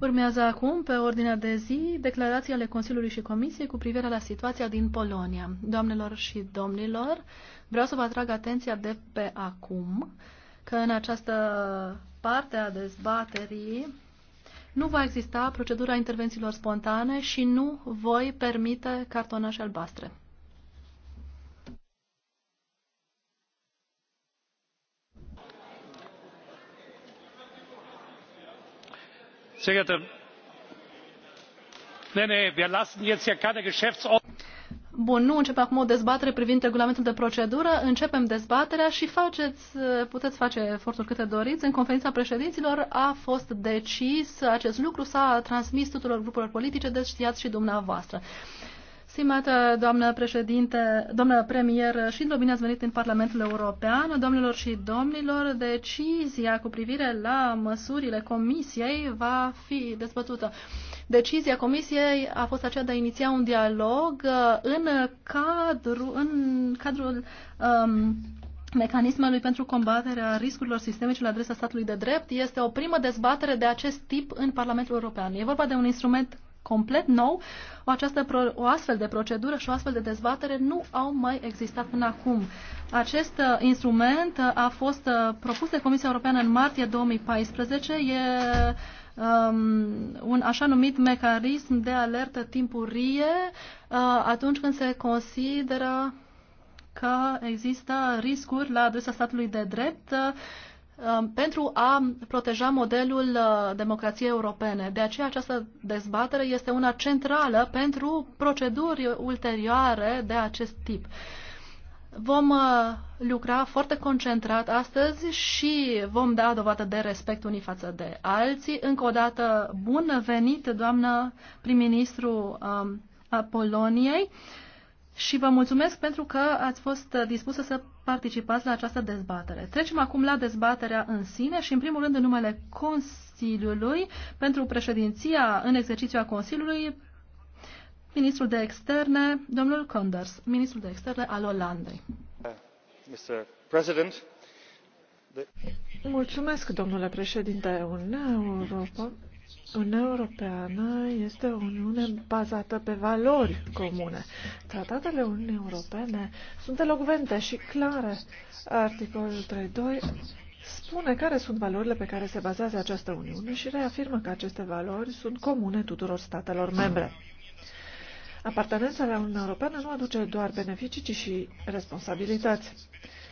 Urmează acum, pe ordinea de zi, declarații ale Consiliului și Comisiei cu privire la situația din Polonia. Doamnelor și domnilor, vreau să vă atrag atenția de pe acum că în această parte a dezbaterii nu va exista procedura intervențiilor spontane și nu voi permite cartonașe albastre. sehr geehrte wir lassen jetzt hier keine Geschäftsordnung. Bun, nu începem acum o dezbatere privind regulamentul de procedură, începem dezbaterea și faceți, puteți face eforturi câte doriți. În conferința președinților a fost decis acest lucru, s-a transmis tuturor grupurilor politice, deci știați și dumneavoastră. Stimată doamnă președinte, doamnă premier, și bine ați venit în Parlamentul European. Domnilor și domnilor, decizia cu privire la măsurile Comisiei va fi dezbătută. Decizia Comisiei a fost aceea de a iniția un dialog uh, în cadrul, în cadrul um, mecanismului pentru combaterea riscurilor sistemice la adresa statului de drept. Este o primă dezbatere de acest tip în Parlamentul European. E vorba de un instrument complet nou, o, această o astfel de procedură și o astfel de dezbatere nu au mai existat până acum. Acest uh, instrument uh, a fost uh, propus de Comisia Europeană în martie 2014. E um, un așa numit mecanism de alertă timpurie uh, atunci când se consideră că există riscuri la adresa statului de drept uh, Um, pentru a proteja modelul uh, democrației europene. De aceea această dezbatere este una centrală pentru proceduri ulterioare de acest tip. Vom uh, lucra foarte concentrat astăzi și vom da dovadă de respect unii față de alții. Încă o dată, bun venit, doamnă prim-ministru um, a Poloniei și vă mulțumesc pentru că ați fost dispusă să participați la această dezbatere. Trecem acum la dezbaterea în sine și, în primul rând, în numele Consiliului, pentru președinția în exercițiu a Consiliului, ministrul de externe, domnul Conders, ministrul de externe al Olandei. Uh, Mr. President, the... Mulțumesc, domnule președinte. Uniunea Europa Uniunea Europeană este o Uniune bazată pe valori comune. Tratatele Uniunii Europene sunt elocvente și clare. Articolul 3.2 spune care sunt valorile pe care se bazează această Uniune și reafirmă că aceste valori sunt comune tuturor statelor membre. Apartenența la Uniunea Europeană nu aduce doar beneficii, ci și responsabilități.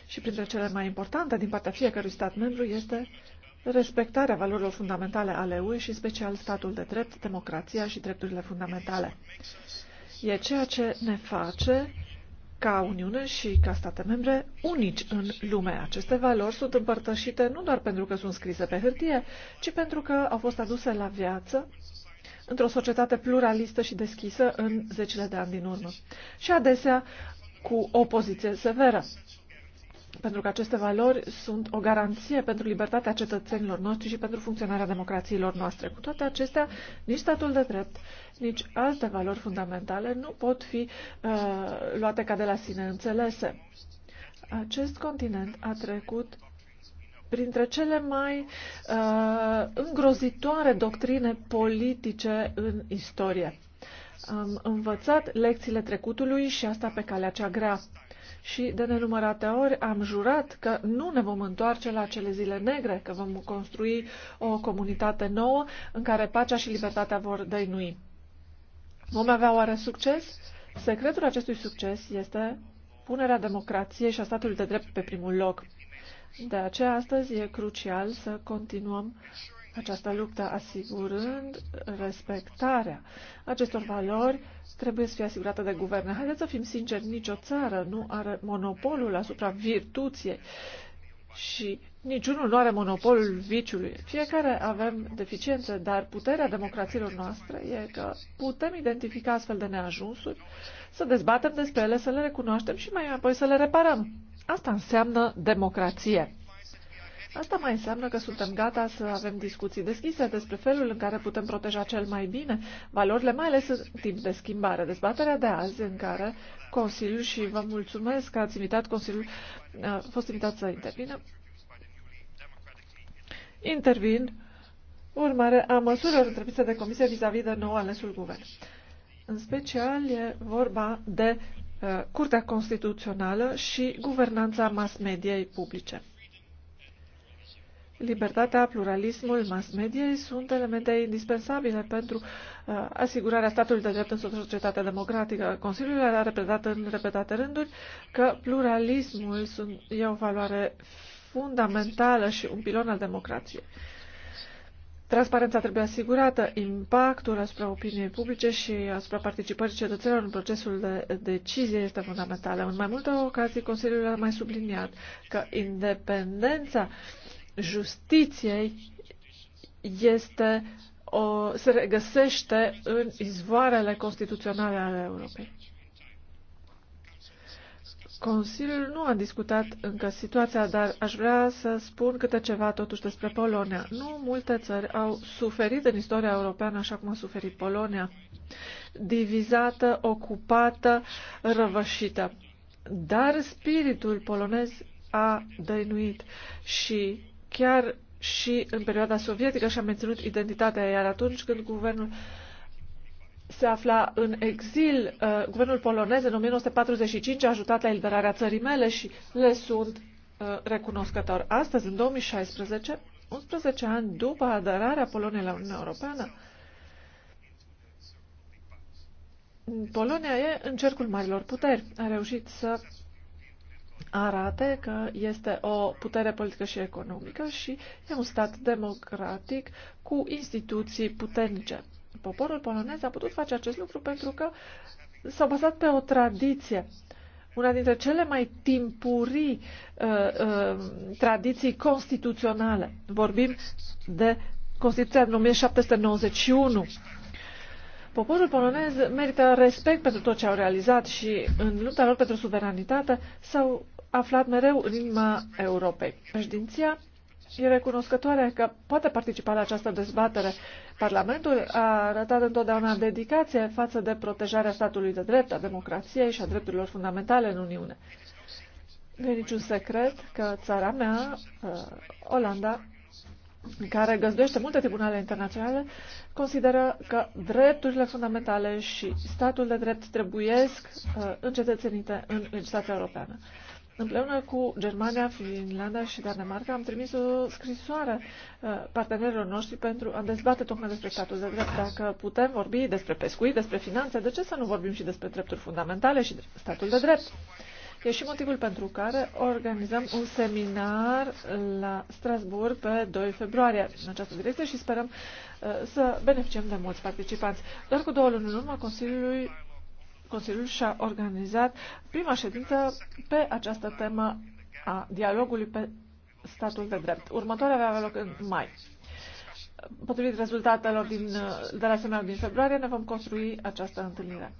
Și printre cele mai importante din partea fiecărui stat membru este respectarea valorilor fundamentale ale UE și special statul de drept, democrația și drepturile fundamentale. E ceea ce ne face ca Uniune și ca state membre unici în lume. Aceste valori sunt împărtășite nu doar pentru că sunt scrise pe hârtie, ci pentru că au fost aduse la viață într-o societate pluralistă și deschisă în zecile de ani din urmă. Și adesea cu opoziție severă pentru că aceste valori sunt o garanție pentru libertatea cetățenilor noștri și pentru funcționarea democrațiilor noastre. Cu toate acestea, nici statul de drept, nici alte valori fundamentale nu pot fi uh, luate ca de la sine înțelese. Acest continent a trecut printre cele mai uh, îngrozitoare doctrine politice în istorie. Am învățat lecțiile trecutului și asta pe calea cea grea și de nenumărate ori am jurat că nu ne vom întoarce la cele zile negre, că vom construi o comunitate nouă în care pacea și libertatea vor dăinui. Vom avea oare succes? Secretul acestui succes este punerea democrației și a statului de drept pe primul loc. De aceea, astăzi e crucial să continuăm această luptă asigurând respectarea acestor valori trebuie să fie asigurată de guverne. Haideți să fim sinceri, nicio țară nu are monopolul asupra virtuției și niciunul nu are monopolul viciului. Fiecare avem deficiențe, dar puterea democrațiilor noastre e că putem identifica astfel de neajunsuri, să dezbatem despre ele, să le recunoaștem și mai apoi să le reparăm. Asta înseamnă democrație. Asta mai înseamnă că suntem gata să avem discuții deschise despre felul în care putem proteja cel mai bine valorile, mai ales în timp de schimbare. Dezbaterea de azi în care Consiliul, și vă mulțumesc că ați invitat Consiliul, a fost invitat să intervină, intervin urmare a măsurilor întreprinse de Comisie vis-a-vis -vis de nou alesul guvern. În special e vorba de uh, Curtea Constituțională și guvernanța mass mediei publice. Libertatea, pluralismul, mass media sunt elemente indispensabile pentru uh, asigurarea statului de drept în societatea democratică. Consiliul a repetat în repetate rânduri că pluralismul sunt, e o valoare fundamentală și un pilon al democrației. Transparența trebuie asigurată, impactul asupra opiniei publice și asupra participării cetățenilor în procesul de decizie este fundamentală. În mai multe ocazii, Consiliul a mai subliniat că independența uh, justiției este o, se regăsește în izvoarele constituționale ale Europei. Consiliul nu a discutat încă situația, dar aș vrea să spun câte ceva totuși despre Polonia. Nu multe țări au suferit în istoria europeană așa cum a suferit Polonia. Divizată, ocupată, răvășită. Dar spiritul polonez a dăinuit și chiar și în perioada sovietică și-a menținut identitatea, iar atunci când guvernul se afla în exil, uh, guvernul polonez în 1945 a ajutat la eliberarea țării mele și le sunt uh, recunoscător. Astăzi, în 2016, 11 ani după aderarea Poloniei la Uniunea Europeană, Polonia e în cercul marilor puteri. A reușit să arate că este o putere politică și economică și e un stat democratic cu instituții puternice. Poporul polonez a putut face acest lucru pentru că s-a bazat pe o tradiție una dintre cele mai timpurii uh, uh, tradiții constituționale. Vorbim de Constituția din 1791. Poporul polonez merită respect pentru tot ce au realizat și în lupta lor pentru suveranitate s-au aflat mereu în inima Europei. Președinția e recunoscătoare că poate participa la această dezbatere. Parlamentul a arătat întotdeauna dedicație față de protejarea statului de drept, a democrației și a drepturilor fundamentale în Uniune. Nu e niciun secret că țara mea, uh, Olanda, care găzduiește multe tribunale internaționale, consideră că drepturile fundamentale și statul de drept trebuiesc uh, încetățenite în legislația europeană. Împreună cu Germania, Finlanda și Danemarca am trimis o scrisoare uh, partenerilor noștri pentru a dezbate tocmai despre statul de drept. Dacă putem vorbi despre pescuit, despre finanțe, de ce să nu vorbim și despre drepturi fundamentale și statul de drept? E și motivul pentru care organizăm un seminar la Strasbourg pe 2 februarie în această direcție și sperăm uh, să beneficiem de mulți participanți. Doar cu două luni în urmă, Consiliului Consiliul și-a organizat prima ședință pe această temă a dialogului pe statul de drept. Următoarea va avea loc în mai. Potrivit rezultatelor din, de la seminarul din februarie, ne vom construi această întâlnire.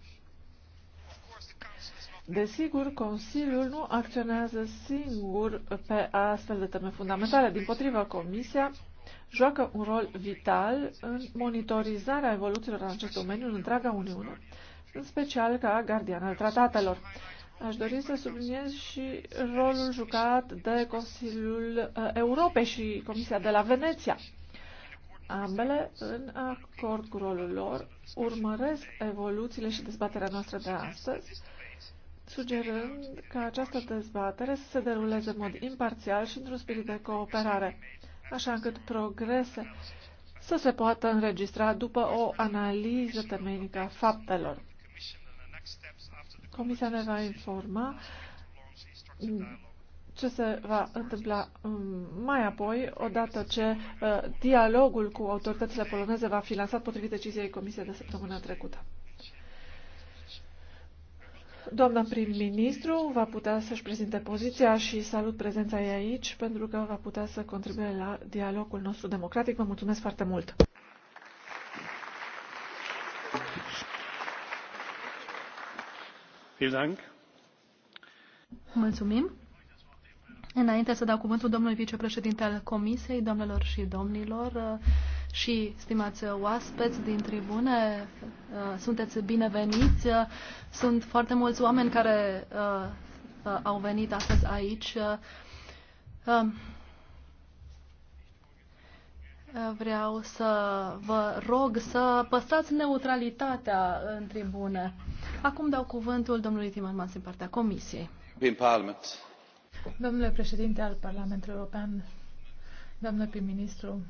Desigur, Consiliul nu acționează singur pe astfel de teme fundamentale. Din potrivă, Comisia joacă un rol vital în monitorizarea evoluțiilor în acest domeniu în întreaga Uniune în special ca gardian al tratatelor. Aș dori să subliniez și rolul jucat de Consiliul uh, Europei și Comisia de la Veneția. Ambele, în acord cu rolul lor, urmăresc evoluțiile și dezbaterea noastră de astăzi, sugerând ca această dezbatere să se deruleze în mod imparțial și într-un spirit de cooperare, așa încât progrese să se poată înregistra după o analiză temeinică a faptelor. Comisia ne va informa ce se va întâmpla um, mai apoi, odată ce uh, dialogul cu autoritățile poloneze va fi lansat potrivit deciziei Comisiei de săptămâna trecută. Doamna prim-ministru va putea să-și prezinte poziția și salut prezența ei aici pentru că va putea să contribuie la dialogul nostru democratic. Vă mulțumesc foarte mult! Mulțumim. Înainte să dau cuvântul domnului vicepreședinte al Comisiei, domnilor și domnilor uh, și stimați oaspeți din tribune, uh, sunteți bineveniți. Uh, sunt foarte mulți oameni care au venit astăzi aici. Vreau să vă rog să păstrați neutralitatea în tribune. Acum dau cuvântul domnului Timmermans din partea Comisiei. Domnule președinte al Parlamentului European, doamnă prim-ministru,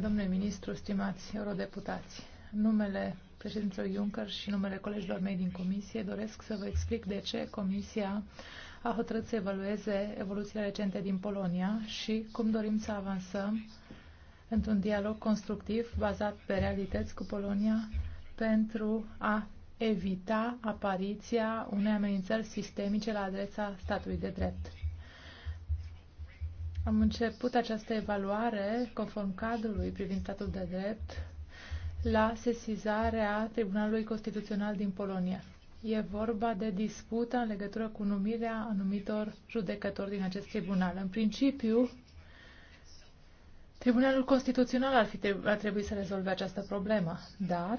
domnule ministru, stimați eurodeputați, numele președintelui Juncker și numele colegilor mei din Comisie doresc să vă explic de ce Comisia a hotărât să evalueze evoluția recente din Polonia și cum dorim să avansăm într-un dialog constructiv bazat pe realități cu Polonia pentru a evita apariția unei amenințări sistemice la adresa statului de drept. Am început această evaluare conform cadrului privind statul de drept la sesizarea Tribunalului Constituțional din Polonia. E vorba de dispută în legătură cu numirea anumitor judecători din acest tribunal. În principiu, Tribunalul Constituțional ar, fi, ar trebui să rezolve această problemă, dar,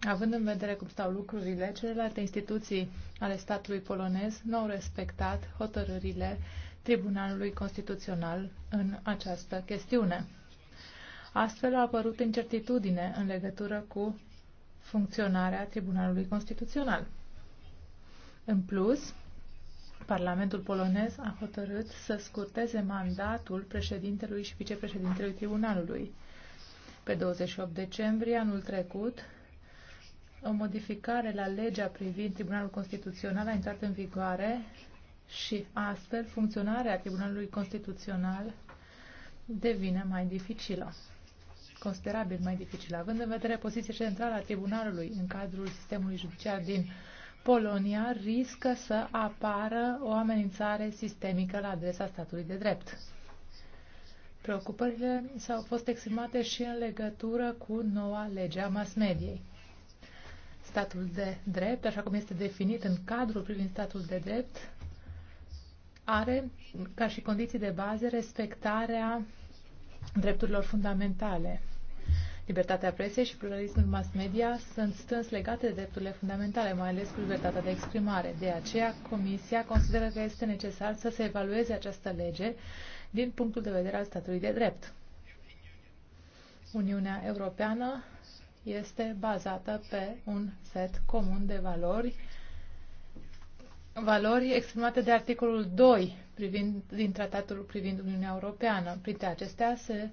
având în vedere cum stau lucrurile, celelalte instituții ale statului polonez nu au respectat hotărârile Tribunalului Constituțional în această chestiune. Astfel a apărut incertitudine în legătură cu funcționarea Tribunalului Constituțional. În plus, Parlamentul polonez a hotărât să scurteze mandatul președintelui și vicepreședintelui tribunalului. Pe 28 decembrie anul trecut, o modificare la legea privind Tribunalul Constituțional a intrat în vigoare și astfel funcționarea Tribunalului Constituțional devine mai dificilă, considerabil mai dificilă, având în vedere poziția centrală a Tribunalului în cadrul sistemului judiciar din Polonia riscă să apară o amenințare sistemică la adresa statului de drept. Preocupările s-au fost exprimate și în legătură cu noua lege a mass-mediei. Statul de drept, așa cum este definit în cadrul privind statul de drept, are ca și condiții de bază respectarea drepturilor fundamentale. Libertatea presei și pluralismul mass media sunt strâns legate de drepturile fundamentale, mai ales cu libertatea de exprimare. De aceea, Comisia consideră că este necesar să se evalueze această lege din punctul de vedere al statului de drept. Uniunea Europeană este bazată pe un set comun de valori, valori exprimate de articolul 2 privind, din tratatul privind Uniunea Europeană. Printre acestea se uh,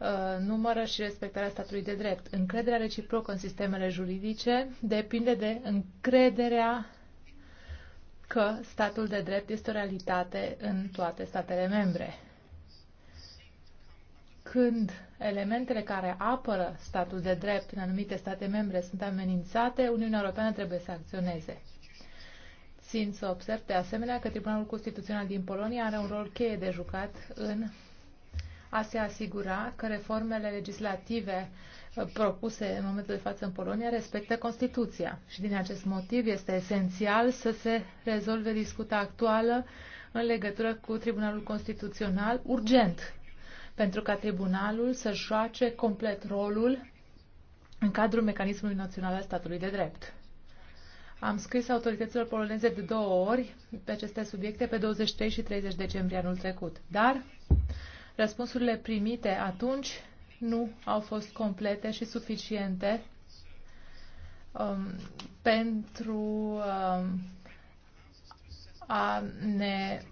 Uh, numără și respectarea statului de drept. Încrederea reciprocă în sistemele juridice depinde de încrederea că statul de drept este o realitate în toate statele membre. Când elementele care apără statul de drept în anumite state membre sunt amenințate, Uniunea Europeană trebuie să acționeze. Țin să observ de asemenea că Tribunalul Constituțional din Polonia are un rol cheie de jucat în a se asigura că reformele legislative uh, propuse în momentul de față în Polonia respectă Constituția. Și din acest motiv este esențial să se rezolve discuta actuală în legătură cu Tribunalul Constituțional urgent, pentru ca tribunalul să joace complet rolul în cadrul mecanismului național al statului de drept. Am scris autorităților poloneze de două ori pe aceste subiecte pe 23 și 30 decembrie anul trecut, dar Răspunsurile primite atunci nu au fost complete și suficiente um, pentru um, a ne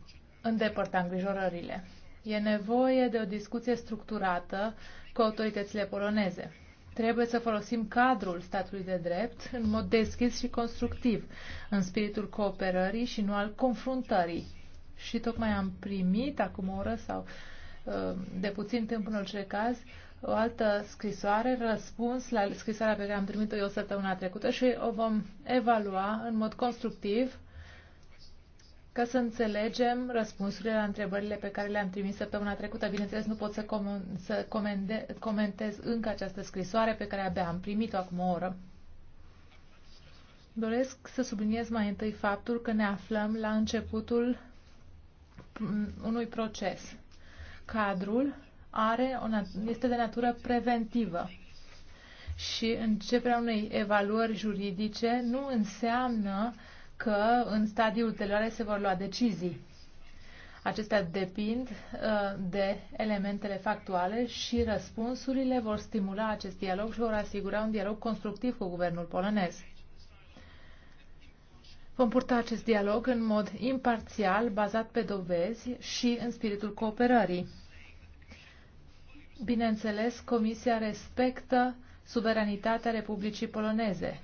îndepărta îngrijorările. E nevoie de o discuție structurată cu autoritățile poloneze. Trebuie să folosim cadrul statului de drept în mod deschis și constructiv, în spiritul cooperării și nu al confruntării. Și tocmai am primit acum o oră sau uh, Um, de puțin timp în orice caz, o altă scrisoare, răspuns la scrisoarea pe care am primit-o eu săptămâna trecută și o vom evalua în mod constructiv ca să înțelegem răspunsurile la întrebările pe care le-am trimis săptămâna trecută. Bineînțeles, nu pot să, com- să comende- comentez încă această scrisoare pe care abia am primit-o acum o oră. Doresc să subliniez mai întâi faptul că ne aflăm la începutul unui proces cadrul are o este de natură preventivă și începerea unei evaluări juridice nu înseamnă că în stadiul ulterioare se vor lua decizii. Acestea depind uh, de elementele factuale și răspunsurile vor stimula acest dialog și vor asigura un dialog constructiv cu guvernul polonez. Vom purta acest dialog în mod imparțial, bazat pe dovezi și în spiritul cooperării. Bineînțeles, Comisia respectă suveranitatea Republicii Poloneze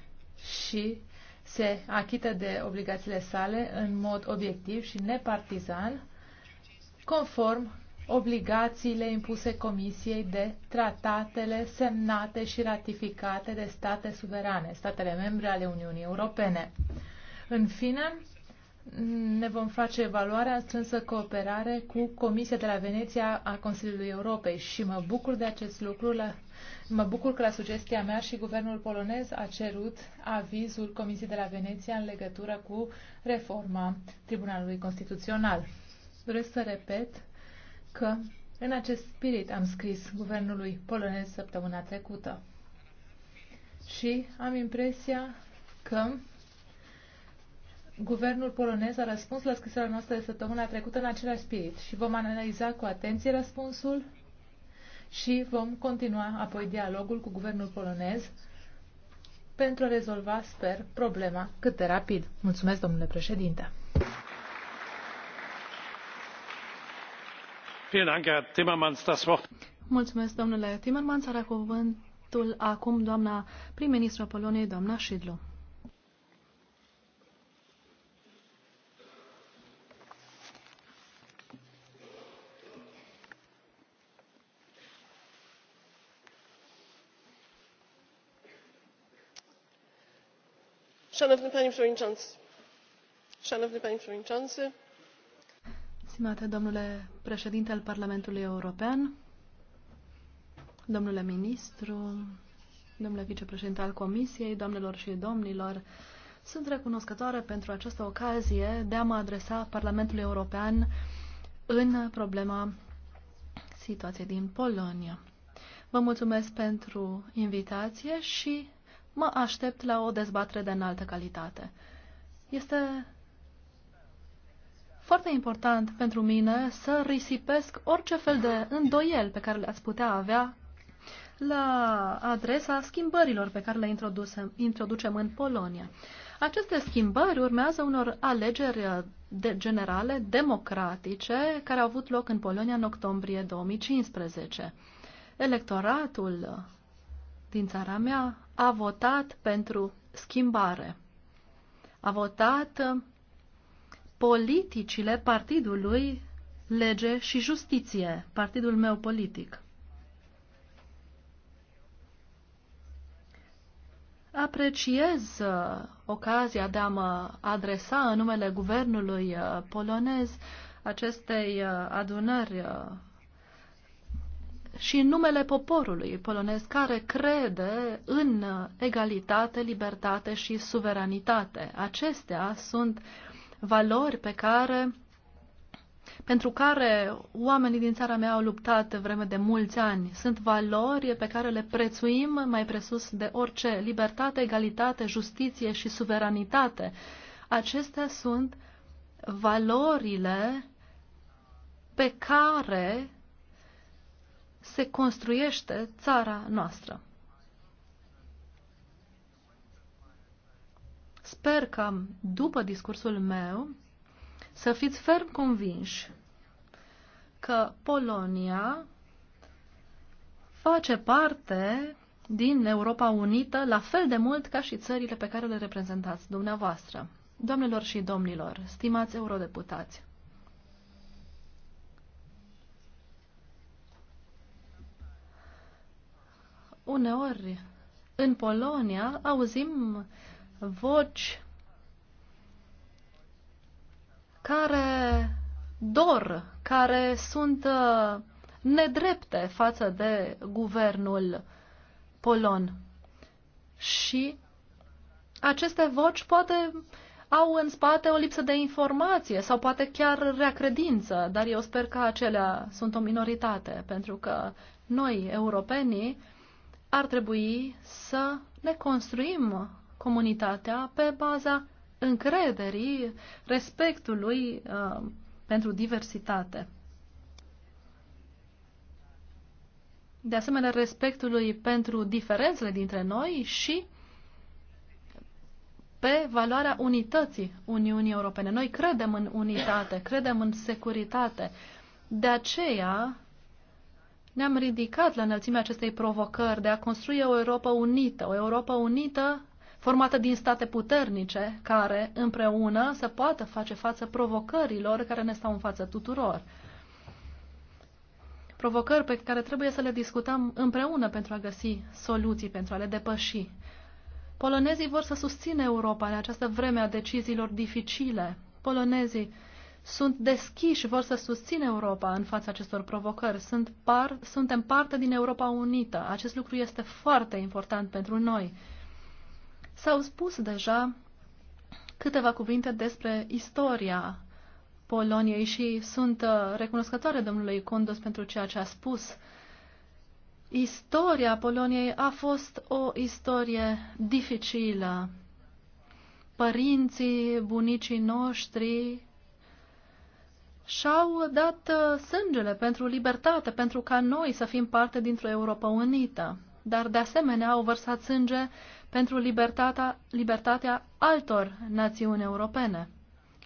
și se achită de obligațiile sale în mod obiectiv și nepartizan, conform obligațiile impuse Comisiei de tratatele semnate și ratificate de state suverane, statele membre ale Uniunii Europene. În fine, ne vom face evaluarea strânsă cooperare cu Comisia de la Veneția a Consiliului Europei și mă bucur de acest lucru. La, mă bucur că la sugestia mea și guvernul polonez a cerut avizul Comisiei de la Veneția în legătură cu reforma Tribunalului Constituțional. Doresc să repet că în acest spirit am scris guvernului polonez săptămâna trecută și am impresia că Guvernul polonez a răspuns la scrisoarea noastră de săptămâna trecută în același spirit și vom analiza cu atenție răspunsul și vom continua apoi dialogul cu guvernul polonez pentru a rezolva, sper, problema cât de rapid. Mulțumesc, domnule președinte. Mulțumesc, domnule Timmermans. Are cuvântul acum doamna prim-ministru Poloniei, doamna Șidlu. Șanovni Stimate domnule președinte al Parlamentului European, domnule ministru, domnule vicepreședinte al Comisiei, doamnelor și domnilor, sunt recunoscătoare pentru această ocazie de a mă adresa Parlamentului European în problema situației din Polonia. Vă mulțumesc pentru invitație și mă aștept la o dezbatere de înaltă calitate. Este foarte important pentru mine să risipesc orice fel de îndoiel pe care le-ați putea avea la adresa schimbărilor pe care le introducem, introducem în Polonia. Aceste schimbări urmează unor alegeri de generale democratice care au avut loc în Polonia în octombrie 2015. Electoratul din țara mea a votat pentru schimbare. A votat uh, politicile partidului Lege și Justiție, partidul meu politic. Apreciez uh, ocazia de a mă adresa în numele guvernului uh, polonez acestei adunări și în numele poporului polonez care crede în egalitate, libertate și suveranitate. Acestea sunt valori pe care, pentru care oamenii din țara mea au luptat vreme de mulți ani. Sunt valori pe care le prețuim mai presus de orice. Libertate, egalitate, justiție și suveranitate. Acestea sunt valorile pe care se construiește țara noastră. Sper că, după discursul meu, să fiți ferm convinși că Polonia face parte din Europa Unită la fel de mult ca și țările pe care le reprezentați dumneavoastră. Doamnelor și domnilor, stimați eurodeputați, uneori în Polonia auzim voci care dor, care sunt uh, nedrepte față de guvernul polon. Și aceste voci poate au în spate o lipsă de informație sau poate chiar reacredință, dar eu sper că acelea sunt o minoritate, pentru că noi, europenii, ar trebui să ne construim comunitatea pe baza încrederii, respectului uh, pentru diversitate. De asemenea, respectului pentru diferențele dintre noi și pe valoarea unității Uniunii Europene. Noi credem în unitate, credem în securitate. De aceea, ne-am ridicat la înălțimea acestei provocări de a construi o Europa unită, o Europa unită formată din state puternice care împreună să poată face față provocărilor care ne stau în față tuturor. Provocări pe care trebuie să le discutăm împreună pentru a găsi soluții, pentru a le depăși. Polonezii vor să susțină Europa în această vreme a deciziilor dificile. Polonezii sunt deschiși și vor să susțină Europa în fața acestor provocări. Sunt par, suntem parte din Europa Unită. Acest lucru este foarte important pentru noi. S-au spus deja câteva cuvinte despre istoria Poloniei și sunt uh, recunoscătoare domnului Condos pentru ceea ce a spus. Istoria Poloniei a fost o istorie dificilă. Părinții, bunicii noștri și-au dat uh, sângele pentru libertate, pentru ca noi să fim parte dintr-o Europa unită. Dar, de asemenea, au vărsat sânge pentru libertatea, libertatea altor națiuni europene.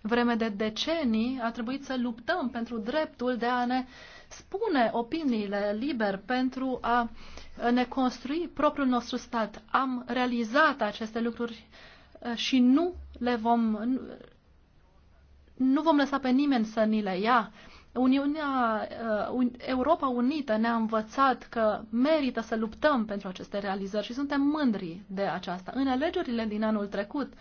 Vreme de decenii a trebuit să luptăm pentru dreptul de a ne spune opiniile liber, pentru a ne construi propriul nostru stat. Am realizat aceste lucruri uh, și nu le vom, nu vom lăsa pe nimeni să ni le ia. Uniunea, uh, Europa Unită ne-a învățat că merită să luptăm pentru aceste realizări și suntem mândri de aceasta. În alegerile din anul trecut,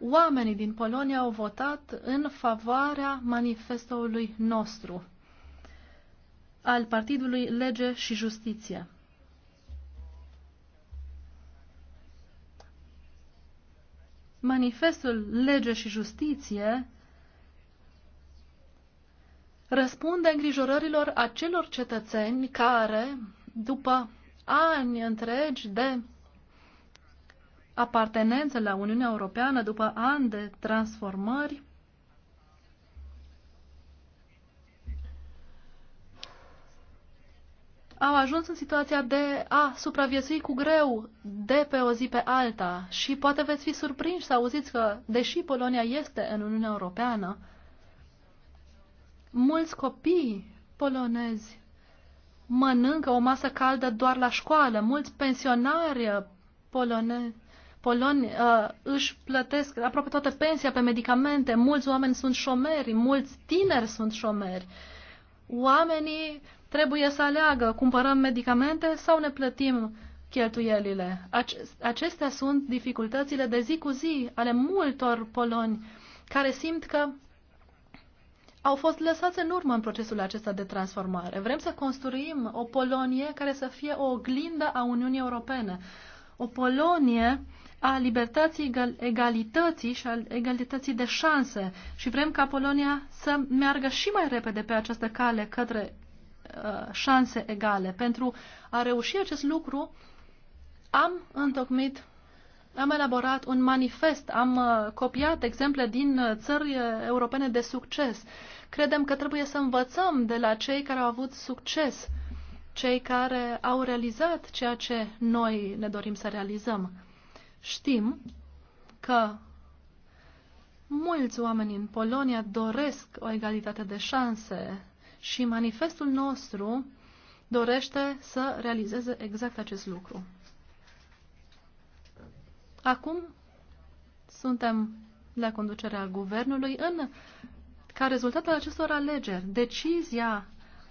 oamenii din Polonia au votat în favoarea manifestoului nostru al Partidului Lege și Justiție. Manifestul Lege și Justiție răspunde îngrijorărilor acelor cetățeni care, după ani întregi de apartenență la Uniunea Europeană, după ani de transformări, au ajuns în situația de a supraviețui cu greu de pe o zi pe alta și poate veți fi surprinși să auziți că, deși Polonia este în Uniunea Europeană, Mulți copii polonezi mănâncă o masă caldă doar la școală. Mulți pensionari polonezi poloni uh, își plătesc aproape toată pensia pe medicamente, mulți oameni sunt șomeri, mulți tineri sunt șomeri. Oamenii trebuie să aleagă, cumpărăm medicamente sau ne plătim cheltuielile. Acestea sunt dificultățile de zi cu zi ale multor poloni care simt că au fost lăsați în urmă în procesul acesta de transformare. Vrem să construim o Polonie care să fie o oglindă a Uniunii Europene. O Polonie a libertății, egalității și a egalității de șanse. Și vrem ca Polonia să meargă și mai repede pe această cale către uh, șanse egale. Pentru a reuși acest lucru, am întocmit am elaborat un manifest, am uh, copiat exemple din uh, țări uh, europene de succes. Credem că trebuie să învățăm de la cei care au avut succes, cei care au realizat ceea ce noi ne dorim să realizăm. Știm că mulți oameni în Polonia doresc o egalitate de șanse și manifestul nostru dorește să realizeze exact acest lucru. Acum suntem la conducerea guvernului în ca rezultat al acestor alegeri. Decizia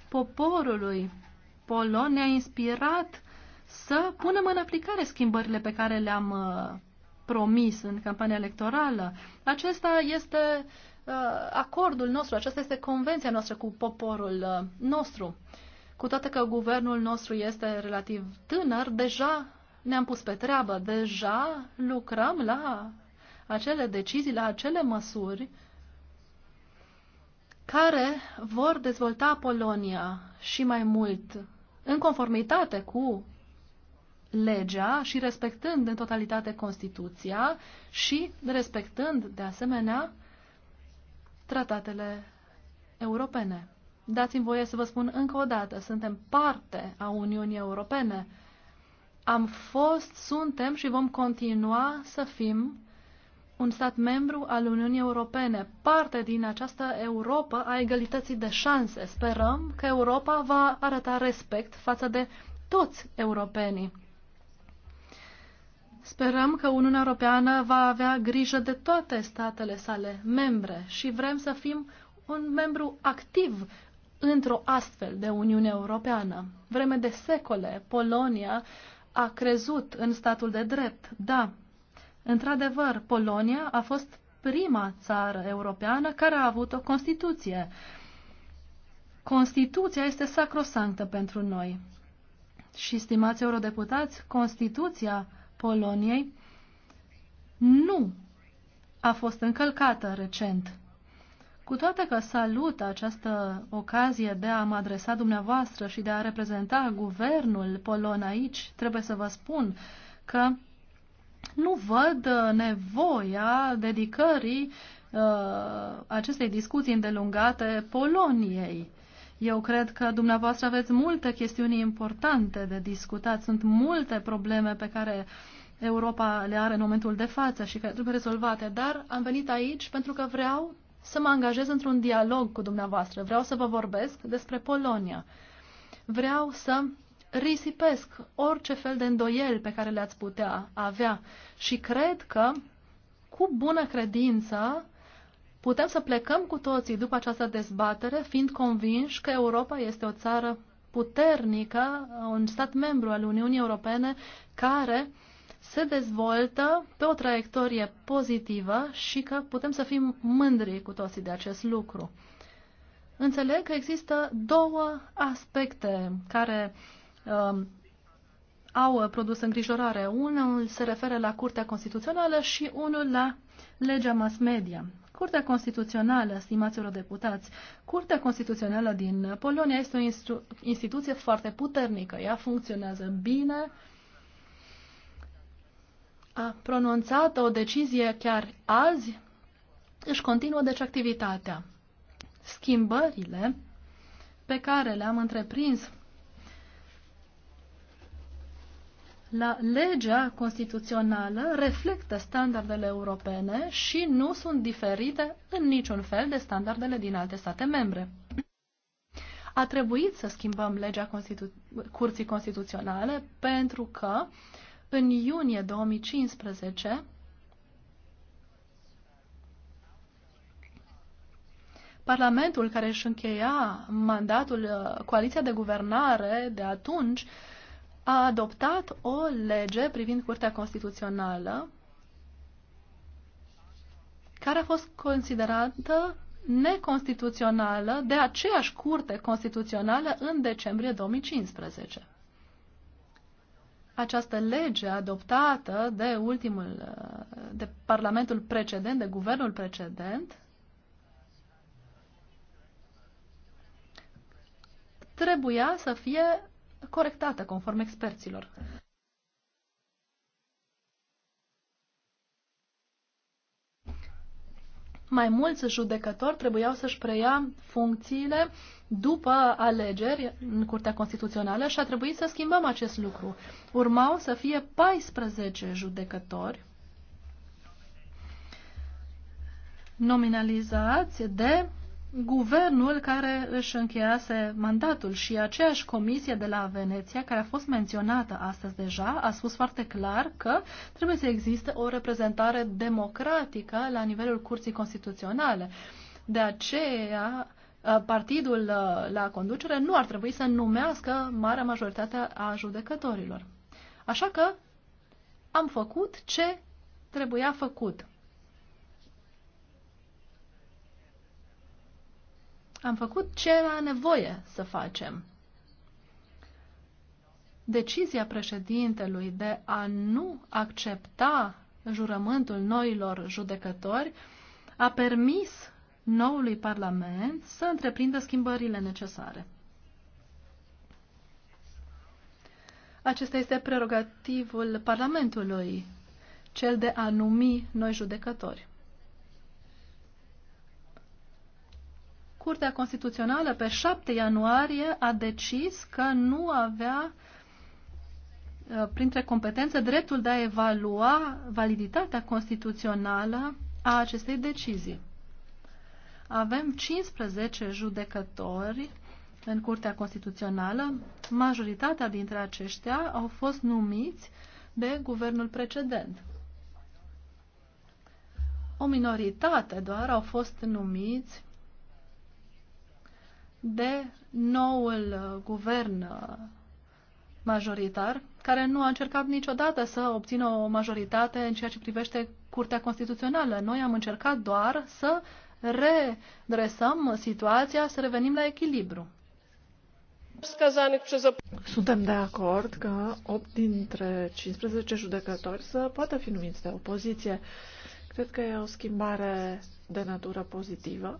poporului polon ne-a inspirat să punem în aplicare schimbările pe care le-am uh, promis în campania electorală. Acesta este uh, acordul nostru, aceasta este convenția noastră cu poporul uh, nostru. Cu toate că guvernul nostru este relativ tânăr, deja ne-am pus pe treabă. Deja lucrăm la acele decizii, la acele măsuri care vor dezvolta Polonia și mai mult în conformitate cu legea și respectând în totalitate Constituția și respectând, de asemenea, tratatele europene. Dați-mi voie să vă spun încă o dată, suntem parte a Uniunii Europene. Am fost, suntem și vom continua să fim un stat membru al Uniunii Europene, parte din această Europa a egalității de șanse. Sperăm că Europa va arăta respect față de toți europenii. Sperăm că Uniunea Europeană va avea grijă de toate statele sale membre și vrem să fim un membru activ într-o astfel de Uniune Europeană. Vreme de secole, Polonia a crezut în statul de drept. Da, într-adevăr, Polonia a fost prima țară europeană care a avut o Constituție. Constituția este sacrosanctă pentru noi. Și, stimați eurodeputați, Constituția Poloniei nu a fost încălcată recent. Cu toate că salut această ocazie de a mă adresa dumneavoastră și de a reprezenta guvernul polon aici, trebuie să vă spun că nu văd uh, nevoia dedicării uh, acestei discuții îndelungate Poloniei. Eu cred că dumneavoastră aveți multe chestiuni importante de discutat, sunt multe probleme pe care Europa le are în momentul de față și care trebuie rezolvate, dar am venit aici pentru că vreau să mă angajez într-un dialog cu dumneavoastră. Vreau să vă vorbesc despre Polonia. Vreau să risipesc orice fel de îndoieli pe care le-ați putea avea și cred că, cu bună credință, putem să plecăm cu toții după această dezbatere, fiind convinși că Europa este o țară puternică, un stat membru al Uniunii Europene care uh, se dezvoltă pe o traiectorie pozitivă și că putem să fim mândri cu toții de acest lucru. Înțeleg că există două aspecte care uh, au produs îngrijorare. Unul se referă la Curtea Constituțională și unul la legea mass media. Curtea Constituțională, stimaților deputați, Curtea Constituțională din Polonia este o instituție foarte puternică. Ea funcționează bine, uh, a pronunțat o decizie chiar azi, își continuă deci activitatea. Schimbările pe care le-am întreprins la legea constituțională reflectă standardele europene și nu sunt diferite în niciun fel de standardele din alte state membre. A trebuit să schimbăm legea Constitu- Curții Constituționale pentru că uh, în iunie 2015, Parlamentul care își încheia mandatul, uh, coaliția de guvernare de atunci, a adoptat o lege privind Curtea Constituțională care a fost considerată neconstituțională de aceeași Curte Constituțională în decembrie 2015 această lege adoptată de ultimul, de parlamentul precedent, de guvernul precedent, trebuia să fie corectată conform experților. mai mulți judecători trebuiau să-și preia funcțiile după alegeri în Curtea Constituțională și a trebuit să schimbăm acest lucru. Urmau să fie 14 judecători nominalizați de guvernul care își încheiase mandatul și aceeași comisie de la Veneția, care a fost menționată astăzi deja, a spus foarte clar că trebuie să existe o reprezentare democratică la nivelul Curții Constituționale. De aceea, partidul la conducere nu ar trebui să numească marea majoritate a judecătorilor. Așa că am făcut ce trebuia făcut. Am făcut ce era nevoie să facem. Decizia președintelui de a nu accepta jurământul noilor judecători a permis noului Parlament să întreprindă schimbările necesare. Acesta este prerogativul Parlamentului, cel de a numi noi judecători. Curtea Constituțională pe 7 ianuarie a decis că nu avea uh, printre competențe dreptul de a evalua validitatea constituțională a acestei decizii. Avem 15 judecători în Curtea Constituțională. Majoritatea dintre aceștia au fost numiți de guvernul precedent. O minoritate doar au fost numiți de noul uh, guvern uh, majoritar, care nu a încercat niciodată să obțină o majoritate în ceea ce privește Curtea Constituțională. Noi am încercat doar să redresăm situația, să revenim la echilibru. Suntem de acord că 8 dintre 15 judecători să poată fi numiți de opoziție. Cred că e o schimbare de natură pozitivă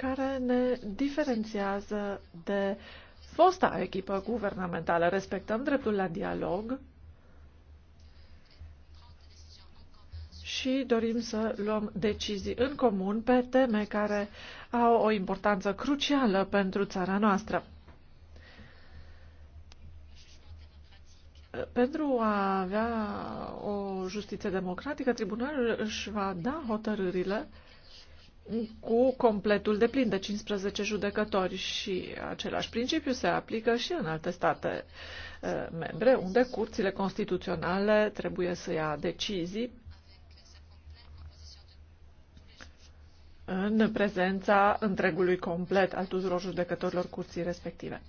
care ne diferențiază de fosta echipă guvernamentală. Respectăm dreptul la dialog și dorim să luăm decizii în comun pe teme care au o importanță crucială pentru țara noastră. Pentru a avea o justiție democratică, tribunalul își va da hotărârile cu completul de plin de 15 judecători și același principiu se aplică și în alte state eh, membre, unde curțile constituționale trebuie să ia decizii în prezența întregului complet al tuturor judecătorilor curții respective.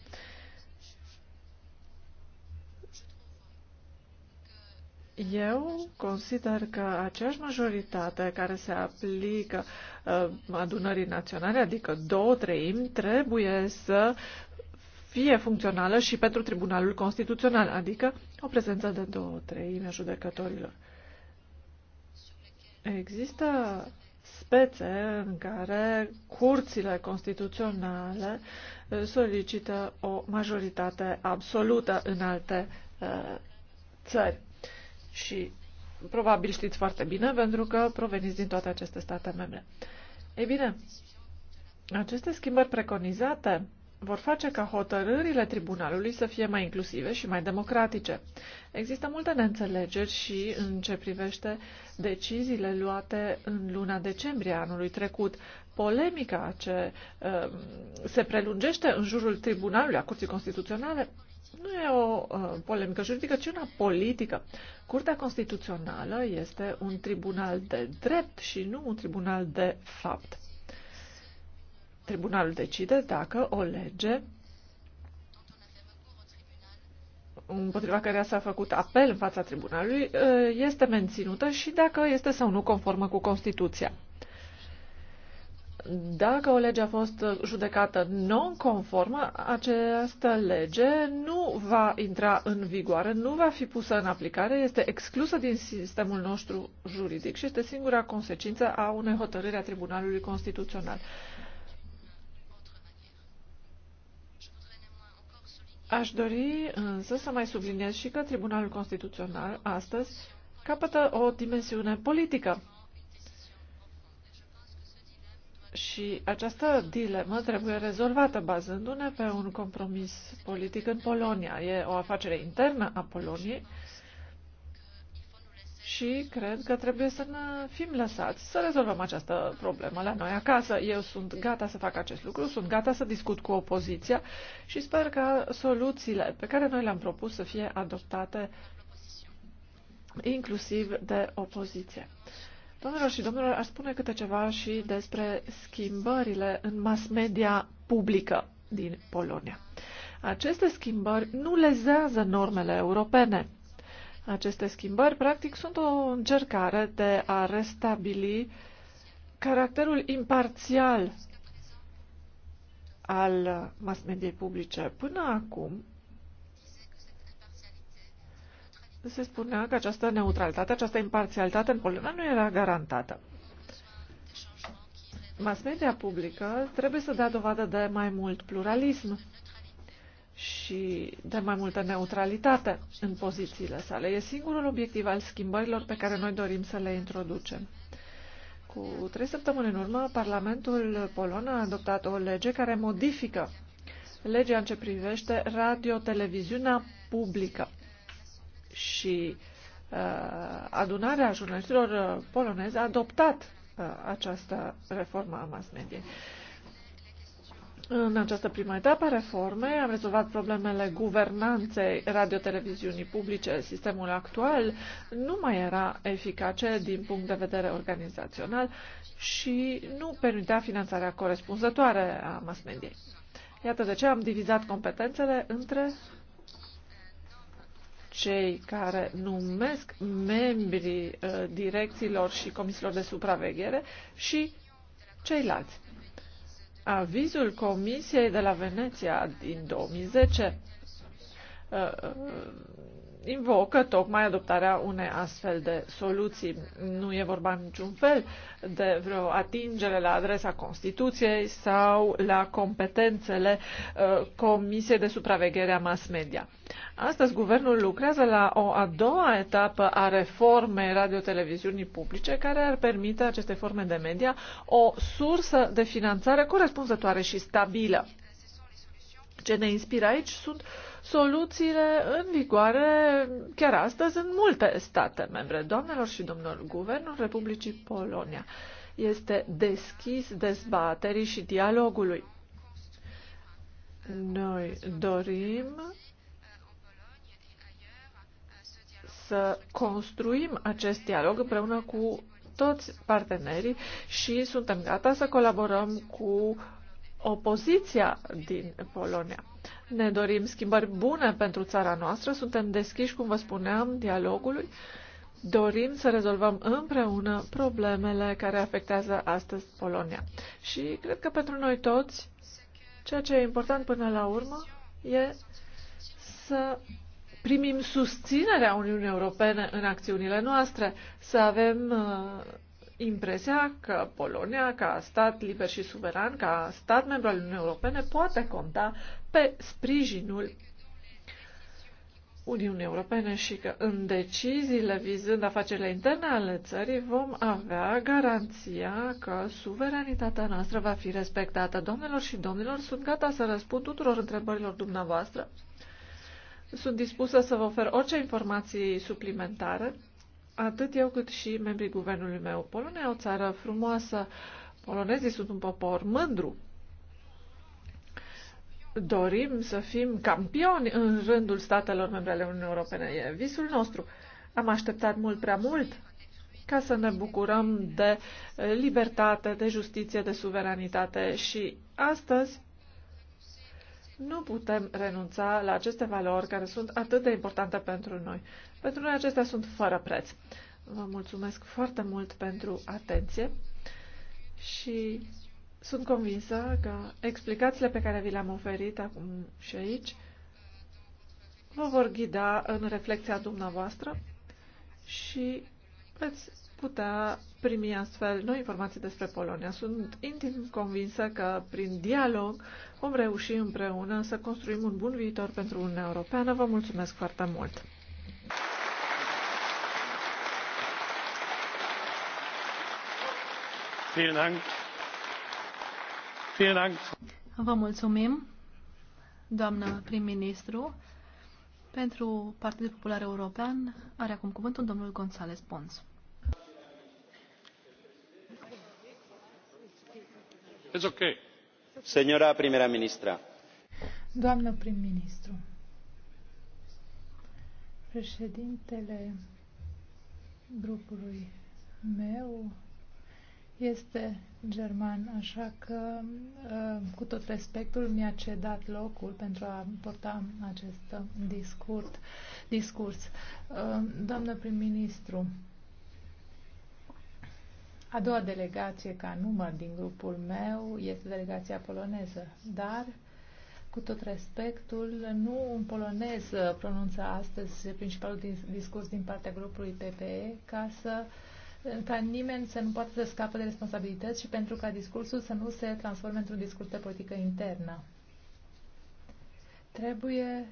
Eu consider că aceeași majoritate care se aplică uh, adunării naționale, adică două treimi, trebuie să fie funcțională și pentru Tribunalul Constituțional, adică o prezență de două treimi a judecătorilor. Există spețe în care curțile constituționale uh, solicită o majoritate absolută în alte uh, țări și probabil știți foarte bine, pentru că proveniți din toate aceste state membre. Ei bine, aceste schimbări preconizate vor face ca hotărârile tribunalului să fie mai inclusive și mai democratice. Există multe neînțelegeri și în ce privește deciziile luate în luna decembrie anului trecut. Polemica ce uh, se prelungește în jurul tribunalului a Curții Constituționale nu e o uh, polemică juridică, ci una politică. Curtea Constituțională este un tribunal de drept și nu un tribunal de fapt. Tribunalul decide dacă o lege împotriva care s-a făcut apel în fața tribunalului uh, este menținută și dacă este sau nu conformă cu Constituția. Dacă o lege a fost judecată non-conformă, această lege nu va intra în vigoare, nu va fi pusă în aplicare, este exclusă din sistemul nostru juridic și este singura consecință a unei hotărâri a Tribunalului Constituțional. Aș dori însă să mai subliniez și că Tribunalul Constituțional astăzi capătă o dimensiune politică și această dilemă trebuie rezolvată bazându-ne pe un compromis politic în Polonia. E o afacere internă a Poloniei și cred că trebuie să ne fim lăsați să rezolvăm această problemă la noi acasă. Eu sunt gata să fac acest lucru, sunt gata să discut cu opoziția și sper că soluțiile pe care noi le-am propus să fie adoptate inclusiv de opoziție. Domnilor și domnilor, aș spune câte ceva și despre schimbările în mass media publică din Polonia. Aceste schimbări nu lezează normele europene. Aceste schimbări, practic, sunt o încercare de a restabili caracterul imparțial al mass mediei publice. Până acum, se spunea că această neutralitate, această imparțialitate în Polonia nu era garantată. Mass media publică trebuie să dea dovadă de mai mult pluralism și de mai multă neutralitate în pozițiile sale. E singurul obiectiv al schimbărilor pe care noi dorim să le introducem. Cu trei săptămâni în urmă, Parlamentul Polon a adoptat o lege care modifică legea în ce privește radio-televiziunea publică și uh, adunarea jurnaliștilor uh, polonezi a adoptat uh, această reformă a mass media. În această primă etapă a reformei am rezolvat problemele guvernanței radioteleviziunii publice. Sistemul actual nu mai era eficace din punct de vedere organizațional și nu permitea finanțarea corespunzătoare a mass media. Iată de ce am divizat competențele între cei care numesc membrii uh, direcțiilor și comisiilor de supraveghere și ceilalți. Avizul Comisiei de la Veneția din 2010 invocă tocmai adoptarea unei astfel de soluții. Nu e vorba în niciun fel de vreo atingere la adresa Constituției sau la competențele uh, Comisiei de Supraveghere a Mass Media. Astăzi, guvernul lucrează la o a doua etapă a reformei radioteleviziunii publice, care ar permite aceste forme de media o sursă de finanțare corespunzătoare și stabilă. Ce ne inspiră aici sunt uh, Soluțiile în vigoare chiar astăzi în multe state membre. Doamnelor și domnilor, Guvernul Republicii Polonia este deschis dezbaterii și dialogului. Noi dorim să construim acest dialog împreună cu toți partenerii și suntem gata să colaborăm cu opoziția din Polonia. Ne dorim schimbări bune pentru țara noastră, suntem deschiși, cum vă spuneam, dialogului. Dorim să rezolvăm împreună problemele care afectează astăzi Polonia. Și cred că pentru noi toți, ceea ce e important până la urmă e să primim susținerea Uniunii Europene în acțiunile noastre, să avem uh, impresia că Polonia, ca stat liber și suveran, ca stat membru al Uniunii Europene, poate conta pe sprijinul Uniunii Europene și că în deciziile vizând afacerile interne ale țării vom avea garanția că suveranitatea noastră va fi respectată. Domnilor și domnilor, sunt gata să răspund tuturor întrebărilor dumneavoastră. Sunt dispusă să vă ofer orice informații suplimentare Atât eu cât și membrii guvernului meu. Polonia e o țară frumoasă. Polonezii sunt un popor mândru. Dorim să fim campioni în rândul statelor membre ale Uniunii Europene. E visul nostru. Am așteptat mult prea mult ca să ne bucurăm de libertate, de justiție, de suveranitate și astăzi nu putem renunța la aceste valori care sunt atât de importante pentru noi. Pentru noi acestea sunt fără preț. Vă mulțumesc foarte mult pentru atenție și sunt convinsă că explicațiile pe care vi le-am oferit acum și aici vă vor ghida în reflexia dumneavoastră și veți putea primi astfel noi informații despre Polonia. Sunt intim convinsă că prin dialog vom reuși împreună să construim un bun viitor pentru Uniunea Europeană. Vă mulțumesc foarte mult! Vă mulțumim, doamnă prim-ministru. Pentru Partidul Popular European are acum cuvântul domnul González Pons. It's okay. Señora primera ministra. Doamnă prim-ministru, președintele grupului meu este german, așa că uh, cu tot respectul mi-a cedat locul pentru a porta acest discurs. discurs. Uh, doamnă prim-ministru, a doua delegație ca număr din grupul meu este delegația poloneză, dar cu tot respectul, nu un polonez pronunță astăzi principalul discurs din partea grupului PPE ca să uh, ca nimeni să nu poată să scape de responsabilități și pentru ca discursul să nu se transforme într-un discurs de politică internă. Trebuie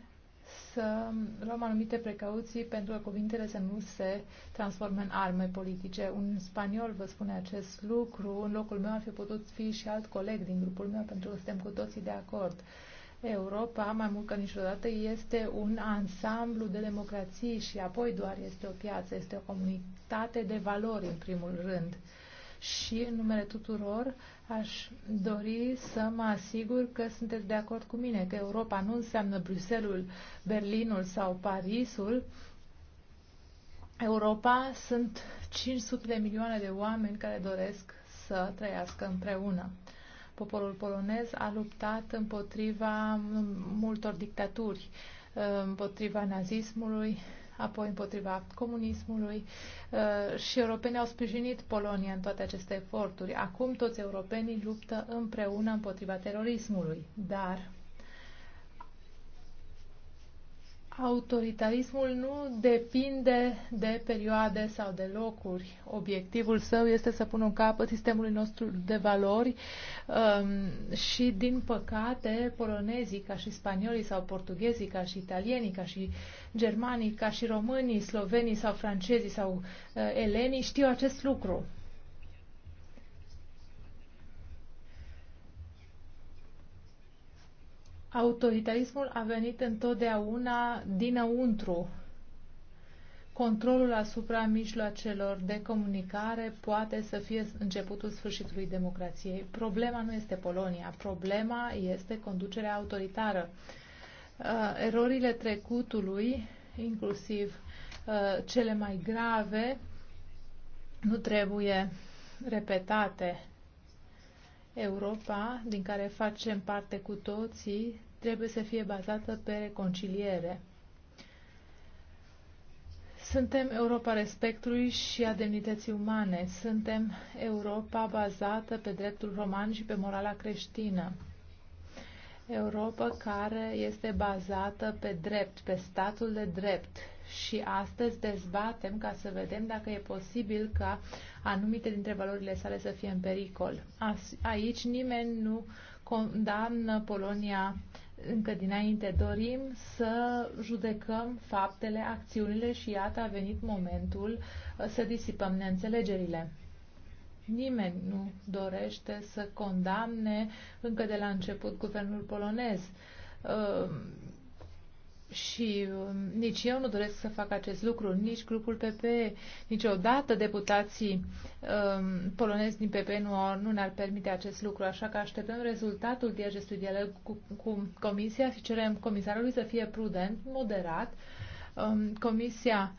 să luăm anumite precauții pentru că cuvintele să nu se transforme în arme politice. Un spaniol vă spune acest lucru, în locul meu ar fi putut fi și alt coleg din grupul meu, pentru că suntem cu toții de acord. Uh, Europa, mai mult ca niciodată, este un ansamblu de democrații și apoi doar este o piață, este o comunitate de valori, în primul rând. Și în numele tuturor aș dori să mă asigur că sunteți de acord cu mine, că Europa nu înseamnă Bruselul, Berlinul sau Parisul. Europa sunt 500 de milioane de oameni care doresc să trăiască împreună. Poporul polonez a luptat împotriva multor dictaturi, împotriva nazismului, apoi împotriva comunismului uh, și europenii au sprijinit Polonia în toate aceste eforturi. Acum toți europenii luptă împreună împotriva terorismului, dar Autoritarismul nu depinde de perioade sau de locuri. Obiectivul său este să pună în capăt sistemului nostru de valori um, și, din păcate, polonezii ca și spaniolii sau portughezii ca și italienii, ca și germanii, ca și românii, slovenii sau francezii sau uh, elenii știu acest lucru. Autoritarismul a venit întotdeauna dinăuntru. Controlul asupra mijloacelor de comunicare poate să fie începutul sfârșitului democrației. Problema nu este Polonia, problema este conducerea autoritară. Uh, erorile trecutului, inclusiv uh, cele mai grave, nu trebuie repetate Europa, din care facem parte cu toții, trebuie să fie bazată pe reconciliere. Suntem Europa respectului și a demnității umane. Suntem Europa bazată pe dreptul roman și pe morala creștină. Europa care este bazată pe drept, pe statul de drept și astăzi dezbatem ca să vedem dacă e posibil ca anumite dintre valorile sale să fie în pericol. Aici nimeni nu condamnă Polonia încă dinainte. Dorim să judecăm faptele, acțiunile și iată a venit momentul uh, să disipăm neînțelegerile. Nimeni nu dorește să condamne încă de la început guvernul polonez uh, și um, nici eu nu doresc să fac acest lucru, nici grupul PP, niciodată deputații uh, polonezi din PP nu, nu ne-ar permite acest lucru, așa că așteptăm rezultatul de acestui dialog cu, cu Comisia și cerem comisarului să fie prudent, moderat. Uh, comisia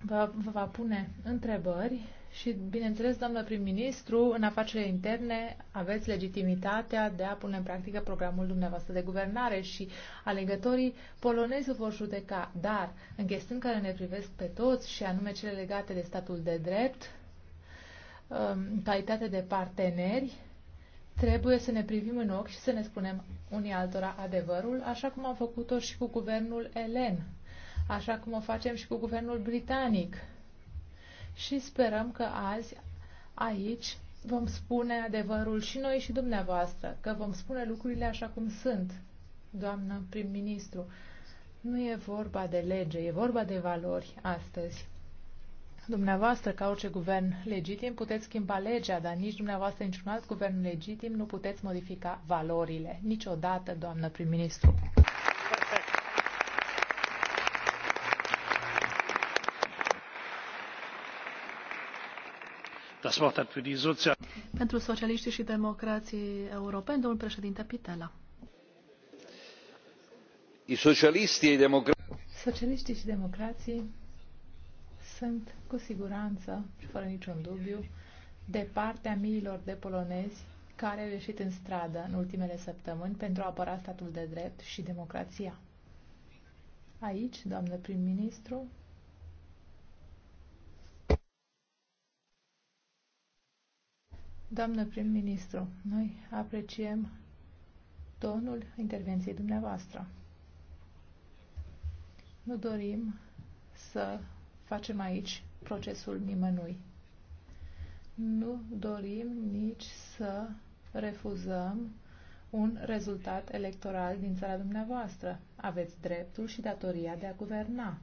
va, va pune întrebări și, bineînțeles, doamnă prim-ministru, în afacerile interne aveți legitimitatea de a pune în practică programul dumneavoastră de guvernare și alegătorii polonezi vor judeca. Dar, în chestiuni care ne privesc pe toți, și anume cele legate de statul de drept, um, calitate de parteneri, trebuie să ne privim în ochi și să ne spunem unii altora adevărul, așa cum am făcut-o și cu guvernul elen, așa cum o facem și cu guvernul britanic și sperăm că azi aici vom spune adevărul și noi și dumneavoastră, că vom spune lucrurile așa cum sunt, doamnă prim-ministru. Nu e vorba de lege, e vorba de valori astăzi. Dumneavoastră, ca orice guvern legitim, puteți schimba legea, dar nici dumneavoastră, niciun alt guvern legitim nu puteți modifica valorile. Niciodată, doamnă prim-ministru. Pentru socialiștii și democrații europeni, domnul președinte Pitela. Socialiștii, socialiștii și democrații sunt cu siguranță și fără niciun dubiu de partea miilor de polonezi care au ieșit în stradă în ultimele săptămâni pentru a apăra statul de drept și democrația. Aici, doamnă prim-ministru, Doamnă prim-ministru, noi apreciem tonul intervenției dumneavoastră. Nu dorim să facem aici procesul nimănui. Nu dorim nici să refuzăm un rezultat electoral din țara dumneavoastră. Aveți dreptul și datoria de a guverna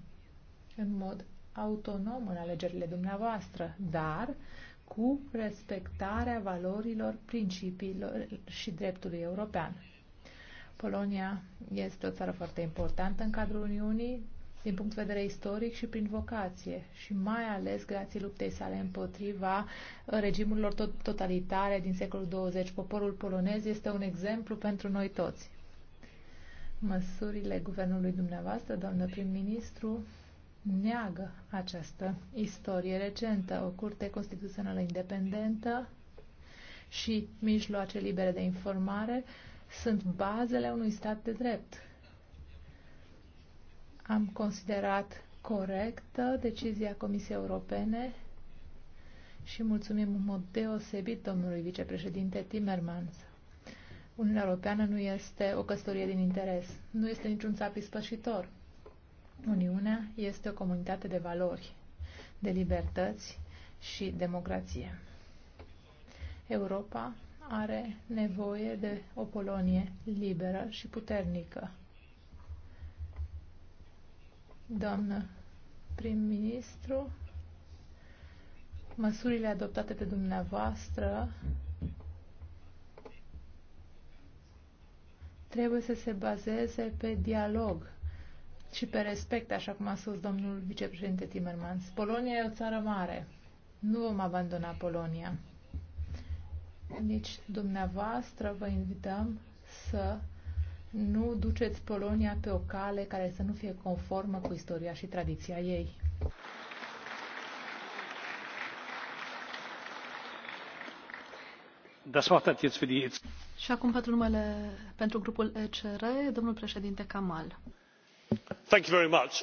în mod autonom în alegerile dumneavoastră, dar cu respectarea valorilor, principiilor și dreptului european. Polonia este o țară foarte importantă în cadrul Uniunii, din punct de vedere istoric și prin vocație, și mai ales grație luptei sale împotriva regimurilor totalitare din secolul 20. Poporul polonez este un exemplu pentru noi toți. Măsurile guvernului dumneavoastră, doamnă prim-ministru, neagă această istorie recentă, o curte constituțională independentă și mijloace libere de informare sunt bazele unui stat de drept. Am considerat corectă decizia Comisiei Europene și mulțumim în mod deosebit domnului vicepreședinte Timmermans. Uniunea Europeană nu este o căsătorie din interes, nu este niciun țap ispășitor. Uniunea este o comunitate de valori, de libertăți și democrație. Europa are nevoie de o Polonie liberă și puternică. Doamnă prim-ministru, măsurile adoptate de dumneavoastră trebuie să se bazeze pe dialog și pe respect, așa cum a spus domnul vicepreședinte Timmermans. Polonia e o țară mare. Nu vom abandona Polonia. Nici dumneavoastră vă invităm să nu duceți Polonia pe o cale care să nu fie conformă cu istoria și tradiția ei. Și acum patru numele pentru grupul ECR, domnul președinte Kamal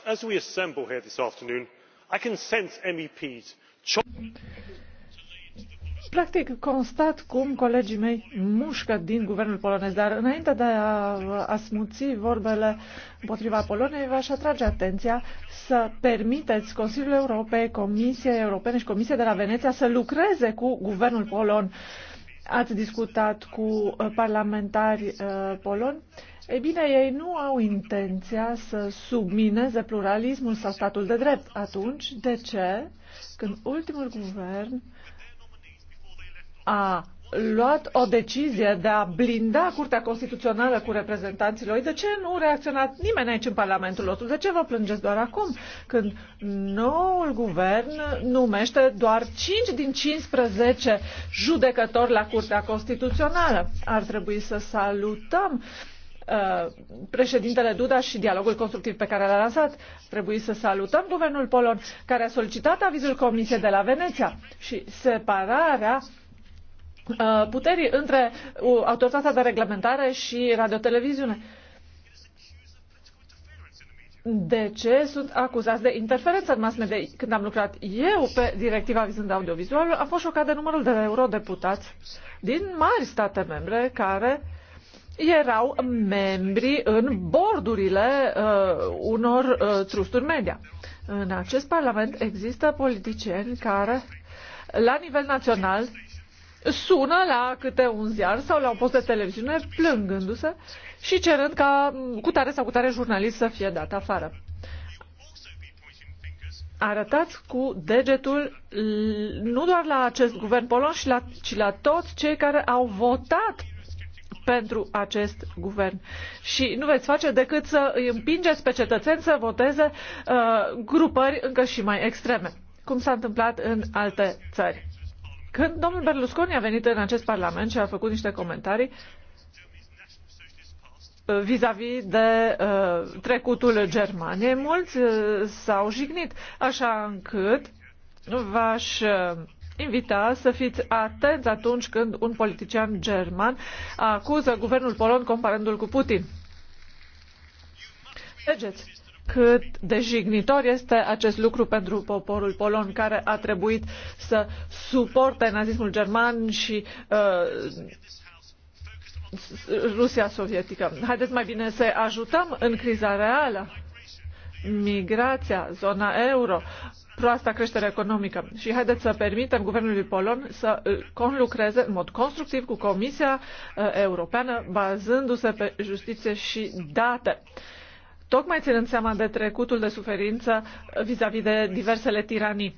as we assemble here this afternoon i can sense meps. practic constat cum colegii mei mușcă din guvernul polonez dar înainte de a asmuți vorbele împotriva poloniei v aș atrage atenția să permiteți consiliul europei comisiei europene și comisiei de la veneția să lucreze cu guvernul polon. ați discutat cu uh, parlamentari uh, poloni? Ei bine, ei nu au intenția să submineze pluralismul sau statul de drept. Atunci, de ce, când ultimul guvern a luat o decizie de a blinda Curtea Constituțională cu reprezentanții lor, De ce nu reacționat nimeni aici în Parlamentul nostru? De ce vă plângeți doar acum, când noul guvern numește doar 5 din 15 judecători la Curtea Constituțională? Ar trebui să salutăm uh, Uh, președintele Duda și dialogul constructiv pe care l-a lansat. Trebuie să salutăm guvernul polon care a solicitat avizul Comisiei de la Veneția și separarea uh, puterii între uh, autoritatea de reglementare și radioteleviziune. De ce sunt acuzați de interferență în mass media? Când am lucrat eu pe directiva vizând audiovizual, am fost șocat de numărul de eurodeputați din mari state membre care uh, erau membri în bordurile uh, unor uh, trusturi media. În acest parlament există politicieni care, la nivel național, sună la câte un ziar sau la un post de televiziune plângându-se și cerând ca mm, cu tare sau cu tare jurnalist să fie dat afară. Arătați cu degetul nu doar la acest guvern polon, ci la, ci la toți cei care au votat pentru acest guvern. Și nu veți face decât să îi împingeți pe cetățeni să voteze uh, grupări încă și mai extreme, cum s-a întâmplat în alte țări. Când domnul Berlusconi a venit în acest parlament și a făcut niște comentarii, uh, vis-a-vis -vis de uh, trecutul Germaniei. Mulți uh, s-au jignit, așa încât v-aș uh, invita să fiți atenți atunci când un politician german acuză guvernul polon comparându-l cu Putin. Vedeți cât de jignitor este acest lucru pentru poporul polon care a trebuit să suporte nazismul german și uh, Rusia sovietică. Haideți mai bine să ajutăm în criza reală migrația, zona euro, proasta creștere economică. Și haideți să permitem guvernului polon să uh, conlucreze în mod constructiv cu Comisia uh, Europeană, bazându-se pe justiție și date tocmai ținând seama de trecutul de suferință uh, vis-a-vis -vis de diversele tiranii.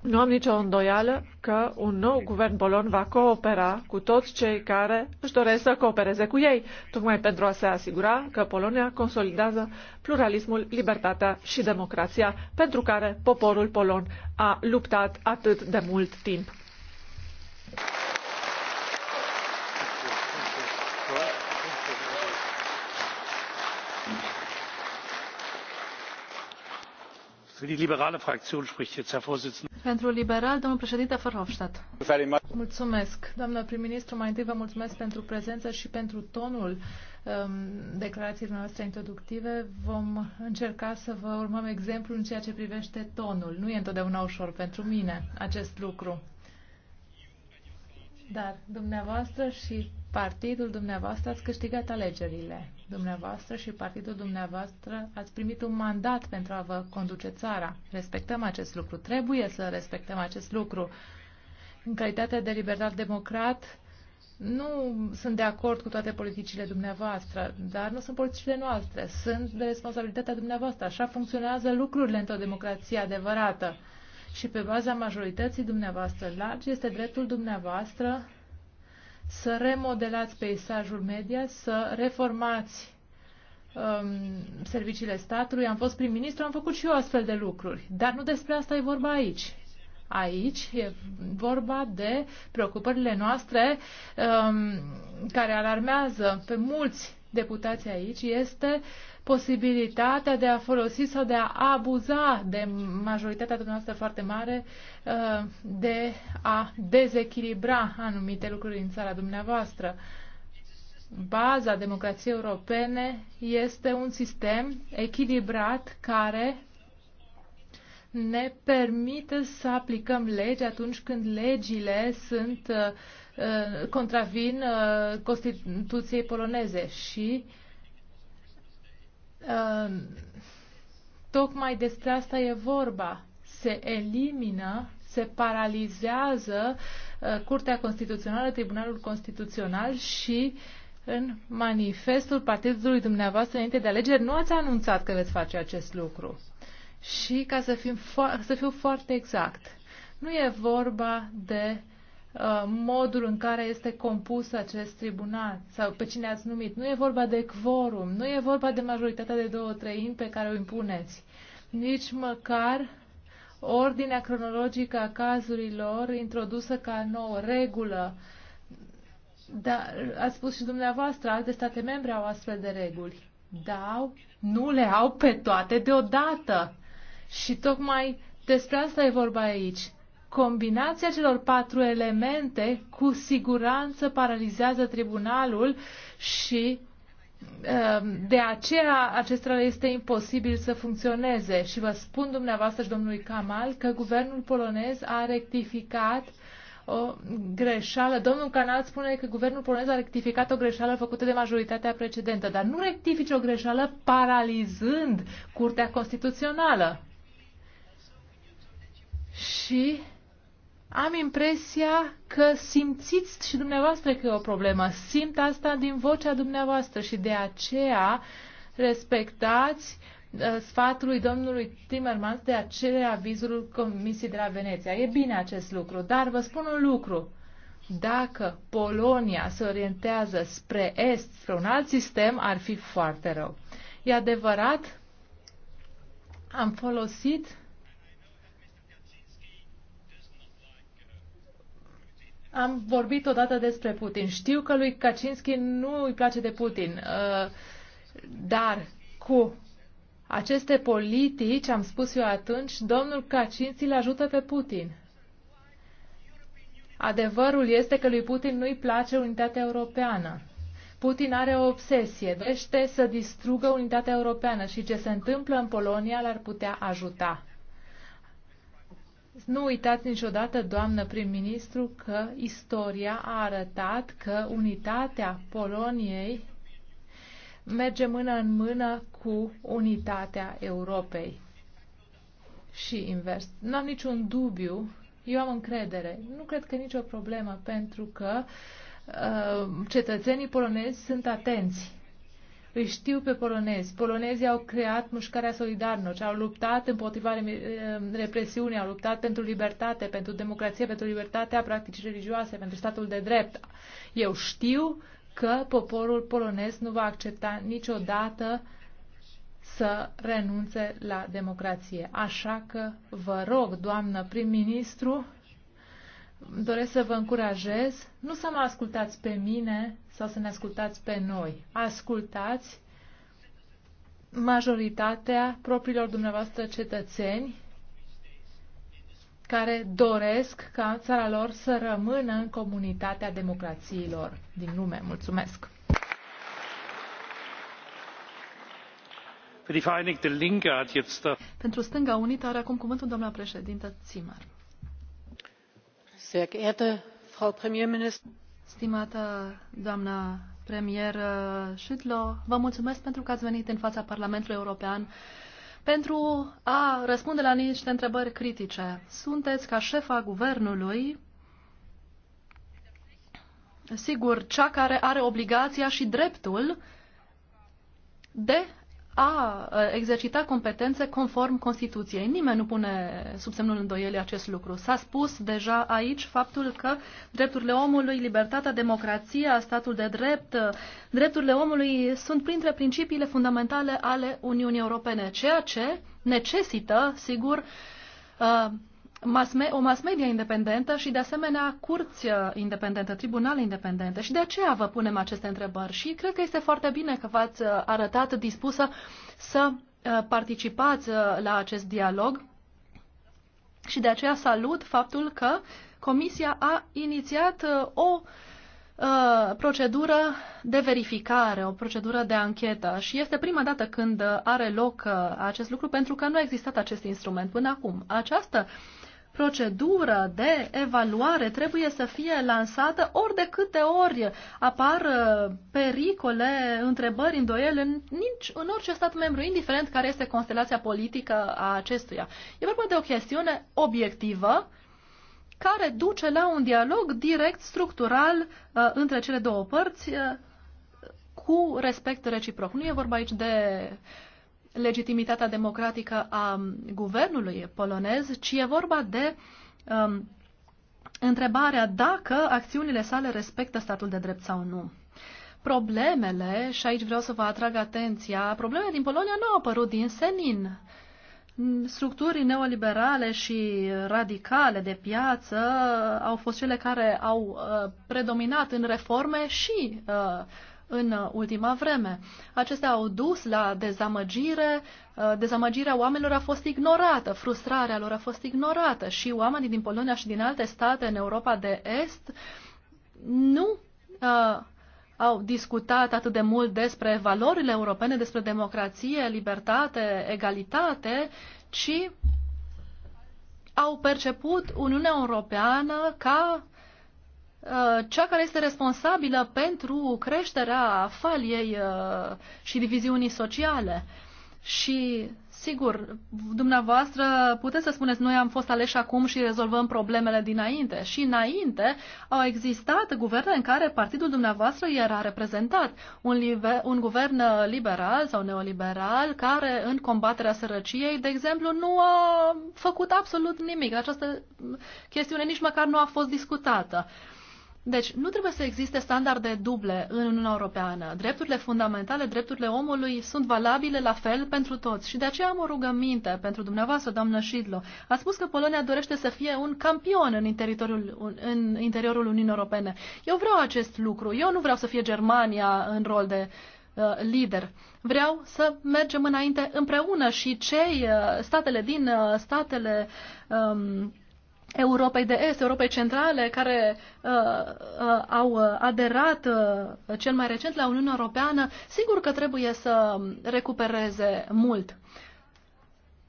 Nu am nicio îndoială că un nou guvern polon va coopera cu toți cei care își doresc să coopereze cu ei, tocmai pentru a se asigura că Polonia consolidează pluralismul, libertatea și democrația pentru care poporul polon a luptat atât de mult timp. Pentru liberal, domnul președinte Verhofstadt. Mulțumesc. Doamnă prim-ministru, mai întâi vă mulțumesc pentru prezență și pentru tonul um, declarațiilor noastre introductive. Vom încerca să vă urmăm exemplul în ceea ce privește tonul. Nu e întotdeauna ușor pentru mine acest lucru. Dar dumneavoastră și partidul dumneavoastră ați câștigat alegerile. Dumneavoastră și partidul dumneavoastră ați primit un mandat pentru a vă conduce țara. Respectăm acest lucru. Trebuie să respectăm acest lucru. În calitate de liberal democrat, nu sunt de acord cu toate politicile dumneavoastră, dar nu sunt politicile noastre. Sunt de responsabilitatea dumneavoastră. Așa funcționează lucrurile într-o democrație adevărată și pe baza majorității dumneavoastră largi, este dreptul dumneavoastră să remodelați peisajul media, să reformați um, serviciile statului. Am fost prim-ministru, am făcut și eu astfel de lucruri. Dar nu despre asta e vorba aici. Aici e vorba de preocupările noastre um, care alarmează pe mulți deputați aici este posibilitatea de a folosi sau de a abuza de majoritatea dumneavoastră foarte mare uh, de a dezechilibra anumite lucruri în țara dumneavoastră. Baza democrației europene este un sistem echilibrat care ne permite să aplicăm legi atunci când legile sunt uh, Uh, contravin uh, Constituției poloneze și uh, tocmai despre asta e vorba. Se elimină, se paralizează Curtea Constituțională, Tribunalul Constituțional și în manifestul partidului dumneavoastră înainte de alegeri nu ați anunțat că veți face acest lucru. Și ca să, fim fo- să fiu foarte exact, nu e vorba de Uh, modul în care este compus acest tribunal sau pe cine ați numit. Nu e vorba de quorum, nu e vorba de majoritatea de două treimi pe care o impuneți. Nici măcar ordinea cronologică a cazurilor introdusă ca nouă regulă. Dar ați spus și dumneavoastră, alte state membre au astfel de reguli. Dau, nu le au pe toate deodată. Și tocmai despre asta e vorba aici combinația celor patru elemente cu siguranță paralizează tribunalul și um, de aceea acestora este imposibil să funcționeze și vă spun dumneavoastră și domnului Kamal că guvernul polonez a rectificat o greșeală. Domnul Canal spune că guvernul polonez a rectificat o greșeală făcută de majoritatea precedentă, dar nu rectifice o greșeală paralizând Curtea Constituțională. Și am impresia că simțiți și dumneavoastră că e o problemă. Simt asta din vocea dumneavoastră și de aceea respectați uh, sfatului domnului Timmermans de a cere avizul Comisiei de la Veneția. E bine acest lucru, dar vă spun un lucru. Dacă Polonia se orientează spre est, spre un alt sistem, ar fi foarte rău. E adevărat, am folosit Am vorbit odată despre Putin. Știu că lui Kaczynski nu îi place de Putin, uh, dar cu aceste politici, am spus eu atunci, domnul Kaczynski îl ajută pe Putin. Adevărul este că lui Putin nu-i place unitatea europeană. Putin are o obsesie, dorește să distrugă unitatea europeană și ce se întâmplă în Polonia l-ar putea ajuta. Nu uitați niciodată, doamnă prim-ministru, că istoria a arătat că unitatea Poloniei merge mână în mână cu unitatea Europei. Și invers. Nu am niciun dubiu, eu am încredere. Nu cred că nicio problemă, pentru că uh, cetățenii polonezi sunt atenți îi știu pe polonezi. Polonezii au creat mușcarea și au luptat împotriva eh, represiunii, au luptat pentru libertate, pentru democrație, pentru libertatea practicii religioase, pentru statul de drept. Eu știu că poporul polonez nu va accepta niciodată să renunțe la democrație. Așa că vă rog, doamnă prim-ministru, doresc să vă încurajez nu să mă ascultați pe mine sau să ne ascultați pe noi. Ascultați majoritatea propriilor dumneavoastră cetățeni care doresc ca țara lor să rămână în comunitatea democrațiilor din lume. Mulțumesc! Pentru Stânga Unită are acum cuvântul doamna președintă Zimmer. Stimată doamnă premier Șidlo, vă mulțumesc pentru că ați venit în fața Parlamentului European pentru a răspunde la niște întrebări critice. Sunteți ca șefa guvernului, sigur, cea care are obligația și dreptul de a exercita competențe conform Constituției. Nimeni nu pune sub semnul îndoielii acest lucru. S-a spus deja aici faptul că drepturile omului, libertatea, democrația, statul de drept, drepturile omului sunt printre principiile fundamentale ale Uniunii Europene, ceea ce necesită, sigur, mass o mass media independentă și, de asemenea, curți uh, independente, tribunale independente. Și de aceea vă punem aceste întrebări și cred că este foarte bine că v-ați uh, arătat dispusă să uh, participați la acest dialog și de aceea salut faptul că Comisia a inițiat o procedură de verificare, o procedură de anchetă și este prima dată când are loc acest lucru pentru că nu a existat acest instrument până acum. Această uh, procedură de evaluare trebuie să fie lansată ori de câte ori apar uh, pericole, întrebări, îndoiele în, nici, în orice stat membru, indiferent care este constelația politică a acestuia. E vorba de o chestiune obiectivă care duce la un dialog direct, structural, uh, între cele două părți, uh, cu respect reciproc. Nu e vorba aici de uh, legitimitatea democratică a guvernului polonez, ci e vorba de um, întrebarea dacă acțiunile sale respectă statul de drept sau nu. Problemele, și aici vreau să vă atrag atenția, problemele din Polonia nu au apărut din senin. Structurii neoliberale și radicale de piață au fost cele care au uh, predominat în reforme și uh, în uh, ultima vreme. Acestea au dus la dezamăgire, uh, dezamăgirea oamenilor a fost ignorată, frustrarea lor a fost ignorată și oamenii din Polonia și din alte state în Europa de Est nu uh, au discutat atât de mult despre valorile europene, despre democrație, libertate, egalitate, ci au perceput Uniunea Europeană ca Uh, cea care este responsabilă pentru creșterea faliei uh, și diviziunii sociale. Și, sigur, dumneavoastră puteți să spuneți, noi am fost aleși acum și rezolvăm problemele dinainte. Și înainte au existat guverne în care partidul dumneavoastră era reprezentat. Un, liber, un guvern liberal sau neoliberal care, în combaterea sărăciei, de exemplu, nu a făcut absolut nimic. Această chestiune nici măcar nu a fost discutată. Uh, deci, nu trebuie să existe standarde duble în Uniunea Europeană. Drepturile fundamentale, drepturile omului sunt valabile la fel pentru toți. Și de aceea am o rugăminte pentru dumneavoastră, doamnă Șidlo. A spus că Polonia dorește să fie un campion în interiorul, în interiorul Uniunii Europene. Eu vreau acest lucru. Eu nu vreau să fie Germania în rol de uh, lider. Vreau să mergem înainte împreună și cei uh, statele din uh, statele um, Europei de Est, Europei Centrale, care uh, uh, au aderat uh, cel mai recent la Uniunea Europeană, sigur că trebuie să recupereze mult.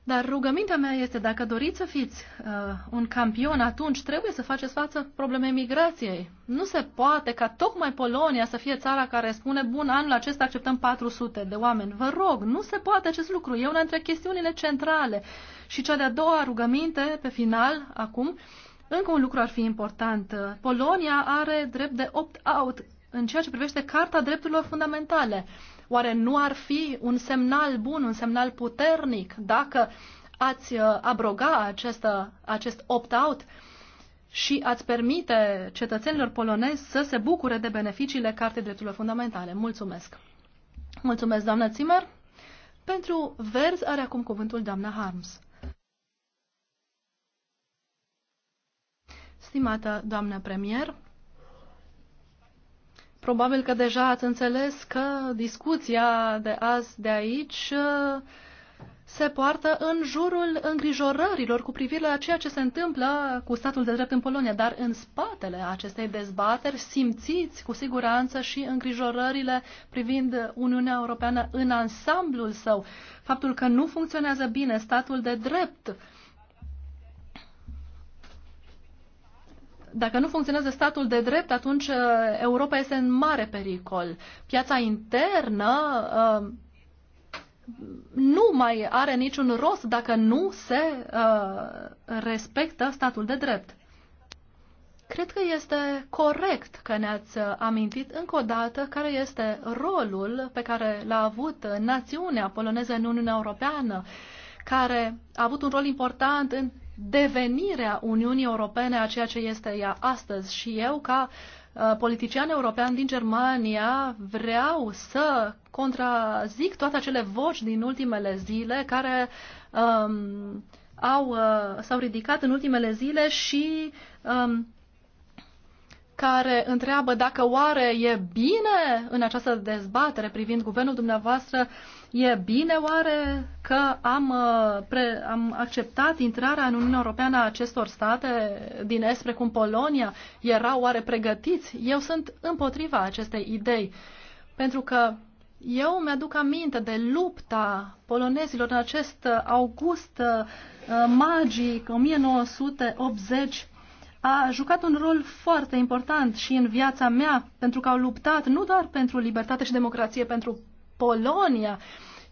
Dar rugămintea mea este, dacă doriți să fiți uh, un campion, atunci trebuie să faceți față problemei migrației. Nu se poate ca tocmai Polonia să fie țara care spune, bun, anul acesta acceptăm 400 de oameni. Vă rog, nu se poate acest lucru. E una dintre chestiunile centrale. Și cea de-a doua rugăminte, pe final, acum, încă un lucru ar fi important. Polonia are drept de opt-out în ceea ce privește Carta Drepturilor Fundamentale. Oare nu ar fi un semnal bun, un semnal puternic dacă ați uh, abroga acest, uh, acest opt-out și ați permite cetățenilor polonezi să se bucure de beneficiile Cartei Drepturilor Fundamentale? Mulțumesc! Mulțumesc, doamnă Zimmer! Pentru verzi are acum cuvântul doamna Harms. Stimată doamnă premier, Probabil că deja ați înțeles că discuția de azi de aici uh, se poartă în jurul îngrijorărilor cu privire la ceea ce se întâmplă cu statul de drept în Polonia, dar în spatele acestei dezbateri simțiți cu siguranță și îngrijorările privind Uniunea Europeană în ansamblul său, faptul că nu funcționează bine statul de drept, uh, dacă nu funcționează statul de drept, atunci uh, Europa este în mare pericol. Piața internă uh, nu mai are niciun rost dacă nu se uh, respectă statul de drept. Cred că este corect că ne-ați amintit încă o dată care este rolul pe care l-a avut națiunea poloneză în Uniunea Europeană, care a avut un rol important în devenirea Uniunii Europene a ceea ce este ea astăzi. Și eu, ca uh, politician european din Germania, vreau să contrazic toate acele voci din ultimele zile care um, au, uh, s-au ridicat în ultimele zile și um, care întreabă dacă oare e bine în această dezbatere privind guvernul dumneavoastră uh, E bine oare că am, uh, pre, am acceptat intrarea în Uniunea Europeană a acestor state din Est, precum Polonia? Erau oare pregătiți? Eu sunt împotriva acestei idei, pentru că eu mi-aduc aminte de lupta polonezilor în acest uh, august uh, magic 1980 a jucat un rol foarte important și în viața mea, pentru că au luptat nu doar pentru libertate și democrație pentru Polonia,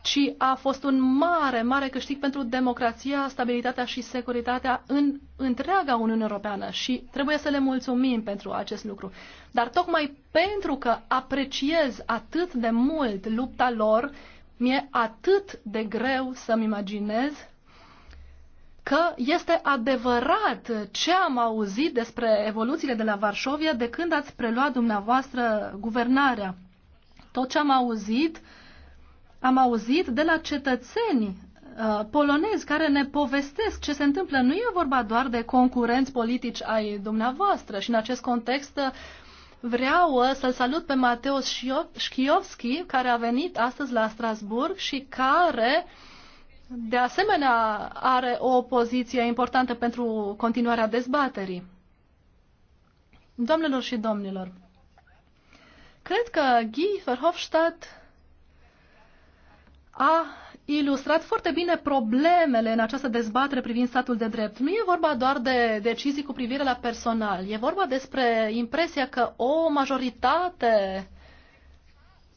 ci a fost un mare, mare câștig pentru democrația, stabilitatea și securitatea în întreaga Uniune Europeană și trebuie să le mulțumim pentru acest lucru. Dar tocmai pentru că apreciez atât de mult lupta lor, mi-e atât de greu să-mi imaginez că este adevărat ce am auzit despre evoluțiile de la Varșovia de când ați preluat dumneavoastră guvernarea. Tot ce am auzit uh, am auzit de la cetățeni uh, polonezi care ne povestesc ce se întâmplă. Nu e vorba doar de concurenți politici ai dumneavoastră și în acest context uh, vreau uh, să-l salut pe Mateus Schiovski care a venit astăzi la Strasburg și care de asemenea are o poziție importantă pentru continuarea dezbaterii. Doamnelor și domnilor, cred că Guy Verhofstadt a ilustrat foarte bine problemele în această dezbatere privind statul de drept. Nu e vorba doar de decizii cu privire la personal, e vorba despre impresia că o majoritate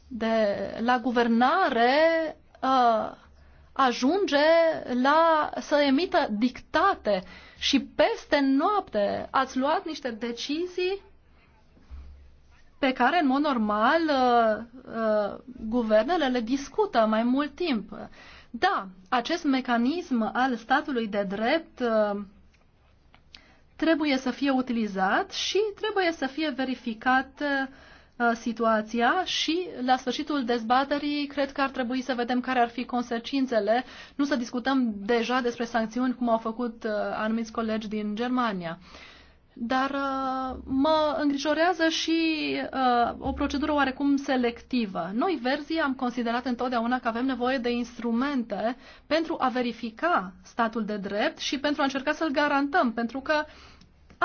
de, la guvernare uh, ajunge la să emită dictate și peste noapte ați luat niște decizii pe care, în mod normal, uh, uh, guvernele le discută mai mult timp. Da, acest mecanism al statului de drept uh, trebuie să fie utilizat și trebuie să fie verificat situația și la sfârșitul dezbaterii cred că ar trebui să vedem care ar fi consecințele, nu să discutăm deja despre sancțiuni cum au făcut anumiți colegi din Germania. Uh, dar uh, mă îngrijorează și uh, o procedură oarecum selectivă. Noi, verzii, am considerat întotdeauna că avem nevoie de instrumente pentru a verifica statul de drept și pentru a încerca să-l garantăm, pentru că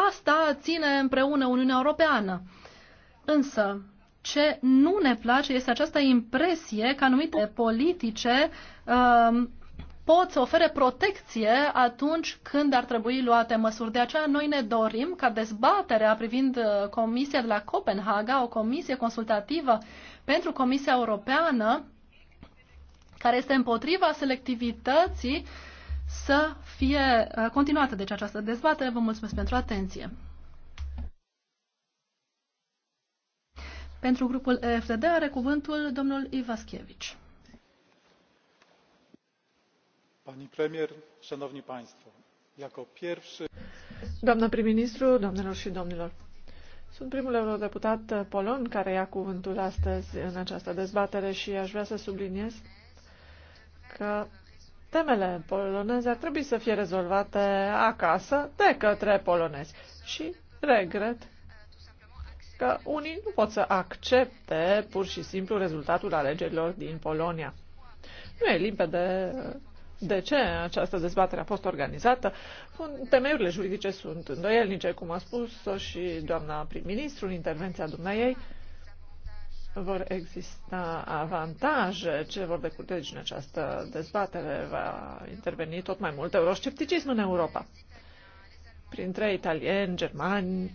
asta ține împreună Uniunea Europeană. Însă, ce nu ne place este această impresie că anumite politice uh, pot să ofere protecție atunci când ar trebui luate măsuri. De aceea noi ne dorim ca dezbaterea privind uh, Comisia de la Copenhaga, o comisie consultativă pentru Comisia Europeană, care este împotriva selectivității, să fie uh, continuată deci această dezbatere. Vă mulțumesc pentru atenție. Pentru grupul EFTD are cuvântul domnul Ivaschevici pani premier szanowni państwo! jako pierwszy. doamnă prim ministru doamnelor și domnilor sunt primul eurodeputat polon care ia cuvântul astăzi în această dezbatere și aș vrea să subliniez că temele poloneze ar trebui să fie rezolvate acasă de către polonezi și regret că unii nu pot să accepte pur și simplu rezultatul alegerilor din Polonia. Nu e limpede de ce această dezbatere a fost organizată. Temeiurile juridice sunt îndoielnice, cum a spus și doamna prim-ministru în intervenția dumneiei. Vor exista avantaje ce vor decurge în această dezbatere. Va interveni tot mai mult euroscepticism în Europa. Printre italieni, germani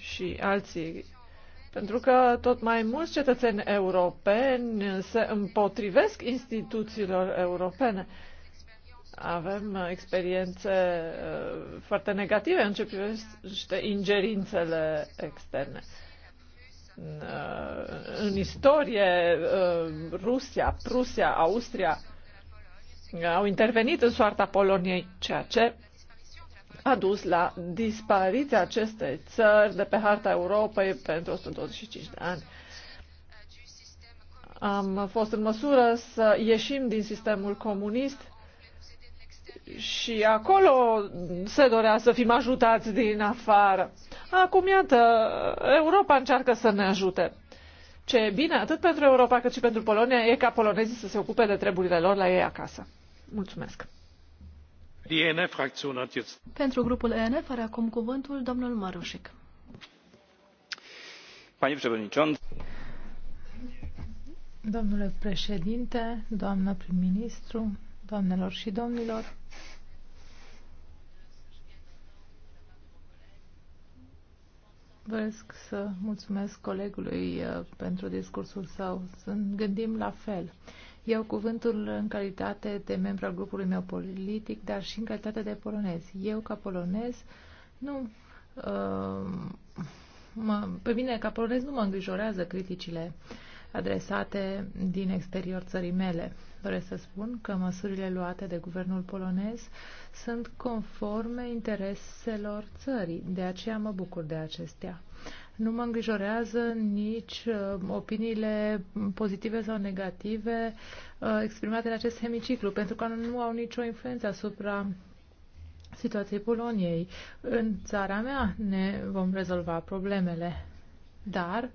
și alții pentru că tot mai mulți cetățeni europeni se împotrivesc instituțiilor europene. Avem experiențe uh, foarte negative în ce privește ingerințele externe uh, în istorie, uh, Rusia, Prusia, Austria au intervenit în soarta Poloniei, ceea ce a dus la dispariția acestei țări de pe harta Europei pentru 125 de ani. Am fost în măsură să ieșim din sistemul comunist și acolo se dorea să fim ajutați din afară. Acum, iată, Europa încearcă să ne ajute. Ce e bine, atât pentru Europa cât și pentru Polonia, e ca polonezii să se ocupe de treburile lor la ei acasă. Mulțumesc! Pentru grupul ENF cuvântul domnul Domnule președinte, doamnă prim-ministru, doamnelor și domnilor, Doresc să mulțumesc colegului uh, pentru discursul său. Gândim la fel. Iau cuvântul în calitate de membru al grupului meu politic, dar și în calitate de polonez. Eu, ca polonez, nu... Uh, mă, pe mine, ca polonez, nu mă îngrijorează criticile adresate din exterior țării mele. Doresc să spun că măsurile luate de guvernul polonez sunt conforme intereselor țării, de aceea mă bucur de acestea. Nu mă îngrijorează nici uh, opiniile pozitive sau negative uh, exprimate în acest hemiciclu, pentru că nu au nicio influență asupra situației Poloniei. În țara mea ne vom rezolva problemele, dar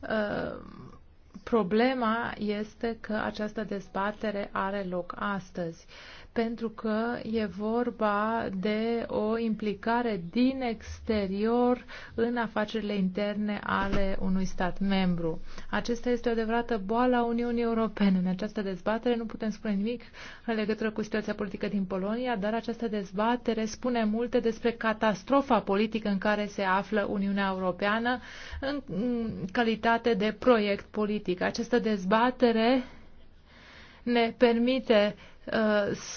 uh, problema este că această dezbatere are loc astăzi pentru că e vorba de o implicare din exterior în afacerile interne ale unui stat membru. Acesta este o adevărată boală a Uniunii Europene. În această dezbatere nu putem spune nimic în legătură cu situația politică din Polonia, dar această dezbatere spune multe despre catastrofa politică în care se află Uniunea Europeană în calitate de proiect politic. Această dezbatere ne permite uh,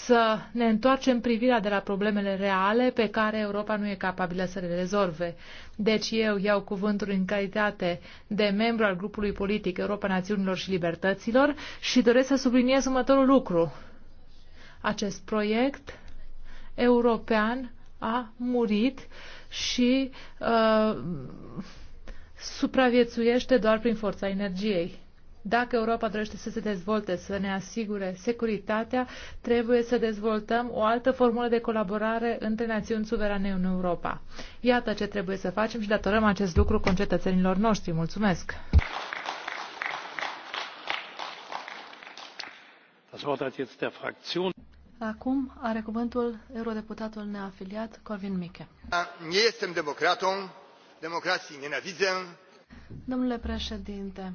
să ne întoarcem privirea de la problemele reale pe care Europa nu e capabilă să le rezolve. Deci eu iau cuvântul în calitate de membru al grupului politic Europa Națiunilor și Libertăților și doresc să subliniez următorul lucru. Acest proiect european a murit și uh, supraviețuiește doar prin forța energiei. Dacă Europa dorește să se dezvolte, să ne asigure securitatea, trebuie să dezvoltăm o altă formulă de colaborare între națiuni suverane în Europa. Iată ce trebuie să facem și datorăm acest lucru concetățenilor noștri. Mulțumesc! Acum are cuvântul eurodeputatul neafiliat Corvin Miche. Nu suntem Democrații ne nienawidzę. Domnule președinte,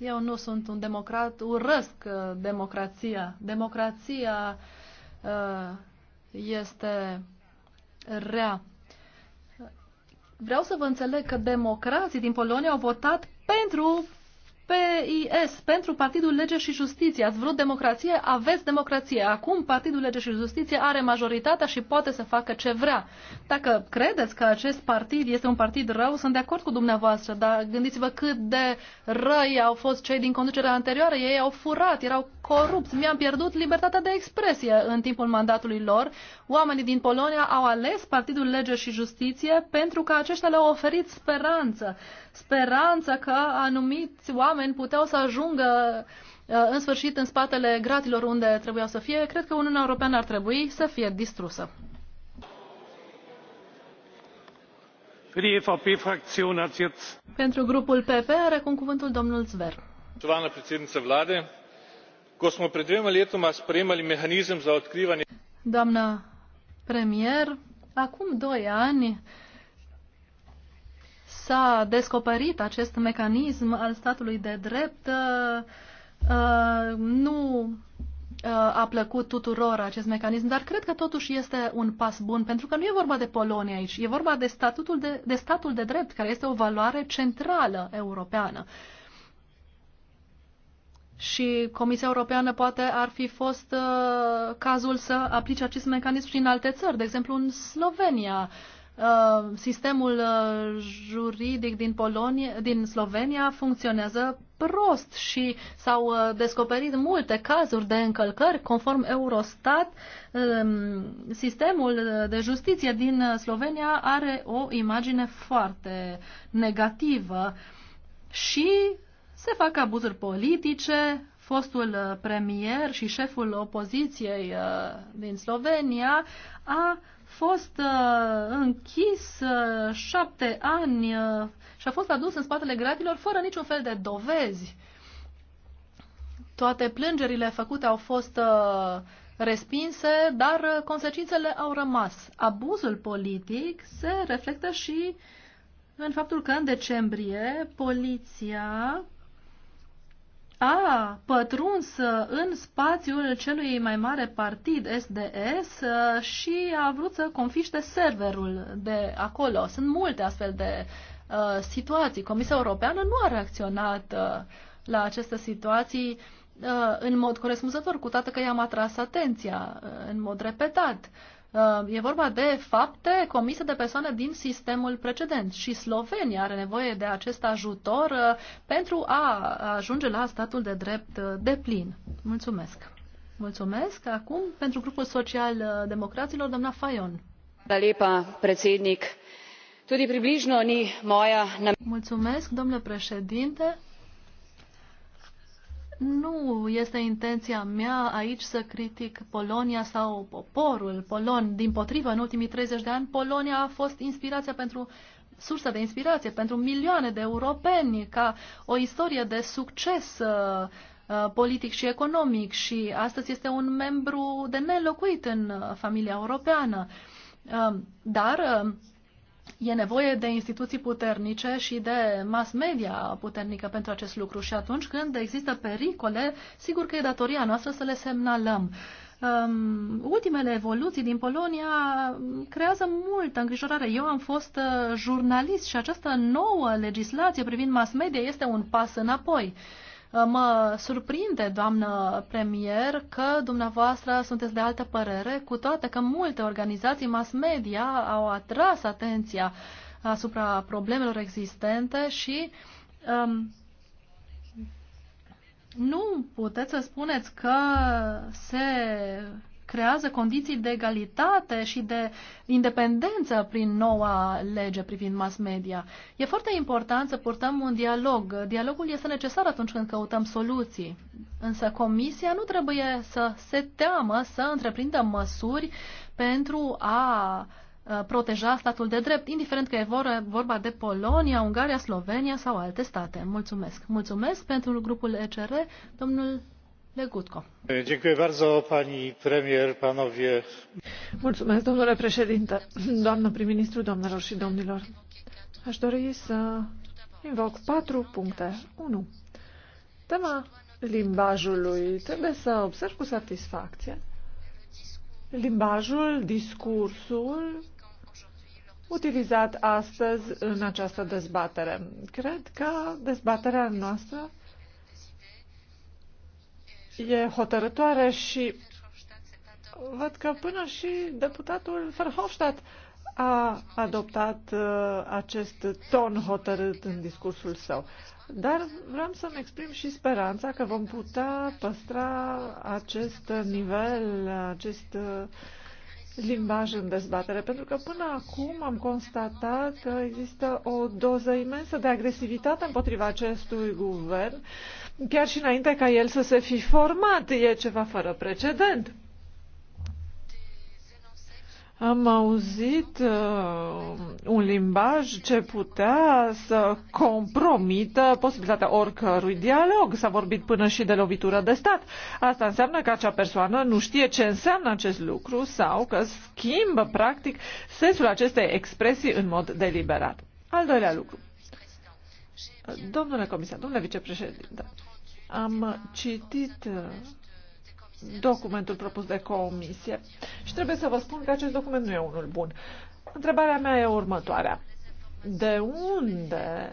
eu nu sunt un democrat, urăsc uh, democrația. Democrația uh, este rea. Vreau să vă înțeleg că democrații din Polonia au votat pentru PIS, pentru Partidul Lege și Justiție. Ați vrut democrație? Aveți democrație. Acum Partidul Lege și Justiție are majoritatea și poate să facă ce vrea. Dacă credeți că acest partid este un partid rău, sunt de acord cu dumneavoastră, dar gândiți-vă cât de răi au fost cei din conducerea anterioară. Ei au furat, erau corupți, mi-am pierdut libertatea de expresie în timpul mandatului lor. Oamenii din Polonia au ales Partidul Lege și Justiție pentru că aceștia le-au oferit speranță speranță că anumiți oameni puteau să ajungă uh, în sfârșit în spatele gratilor unde trebuia să fie, cred că Uniunea Europeană ar trebui să fie distrusă. Pentru grupul PP are acum cuvântul domnul Zver. Doamna președintă vlade, cosmo smo pred dvema letoma sprejemali mehanizem za otkrivanje... Doamna premier, acum doi ani s-a descoperit acest mecanism al statului de drept, uh, uh, nu uh, a plăcut tuturor acest mecanism, dar cred că totuși este un pas bun, pentru că nu e vorba de Polonia aici, e vorba de, statul de, de statul de drept, care este o valoare centrală europeană. Și Comisia Europeană poate ar fi fost uh, cazul să aplice acest mecanism și în alte țări, de exemplu în Slovenia. Uh, Uh, sistemul uh, juridic din, Polonia, din Slovenia funcționează prost și s-au uh, descoperit multe cazuri de încălcări. Conform Eurostat, um, sistemul de justiție din Slovenia are o imagine foarte negativă și se fac abuzuri politice. Fostul premier și șeful opoziției din Slovenia a fost uh, închis uh, șapte ani uh, și a fost adus în spatele gratilor fără niciun fel de dovezi. Toate plângerile făcute au fost uh, respinse, dar uh, consecințele au rămas. Abuzul politic se reflectă și în faptul că în decembrie poliția a pătruns uh, în spațiul celui mai mare partid SDS uh, și a vrut să confiște serverul de acolo. Sunt multe astfel de uh, situații. Comisia Europeană nu a reacționat la aceste situații în mod corespunzător, cu toate că i-am atras atenția în mod repetat. Uh, Uh, e vorba de fapte comise de persoane din sistemul precedent și Slovenia are nevoie de acest ajutor uh, pentru a ajunge la statul de drept uh, de plin. Mulțumesc! Mulțumesc! Acum, pentru grupul social-democraților, doamna Fajon. Lepa, ni Mulțumesc, domnule președinte! Nu este intenția mea aici să critic Polonia sau poporul polon. Din potrivă, în ultimii 30 de ani, Polonia a fost inspirația pentru sursă de inspirație pentru milioane de europeni ca o istorie de succes uh, uh, politic și economic și astăzi este un membru de nelocuit în uh, familia europeană. Dar E nevoie de instituții puternice și de mass media puternică pentru acest lucru și atunci când există pericole, sigur că e datoria noastră să le semnalăm. Um, ultimele evoluții din Polonia creează multă îngrijorare. Eu am fost uh, jurnalist și această nouă legislație privind mass media este un pas înapoi. Uh, Uh, mă surprinde, doamnă premier, că dumneavoastră sunteți de altă părere, cu toate că multe organizații mass media au atras atenția asupra problemelor existente și um, nu puteți să spuneți că se creează condiții de egalitate și de independență prin noua lege privind mass media. E foarte important să purtăm un dialog. Dialogul este necesar atunci când căutăm soluții. Însă Comisia nu trebuie să se teamă să întreprindă măsuri pentru a proteja statul de drept, indiferent că e vorba de Polonia, Ungaria, Slovenia sau alte state. Mulțumesc. Mulțumesc pentru grupul ECR, domnul Mulțumesc, domnule președinte, doamnă prim-ministru, doamnelor și domnilor. Aș dori să invoc patru puncte. unu Tema limbajului. Trebuie să observ cu satisfacție limbajul, discursul utilizat astăzi în această dezbatere. Cred că dezbaterea noastră e hotărătoare și văd că până și deputatul Verhofstadt a adoptat uh, acest ton hotărât în discursul său. Dar vreau să-mi exprim și speranța că vom putea păstra acest nivel, acest uh, limbaj în dezbatere, pentru că până acum am constatat că există o doză imensă de agresivitate împotriva acestui guvern, chiar și înainte ca el să se fi format. E ceva fără precedent. Am auzit uh, un limbaj ce putea să compromită posibilitatea oricărui dialog. S-a vorbit până și de lovitură de stat. Asta înseamnă că acea persoană nu știe ce înseamnă acest lucru sau că schimbă practic sensul acestei expresii în mod deliberat. Al doilea lucru. Domnule comisar, domnule vicepreședinte, am citit uh, documentul propus de comisie. Și trebuie să vă spun că acest document nu e unul bun. Întrebarea mea e următoarea. De unde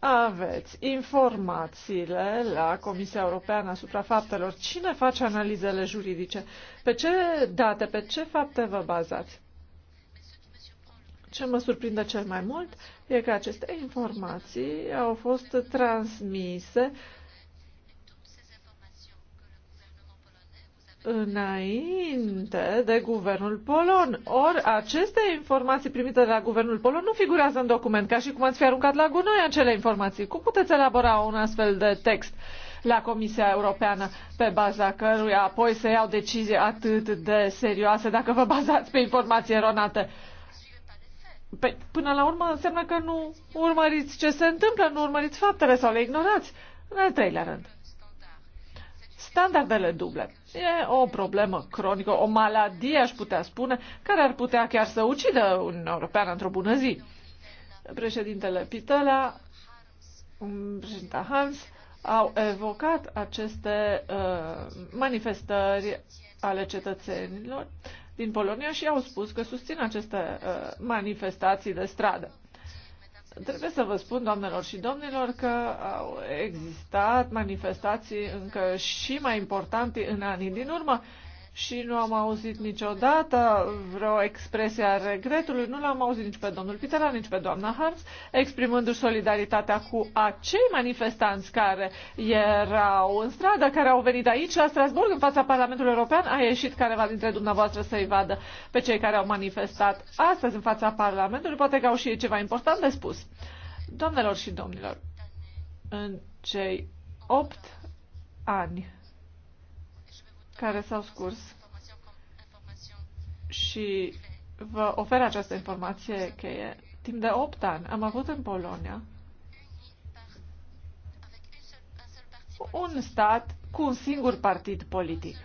aveți informațiile la Comisia Europeană asupra faptelor? Cine face analizele juridice? Pe ce date, pe ce fapte vă bazați? Ce mă surprinde cel mai mult e că aceste informații au fost transmise înainte de guvernul polon. or aceste informații primite de la guvernul polon nu figurează în document, ca și cum ați fi aruncat la gunoi acele informații. Cum puteți elabora un astfel de text la Comisia Europeană pe baza căruia apoi să iau decizii atât de serioase dacă vă bazați pe informații eronate? Pe, până la urmă înseamnă că nu urmăriți ce se întâmplă, nu urmăriți faptele sau le ignorați. În al treilea rând, standardele duble E o problemă cronică, o maladie, aș putea spune, care ar putea chiar să ucidă un european într-o bună zi. Președintele Pitela, președinta Hans, au evocat aceste uh, manifestări ale cetățenilor din Polonia și au spus că susțin aceste uh, manifestații de stradă. Trebuie să vă spun, doamnelor și domnilor, că au existat manifestații încă și mai importante în anii din urmă și nu am auzit niciodată vreo expresie a regretului, nu l-am auzit nici pe domnul Pitera, nici pe doamna Harms, exprimându-și solidaritatea cu acei manifestanți care erau în stradă, care au venit aici la Strasburg în fața Parlamentului European. A ieșit careva dintre dumneavoastră să-i vadă pe cei care au manifestat astăzi în fața Parlamentului. Poate că au și ei ceva important de spus. Doamnelor și domnilor, în cei opt ani care s-au scurs și vă ofer această informație cheie. Timp de 8 ani am avut în Polonia un stat cu un singur partid politic.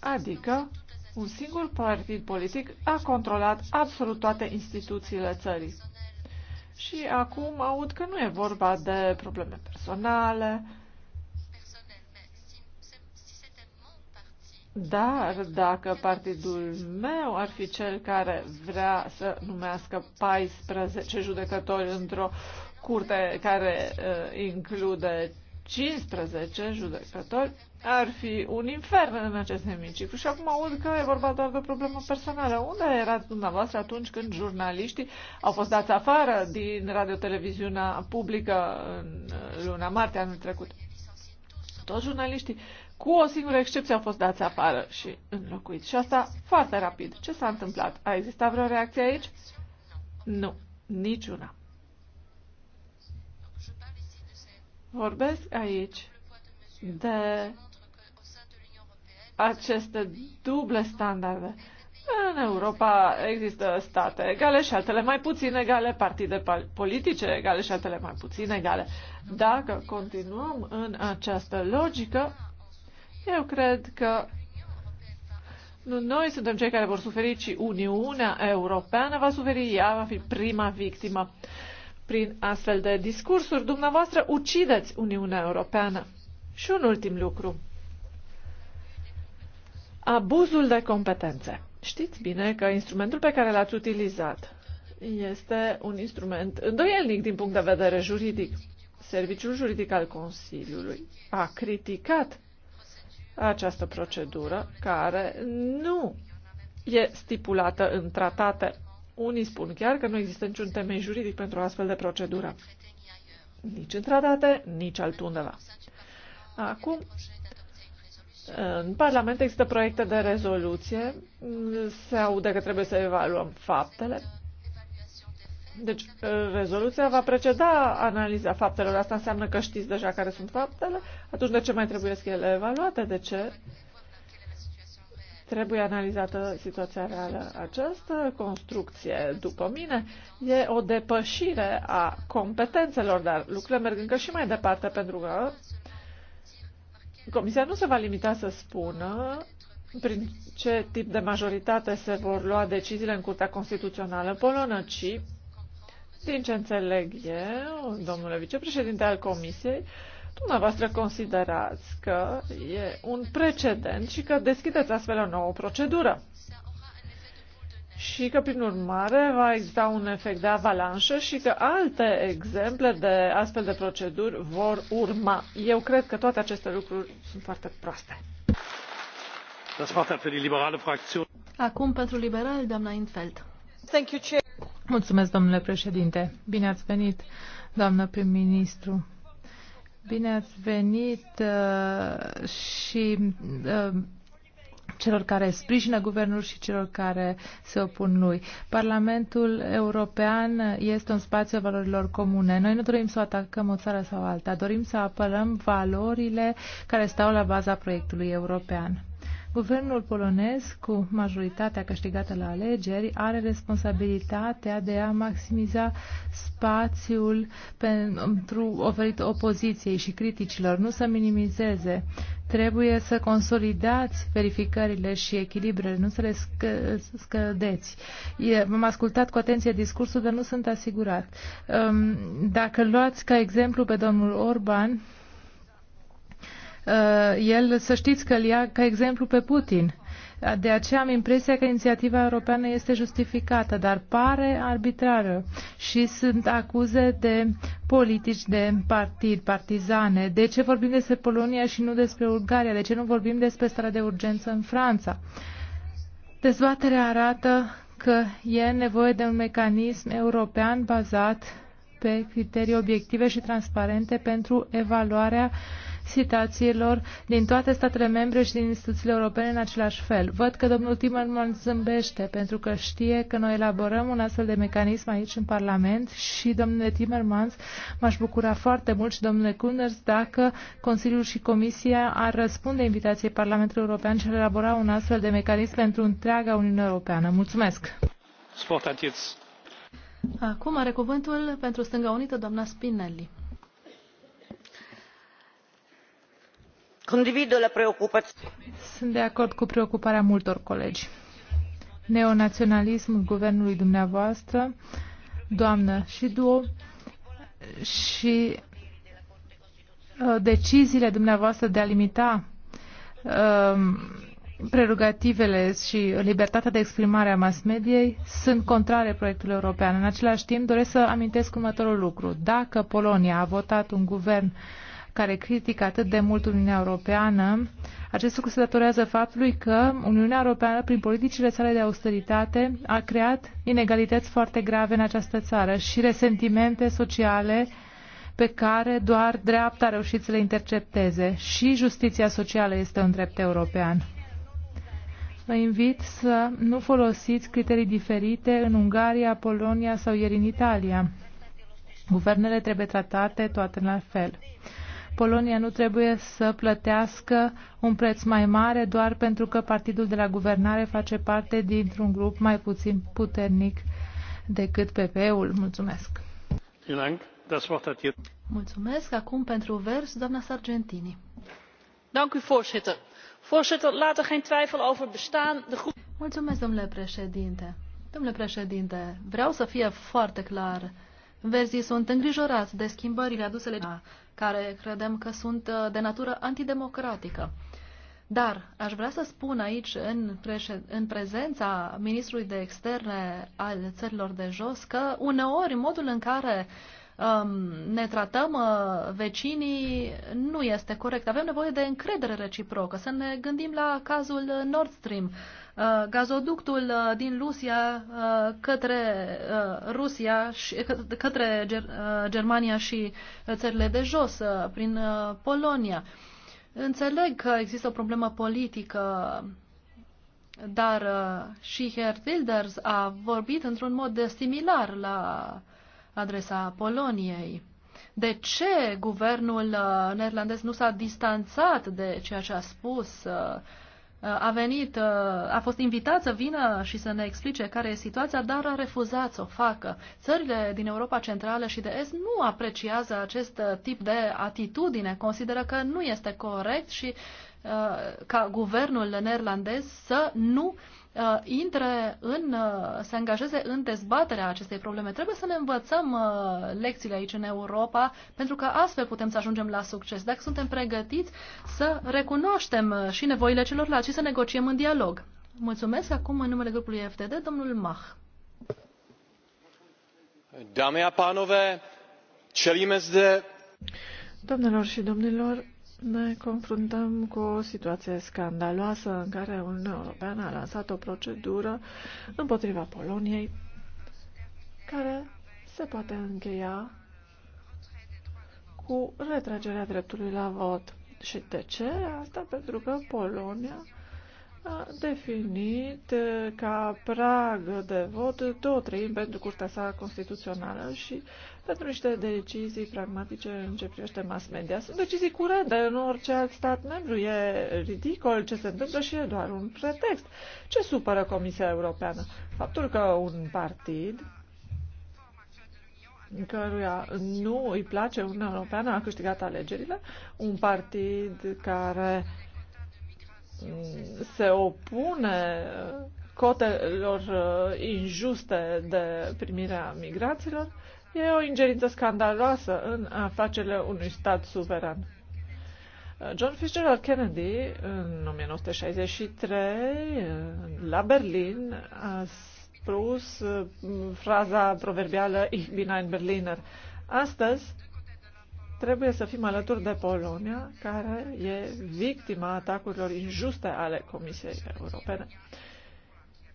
Adică, un singur partid politic a controlat absolut toate instituțiile țării. Și acum aud că nu e vorba de probleme personale, Dar dacă partidul meu ar fi cel care vrea să numească 14 judecători într-o curte care uh, include 15 judecători, ar fi un infern în acest hemiciclu. Și acum aud că e vorba doar de o problemă personală. Unde erați dumneavoastră atunci când jurnaliștii au fost dați afară din radioteleviziunea publică în uh, luna martie anul trecut? Toți jurnaliștii cu o singură excepție au fost dați afară și înlocuiți. Și asta foarte rapid. Ce s-a întâmplat? A existat vreo reacție aici? Nu, niciuna. Vorbesc aici de aceste duble standarde. În Europa există state egale și altele mai puțin egale, partide politice egale și altele mai puțin egale. Dacă continuăm în această logică, eu cred că nu noi suntem cei care vor suferi, ci Uniunea Europeană va suferi, ea va fi prima victimă. Prin astfel de discursuri, dumneavoastră ucideți Uniunea Europeană. Și un ultim lucru. Abuzul de competențe. Știți bine că instrumentul pe care l-ați utilizat este un instrument îndoielnic din punct de vedere juridic. Serviciul juridic al Consiliului a criticat această procedură care nu e stipulată în tratate. Unii spun chiar că nu există niciun temei juridic pentru o astfel de procedură. Nici în tratate, nici altundeva. Acum, în Parlament există proiecte de rezoluție, se aude că trebuie să evaluăm faptele, deci, uh, rezoluția va preceda analiza faptelor. Asta înseamnă că știți deja care sunt faptele. Atunci, de ce mai trebuie să ele evaluate? De ce trebuie analizată situația reală? Această construcție, după mine, e o depășire a competențelor, dar lucrurile merg încă și mai departe, pentru că Comisia nu se va limita să spună prin ce tip de majoritate se vor lua deciziile în Curtea Constituțională polonă, ci din ce înțeleg eu, domnule vicepreședinte al Comisiei, dumneavoastră considerați că e un precedent și că deschideți astfel o nouă procedură și că, prin urmare, va exista un efect de avalanșă și că alte exemple de astfel de proceduri vor urma. Eu cred că toate aceste lucruri sunt foarte proaste. Acum pentru liberal, doamna Infeld. Thank you, Mulțumesc, domnule președinte. Bine ați venit, doamnă prim-ministru. Bine ați venit uh, și uh, celor care sprijină guvernul și celor care se opun lui. Parlamentul European este un spațiu a valorilor comune. Noi nu dorim să o atacăm o țară sau alta, dorim să apărăm valorile care stau la baza proiectului european. Guvernul polonez, cu majoritatea câștigată la alegeri, are responsabilitatea de a maximiza spațiul pentru oferit opoziției și criticilor, nu să minimizeze. Trebuie să consolidați verificările și echilibrele, nu să le scă scădeți. M-am ascultat cu atenție discursul, dar nu sunt asigurat. Um, dacă luați ca exemplu pe domnul Orban, Uh, el, să știți că îl ia ca exemplu pe Putin. De aceea am impresia că inițiativa europeană este justificată, dar pare arbitrară și sunt acuze de politici, de partid, partizane. De ce vorbim despre Polonia și nu despre Ungaria? De ce nu vorbim despre starea de urgență în Franța? Dezbaterea arată că e nevoie de un mecanism european bazat pe criterii obiective și transparente pentru evaluarea uh, citațiilor din toate statele membre și din instituțiile europene în același fel. Văd că domnul Timmermans zâmbește pentru că știe că noi elaborăm un astfel de mecanism aici în Parlament și, domnule Timmermans, m-aș bucura foarte mult și, domnule Kunders, dacă Consiliul și Comisia ar răspunde invitației Parlamentului European și ar elabora un astfel de mecanism pentru întreaga Uniune Europeană. Mulțumesc! Acum are cuvântul pentru Stânga Unită doamna Spinelli. Sunt de acord cu preocuparea multor colegi. Neonaționalismul guvernului dumneavoastră, doamnă Șiduo, și uh, deciziile dumneavoastră de a limita um, prerogativele și libertatea de exprimare a mass mediei sunt contrare proiectului european. În același timp, doresc să amintesc următorul lucru. Dacă Polonia a votat un guvern uh, care critică atât de mult Uniunea Europeană. Acest lucru se datorează faptului că Uniunea Europeană, prin politicile sale de austeritate, a creat inegalități foarte grave în această țară și resentimente sociale pe care doar dreapta a reușit să le intercepteze. Și justiția socială este un drept european. Vă invit să nu folosiți criterii diferite în Ungaria, Polonia sau ieri în Italia. Guvernele trebuie tratate toate la fel. Polonia nu trebuie să plătească un preț mai mare doar pentru că partidul de la guvernare face parte dintr-un grup mai puțin puternic decât PPE-ul. Mulțumesc! Mulțumesc. Acum pentru vers, doamna Sargentini. Er Mulțumesc, domnule președinte. Domnule președinte, vreau să fie foarte clar. Verzii sunt îngrijorați de schimbările aduse la care credem că sunt uh, de natură antidemocratică. Dar aș vrea să spun aici, în, în prezența ministrului de externe al țărilor de jos, că uneori modul în care um, ne tratăm uh, vecinii nu este corect. Avem nevoie de încredere reciprocă, să ne gândim la cazul Nord Stream. Uh, Uh, gazoductul uh, din Rusia uh, către Rusia și către Germania și țările de jos, prin Polonia. Înțeleg că există o problemă politică, dar și Herr Wilders a vorbit într-un mod similar la adresa Poloniei. De ce guvernul neerlandez nu s-a distanțat de ceea ce a spus uh, a venit, uh, a fost invitat să vină și să ne explice care e situația, dar a refuzat să o facă. Țările din Europa Centrală și de Est nu apreciază acest uh, tip de atitudine, consideră că nu este corect și uh, ca guvernul neerlandez să nu uh, uh, intre în, uh, se angajeze în dezbaterea acestei probleme. Trebuie să ne învățăm uh, lecțiile aici în Europa, pentru că astfel putem să ajungem la succes. Dacă suntem pregătiți să recunoaștem uh, și nevoile celorlalți și să negociem în dialog. Mulțumesc acum în numele grupului FTD, domnul Mach. Dame a pánové, čelíme zde... Doamnelor și domnilor, ne confruntăm cu o situație scandaloasă în care Uniunea Europeană a lansat o procedură împotriva Poloniei care se poate încheia cu retragerea dreptului la vot. Și de ce? Asta pentru că Polonia a definit ca prag de vot două treimi pentru Curtea sa Constituțională și pentru niște decizii pragmatice în ce privește mass media. Sunt decizii curente în orice alt stat membru. E ridicol ce se întâmplă și e doar un pretext. Ce supără Comisia Europeană? Faptul că un partid căruia nu îi place Uniunea Europeană a câștigat alegerile, un partid care mm, se opune cotelor uh, injuste de primire a migraților, E o ingerință scandaloasă în afacerile unui stat suveran. John Fitzgerald Kennedy, în 1963, la Berlin, a spus uh, fraza proverbială Ich bin ein Berliner. Astăzi, trebuie să fim alături de Polonia, care e victima atacurilor injuste ale Comisiei Europene.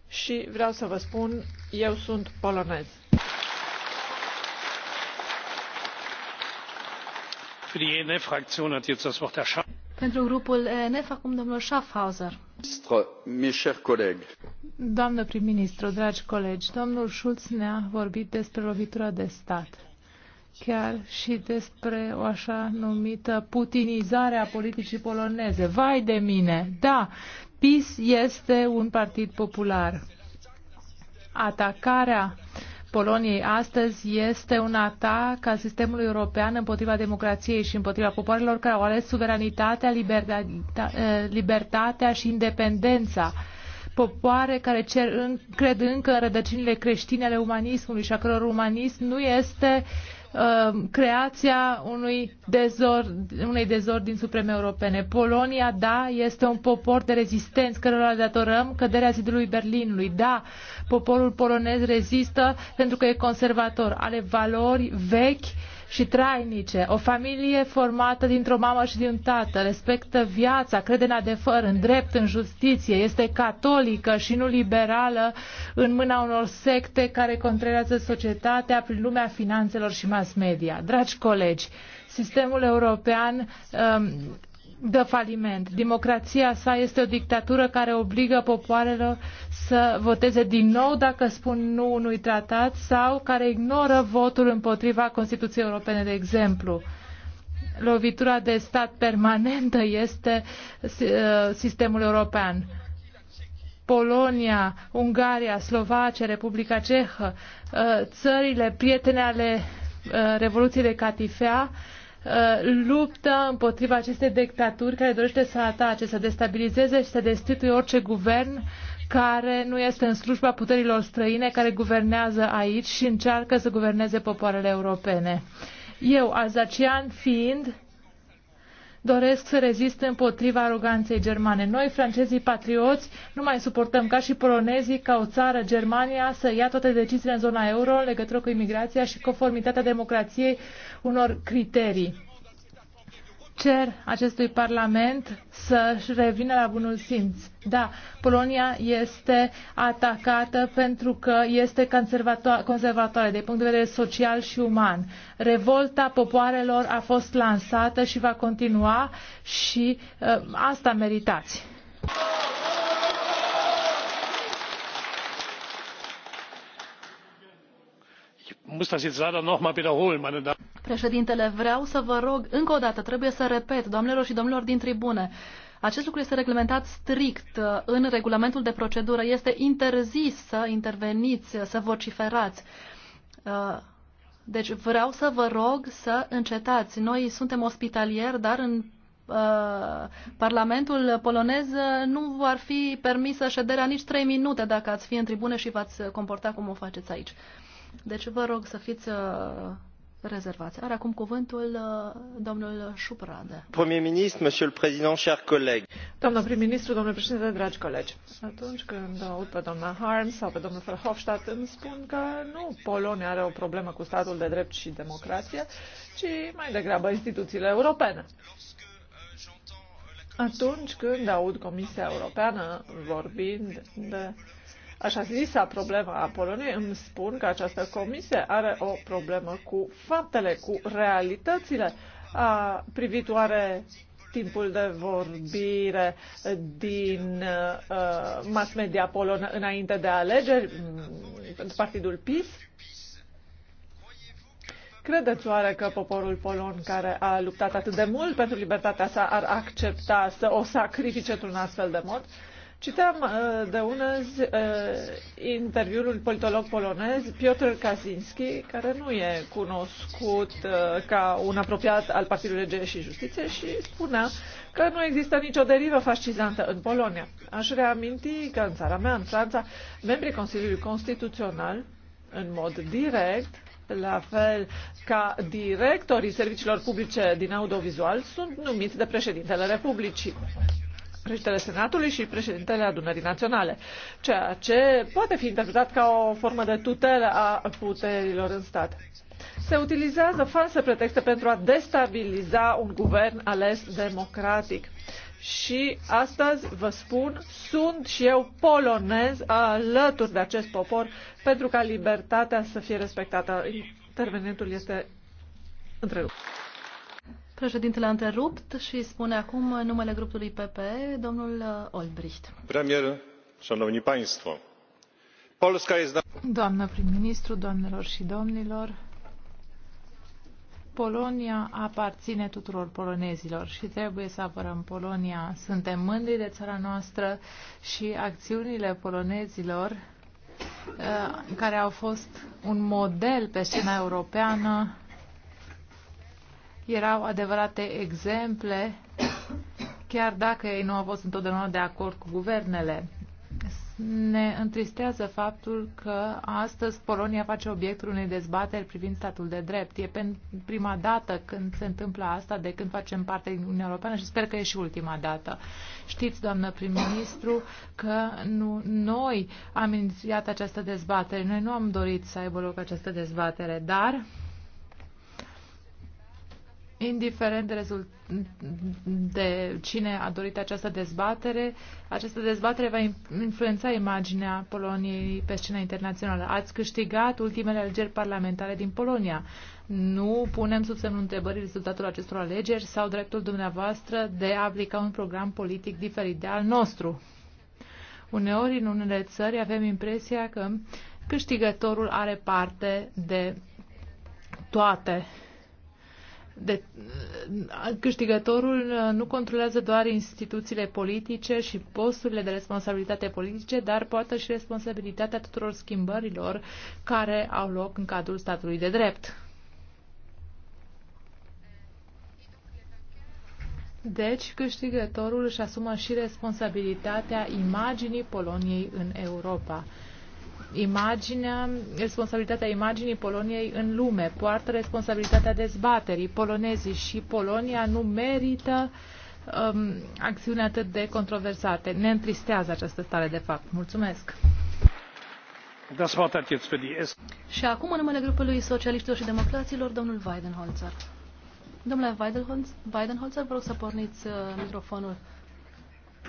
Și vreau să vă spun, eu sunt polonez. pentru grupul enf acum domnul schaffhauser. doamnă prim ministru dragi colegi domnul schulz ne a vorbit despre lovitura de stat chiar și despre o așa numită putinizare a politicii poloneze. Vai de mine! Da, PIS este un partid popular. Atacarea Poloniei astăzi este un atac al sistemului european împotriva democrației și împotriva popoarelor care au ales suveranitatea, eh, libertatea și independența popoare care cer în, cred încă în rădăcinile creștine ale umanismului și a căror umanism nu este Uh, creația unui dezord, unei dezordini supreme europene. Polonia, da, este un popor de rezistență, cărora datorăm căderea zidului Berlinului. Da, poporul polonez rezistă pentru că e conservator, are valori vechi și trainice. O familie formată dintr-o mamă și din tată, respectă viața, crede în adevăr, în drept, în justiție, este catolică și nu liberală în mâna unor secte care contrerează societatea prin lumea finanțelor și mass media. Dragi colegi, sistemul european um, dă faliment. Democrația sa este o dictatură care obligă popoarele să voteze din nou dacă spun nu unui tratat sau care ignoră votul împotriva Constituției Europene, de exemplu. Lovitura de stat permanentă este uh, sistemul european. Polonia, Ungaria, Slovacia, Republica Cehă, uh, țările prietene ale uh, Revoluției de Catifea, luptă împotriva acestei dictaturi care dorește să atace, să destabilizeze și să destituie orice guvern care nu este în slujba puterilor străine care guvernează aici și încearcă să guverneze popoarele europene. Eu, alzacian fiind, doresc să reziste împotriva aroganței germane. Noi, francezii patrioți, nu mai suportăm ca și polonezii ca o țară, Germania, să ia toate deciziile în zona euro în legătură cu imigrația și conformitatea democrației unor criterii cer acestui Parlament să-și revină la bunul simț. Da, Polonia este atacată pentru că este conservatoare, conservatoare de punct de vedere social și uman. Revolta popoarelor a fost lansată și va continua și uh, asta meritați. Președintele, vreau să vă rog, încă o dată, trebuie să repet, doamnelor și domnilor din tribune, acest lucru este reglementat strict uh, în regulamentul de procedură. Este interzis să interveniți, uh, să vociferați. Uh, deci vreau să vă rog să încetați. Noi suntem ospitalieri, dar în Parlamentul polonez nu v ar fi permisă șederea nici trei minute dacă ați fi în tribune și v-ați comporta cum o faceți aici. Deci vă rog să fiți uh, rezervați. Are acum cuvântul uh, domnul Șuprade. Premier ministru, monsieur le président, cher collègues. Domnul prim-ministru, domnule președinte, dragi colegi. Atunci când aud pe doamna Harms sau pe domnul Verhofstadt, îmi spun că nu Polonia are o problemă cu statul de drept și democrație, ci mai degrabă instituțiile europene. Atunci când aud Comisia Europeană vorbind de așa zisa problema a Poloniei, îmi spun că această comisie are o problemă cu faptele, cu realitățile. A privit oare timpul de vorbire din uh, mass media polonă înainte de alegeri, partidul PIS? Credeți oare că poporul polon care a luptat atât de mult pentru libertatea sa ar accepta să o sacrifice într-un astfel de mod? Uh, Citeam uh, de ună zi uh, interviul politolog polonez Piotr Kaczynski, care nu e cunoscut uh, ca un apropiat al Partidului Lege și Justiție și spunea că nu există nicio derivă fascizantă în Polonia. Aș reaminti că în țara mea, în Franța, membrii Consiliului Constituțional, în mod direct, la fel ca directorii serviciilor publice din audiovizual, sunt numiți de președintele Republicii președintele Senatului și președintele Adunării Naționale, ceea ce poate fi interpretat ca o formă de tutelă a puterilor în stat. Se utilizează false pretexte pentru a destabiliza un guvern ales democratic. Și astăzi vă spun, sunt și eu polonez alături de acest popor pentru ca libertatea să fie respectată. Intervenentul este întrerupt. Președintele a întrerupt și spune acum numele grupului PPE, domnul uh, Olbricht. Premier, șanovni państwo, Polska este... Doamnă prim-ministru, doamnelor și domnilor, Polonia aparține tuturor polonezilor și trebuie să apărăm Polonia. Suntem mândri de țara noastră și acțiunile polonezilor uh, care au fost un model pe scena europeană erau adevărate exemple, chiar dacă ei nu au fost întotdeauna de acord cu guvernele. Ne întristează faptul că astăzi Polonia face obiectul unei dezbateri privind statul de drept. E prima dată când se întâmplă asta de când facem parte din Uniunea Europeană și sper că e și ultima dată. Știți, doamnă prim-ministru, că nu, noi am inițiat această dezbatere. Noi nu am dorit să aibă loc această dezbatere, dar indiferent de, rezult... de cine a dorit această dezbatere, această dezbatere va influența imaginea Poloniei pe scena internațională. Ați câștigat ultimele alegeri parlamentare din Polonia. Nu punem sub semnul întrebării rezultatul acestor alegeri sau dreptul dumneavoastră de a aplica un program politic diferit de al nostru. Uneori, în unele țări, avem impresia că câștigătorul are parte de toate de, câștigătorul uh, nu controlează doar instituțiile politice și posturile de responsabilitate politice, dar poate și responsabilitatea tuturor schimbărilor care au loc în cadrul statului de drept. Deci, câștigătorul își asumă și responsabilitatea imaginii Poloniei în Europa imaginea, responsabilitatea imaginii Poloniei în lume, poartă responsabilitatea dezbaterii. Polonezii și Polonia nu merită um, acțiuni atât de controversate. Ne întristează această stare de fapt. Mulțumesc! Și acum, în numele grupului socialiștilor și democraților, domnul Weidenholzer. Domnule Weidenholzer, vă rog să porniți uh, microfonul.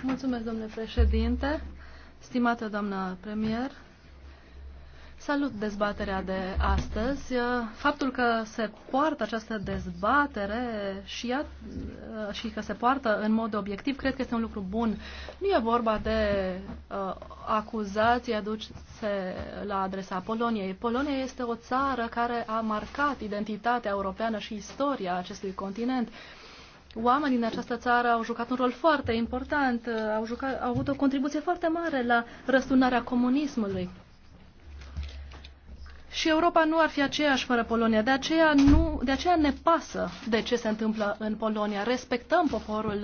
Mulțumesc, domnule președinte, stimată doamnă premier, Salut dezbaterea de astăzi. Uh, faptul că se poartă această dezbatere și, ea, uh, și că se poartă în mod obiectiv, cred că este un lucru bun. Nu e vorba de uh, acuzații aduce la adresa Poloniei. Polonia este o țară care a marcat identitatea europeană și istoria acestui continent. Oamenii din această țară au jucat un rol foarte important, uh, au, jucat, au avut o contribuție foarte mare la răsturnarea comunismului și Europa nu ar fi aceeași fără Polonia. De aceea, nu, de aceea ne pasă de ce se întâmplă în Polonia. Respectăm poporul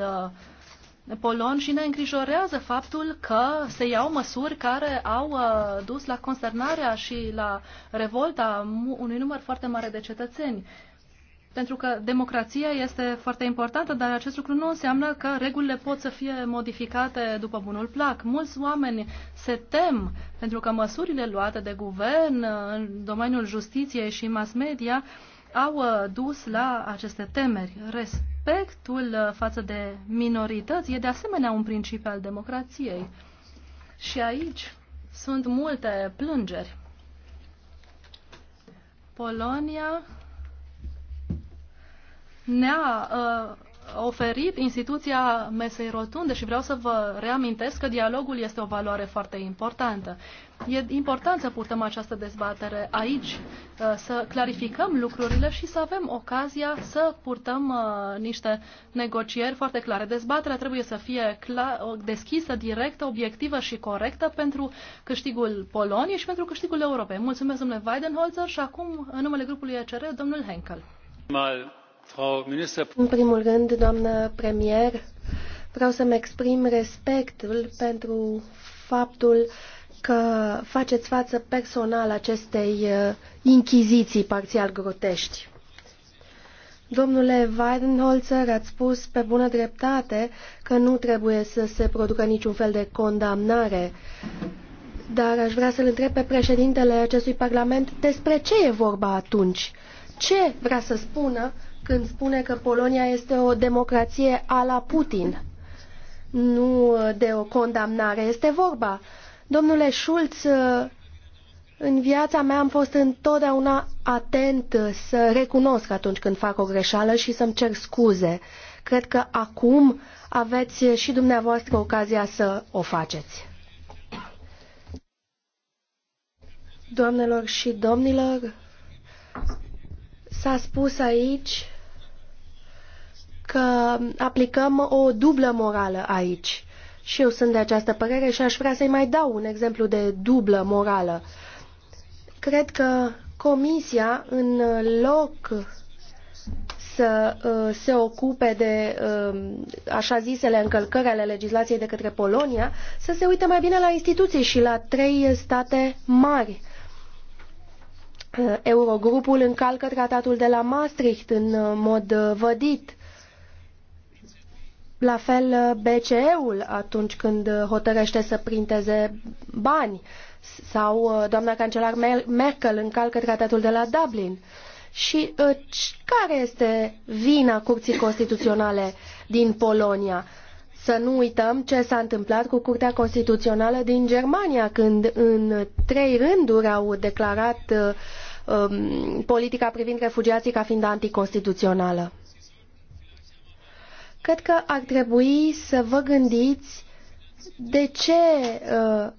uh, polon și ne îngrijorează faptul că se iau măsuri care au uh, dus la consternarea și la revolta unui număr foarte mare de cetățeni. Pentru că democrația este foarte importantă, dar acest lucru nu înseamnă că regulile pot să fie modificate după bunul plac. Mulți oameni se tem pentru că măsurile luate de guvern în domeniul justiției și mass media au uh, dus la aceste temeri. Respectul uh, față de minorități e de asemenea un principiu al democrației. Și aici sunt multe plângeri. Polonia ne-a uh, oferit instituția mesei rotunde și vreau să vă reamintesc că dialogul este o valoare foarte importantă. E important să purtăm această dezbatere aici, uh, să clarificăm lucrurile și să avem ocazia să purtăm uh, niște negocieri foarte clare. Dezbaterea trebuie să fie deschisă, directă, obiectivă și corectă pentru câștigul Poloniei și pentru câștigul Europei. Mulțumesc, domnule Weidenholzer, și acum, în numele grupului ECR, domnul Henkel. Mal în primul rând, doamnă premier, vreau să-mi exprim respectul pentru faptul că faceți față personal acestei uh, inchiziții parțial grotești. Domnule Weidenholzer, ați spus pe bună dreptate că nu trebuie să se producă niciun fel de condamnare. Dar aș vrea să-l întreb pe președintele acestui parlament despre ce e vorba atunci. Ce vrea să spună când spune că Polonia este o democrație a la Putin, nu de o condamnare. Este vorba. Domnule Schulz, în viața mea am fost întotdeauna atent să recunosc atunci când fac o greșeală și să-mi cer scuze. Cred că acum aveți și dumneavoastră ocazia să o faceți. Doamnelor și domnilor, s-a spus aici că aplicăm o dublă morală aici. Și eu sunt de această părere și aș vrea să-i mai dau un exemplu de dublă morală. Cred că Comisia, în loc să uh, se ocupe de um, așa zisele încălcări ale legislației de către Polonia, să se uite mai bine la instituții și la trei state mari. Uh, Eurogrupul încalcă tratatul de la Maastricht în uh, mod vădit. La fel, uh, BCE-ul, atunci când hotărăște să printeze bani, sau uh, doamna cancelar Merkel încalcă tratatul de la Dublin. Uh, și care este vina Curții Constituționale din Polonia? Să nu uităm ce s-a întâmplat cu Curtea Constituțională din Germania, când în trei rânduri au declarat uh, um, politica privind refugiații ca fiind anticonstituțională. Cred că ar trebui să vă gândiți de ce uh,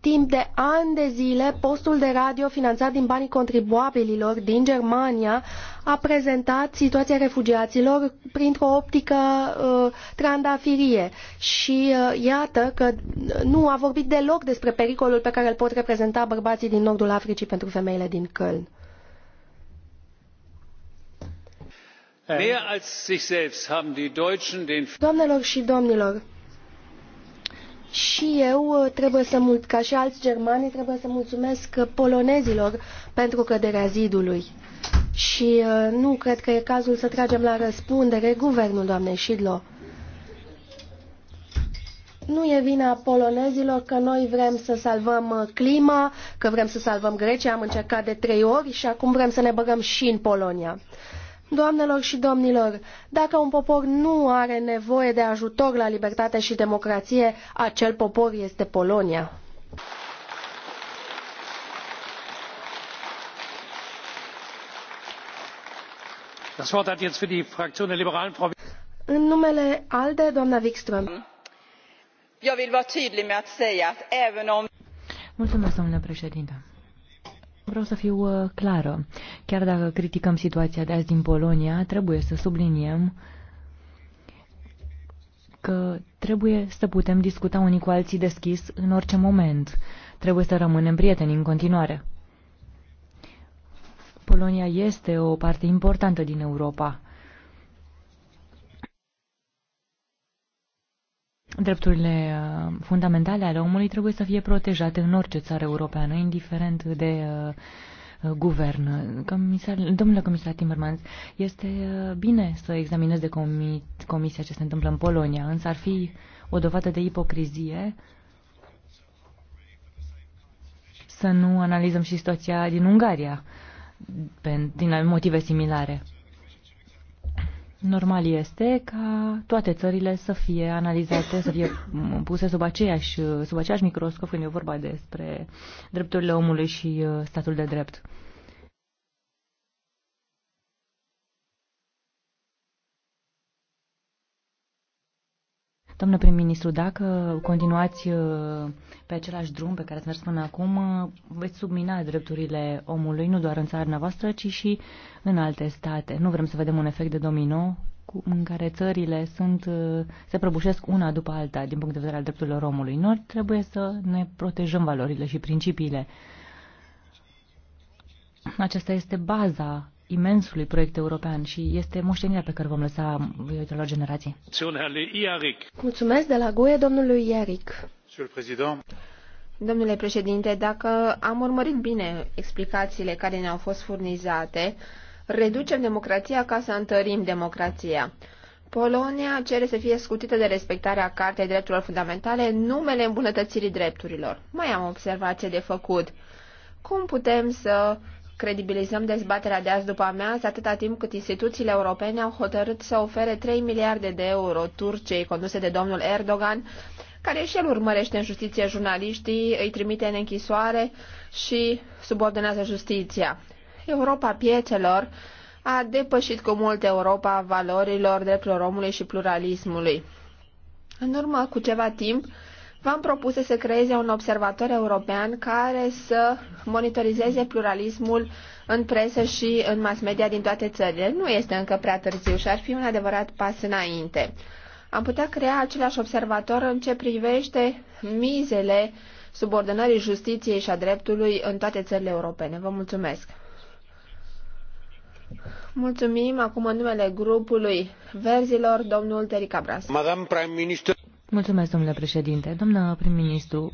timp de ani de zile postul de radio finanțat din banii contribuabililor din Germania a prezentat situația refugiaților printr-o optică uh, trandafirie și uh, iată că nu a vorbit deloc despre pericolul pe care îl pot reprezenta bărbații din nordul Africii pentru femeile din Köln. Eh. Doamnelor și domnilor, și eu uh, trebuie să mult, ca și alți germani, trebuie să mulțumesc uh, polonezilor pentru căderea zidului. Și uh, nu cred că e cazul să tragem la răspundere guvernul doamnei Șidlo. Nu e vina polonezilor că noi vrem să salvăm clima, că vrem să salvăm Grecia, am încercat de trei ori și acum vrem să ne băgăm și în Polonia. Doamnelor și domnilor, dacă un popor nu are nevoie de ajutor la libertate și democrație, acel popor este Polonia. Das Wort hat jetzt für die Fraktion der Liberalen Frau în numele ALDE, doamna Wikström. Mulțumesc, domnule președinte. Vreau să fiu uh, clară. Chiar dacă criticăm situația de azi din Polonia, trebuie să subliniem că trebuie să putem discuta unii cu alții deschis în orice moment. Trebuie să rămânem prieteni în continuare. Polonia este o parte importantă din Europa. Drepturile uh, fundamentale ale omului trebuie să fie protejate în orice țară europeană, indiferent de uh, uh, guvern. Comisar, domnule comisar Timmermans, este bine să examineze de comisia ce se întâmplă în Polonia, însă ar fi o dovadă de ipocrizie să nu analizăm și situația din Ungaria din motive similare. Normal este ca toate țările să fie analizate, să fie puse sub, aceeași, sub aceeași microscop când e vorba despre drepturile omului și uh, statul de drept. Domnule prim-ministru, dacă continuați uh, pe același drum pe care ați mers până acum, uh, veți submina drepturile omului, nu doar în țara voastră, ci și în alte state. Nu vrem să vedem un efect de domino în care țările sunt, uh, se prăbușesc una după alta din punct de vedere al drepturilor omului. Noi trebuie să ne protejăm valorile și principiile. Aceasta este baza imensului proiect european și este moștenirea pe care vom lăsa viitorilor generații. Mulțumesc de la GUE domnului Iaric. Domnule președinte, dacă am urmărit bine explicațiile care ne-au fost furnizate, reducem democrația ca să întărim democrația. Polonia cere să fie scutită de respectarea Cartei Drepturilor Fundamentale în numele îmbunătățirii drepturilor. Mai am observație de făcut. Cum putem să credibilizăm dezbaterea de azi după amiază atâta timp cât instituțiile europene au hotărât să ofere 3 miliarde de euro Turciei conduse de domnul Erdogan, care și el urmărește în justiție jurnaliștii, îi trimite în închisoare și subordonează justiția. Europa piețelor a depășit cu mult Europa valorilor drepturilor omului și pluralismului. În urmă cu ceva timp, v-am propus să se creeze un observator european care să monitorizeze pluralismul în presă și în mass media din toate țările. Nu este încă prea târziu și ar fi un adevărat pas înainte. Am putea crea același observator în ce privește mizele subordonării justiției și a dreptului în toate țările europene. Vă mulțumesc! Mulțumim acum în numele grupului Verzilor, domnul Terica Bras. Madame Prime Minister. Mulțumesc, domnule președinte. Doamna prim-ministru,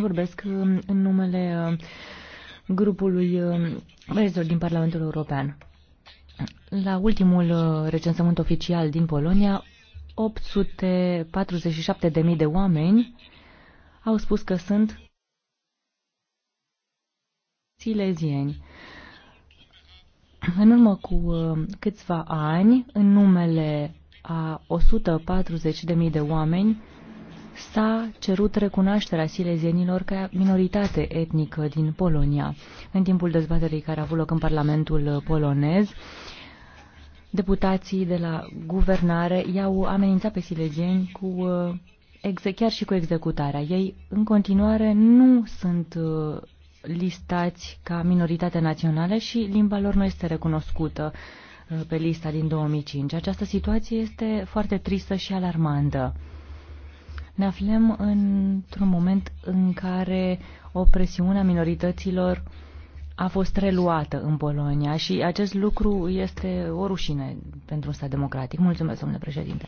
vorbesc um, în numele um, grupului um, rezor din Parlamentul European. La ultimul uh, recensământ oficial din Polonia, 847.000 de oameni au spus că sunt silezieni. În urmă cu uh, câțiva ani, în numele a 140.000 de oameni, s-a cerut recunoașterea silezienilor ca minoritate etnică din Polonia. În timpul dezbaterii care a avut loc în Parlamentul polonez, deputații de la guvernare i-au amenințat pe silezieni cu uh, chiar și cu executarea. Ei, în continuare, nu sunt uh, listați ca minoritate națională și limba lor nu este recunoscută uh, pe lista din 2005. Această situație este foarte tristă și alarmantă. Ne aflăm într-un moment în care opresiunea minorităților a fost reluată în Polonia și acest lucru este o rușine pentru un stat democratic. Mulțumesc, domnule președinte.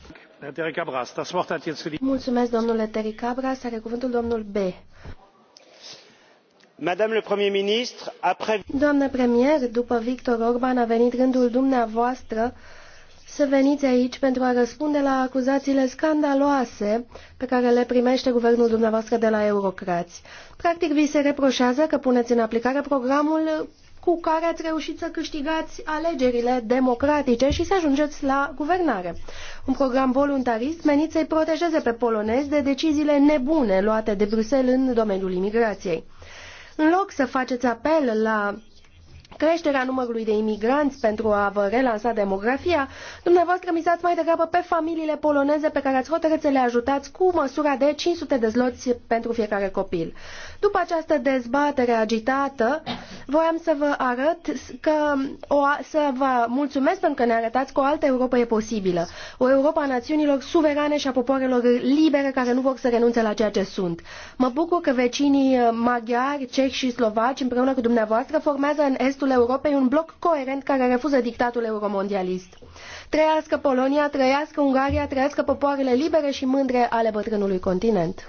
Mulțumesc, domnule Terry Cabras. Are cuvântul domnul B. Madame Doamnă premier, după Victor Orban a venit rândul dumneavoastră să veniți aici pentru a răspunde la acuzațiile scandaloase pe care le primește guvernul dumneavoastră de la eurocrați. Practic, vi se reproșează că puneți în aplicare programul cu care ați reușit să câștigați alegerile democratice și să ajungeți la guvernare. Un program voluntarist menit să-i protejeze pe polonezi de deciziile nebune luate de Bruxelles în domeniul imigrației. În loc să faceți apel la creșterea numărului de imigranți pentru a vă relansa demografia, dumneavoastră mizați mai degrabă pe familiile poloneze pe care ați hotărât să le ajutați cu măsura de 500 de zloți pentru fiecare copil. După această dezbatere agitată, voiam să vă arăt că o, să vă mulțumesc pentru că ne arătați că o altă Europa e posibilă. O Europa a națiunilor suverane și a popoarelor libere care nu vor să renunțe la ceea ce sunt. Mă bucur că vecinii maghiari, cehi și slovaci împreună cu dumneavoastră formează în estul estul Europei un bloc coerent care refuză dictatul euromondialist. Trăiască Polonia, trăiască Ungaria, trăiască popoarele libere și mândre ale bătrânului continent.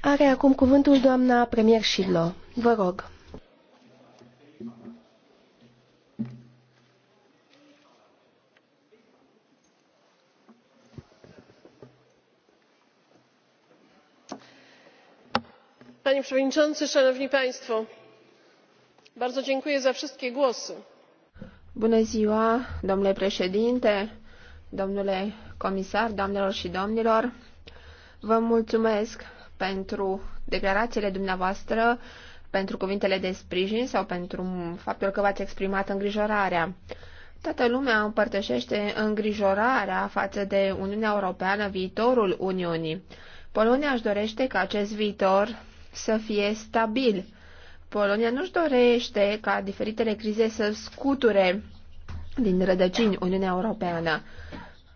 Are acum cuvântul doamna premier Schidlo. Vă rog. panie przewodniczący! szanowni państwo! bardzo dziękuję za wszystkie głosy. bună ziua domnule președinte domnule comisar doamnelor și domnilor vă mulțumesc pentru declarațiile dumneavoastră pentru cuvintele de sprijin sau pentru faptul că v-ați exprimat îngrijorarea. Toată lumea împărtășește îngrijorarea față de Uniunea Europeană, viitorul Uniunii. Polonia își dorește ca acest viitor să fie stabil. Polonia nu-și dorește ca diferitele crize să scuture din rădăcini Uniunea Europeană.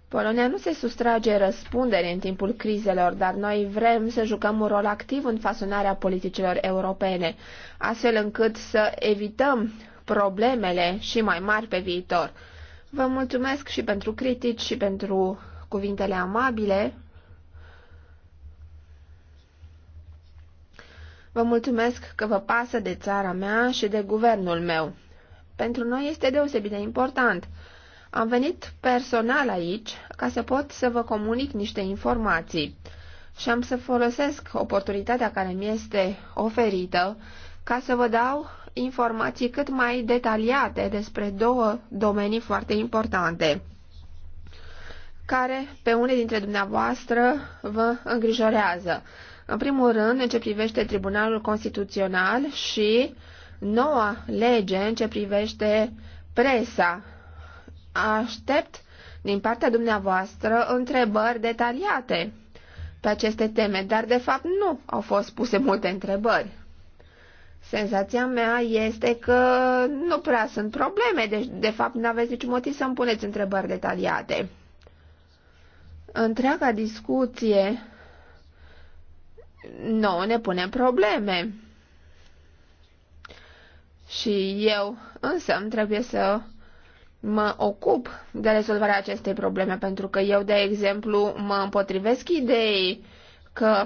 Polonia nu se sustrage răspundere în timpul crizelor, dar noi vrem să jucăm un rol activ în fasonarea politicilor europene, astfel încât să evităm problemele și mai mari pe viitor. Vă mulțumesc și pentru critici și pentru cuvintele amabile. Vă mulțumesc că vă pasă de țara mea și de guvernul meu. Pentru noi este deosebit de important. Am venit personal aici ca să pot să vă comunic niște informații și am să folosesc oportunitatea care mi este oferită ca să vă dau informații cât mai detaliate despre două domenii foarte importante care pe unele dintre dumneavoastră vă îngrijorează. În primul rând, în ce privește Tribunalul Constituțional și noua lege în ce privește presa. Aștept din partea dumneavoastră întrebări detaliate pe aceste teme, dar de fapt nu au fost puse multe întrebări. Senzația mea este că nu prea sunt probleme, deci de fapt nu aveți niciun motiv să-mi puneți întrebări detaliate. Întreaga discuție nouă ne punem probleme. Și eu însă îmi trebuie să mă ocup de rezolvarea acestei probleme, pentru că eu, de exemplu, mă împotrivesc ideii că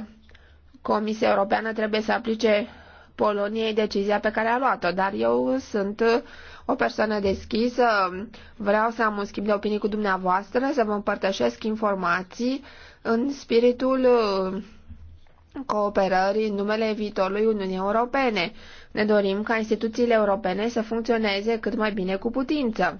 Comisia Europeană trebuie să aplice Poloniei decizia pe care a luat-o, dar eu sunt o persoană deschisă, vreau să am un schimb de opinii cu dumneavoastră, să vă împărtășesc informații în spiritul cooperării în numele viitorului Uniunii Europene. Ne dorim ca instituțiile europene să funcționeze cât mai bine cu putință.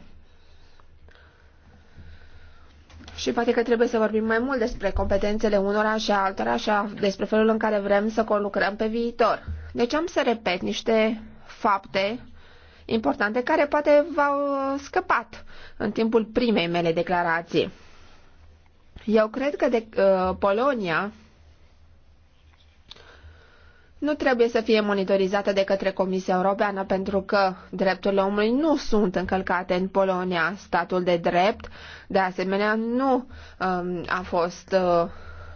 Și poate că trebuie să vorbim mai mult despre competențele unora și altora și despre felul în care vrem să conlucrăm pe viitor. Deci am să repet niște fapte importante care poate v-au scăpat în timpul primei mele declarații. Eu cred că de, uh, Polonia nu trebuie să fie monitorizată de către Comisia Europeană pentru că drepturile omului nu sunt încălcate în Polonia. Statul de drept, de asemenea, nu um, a fost uh,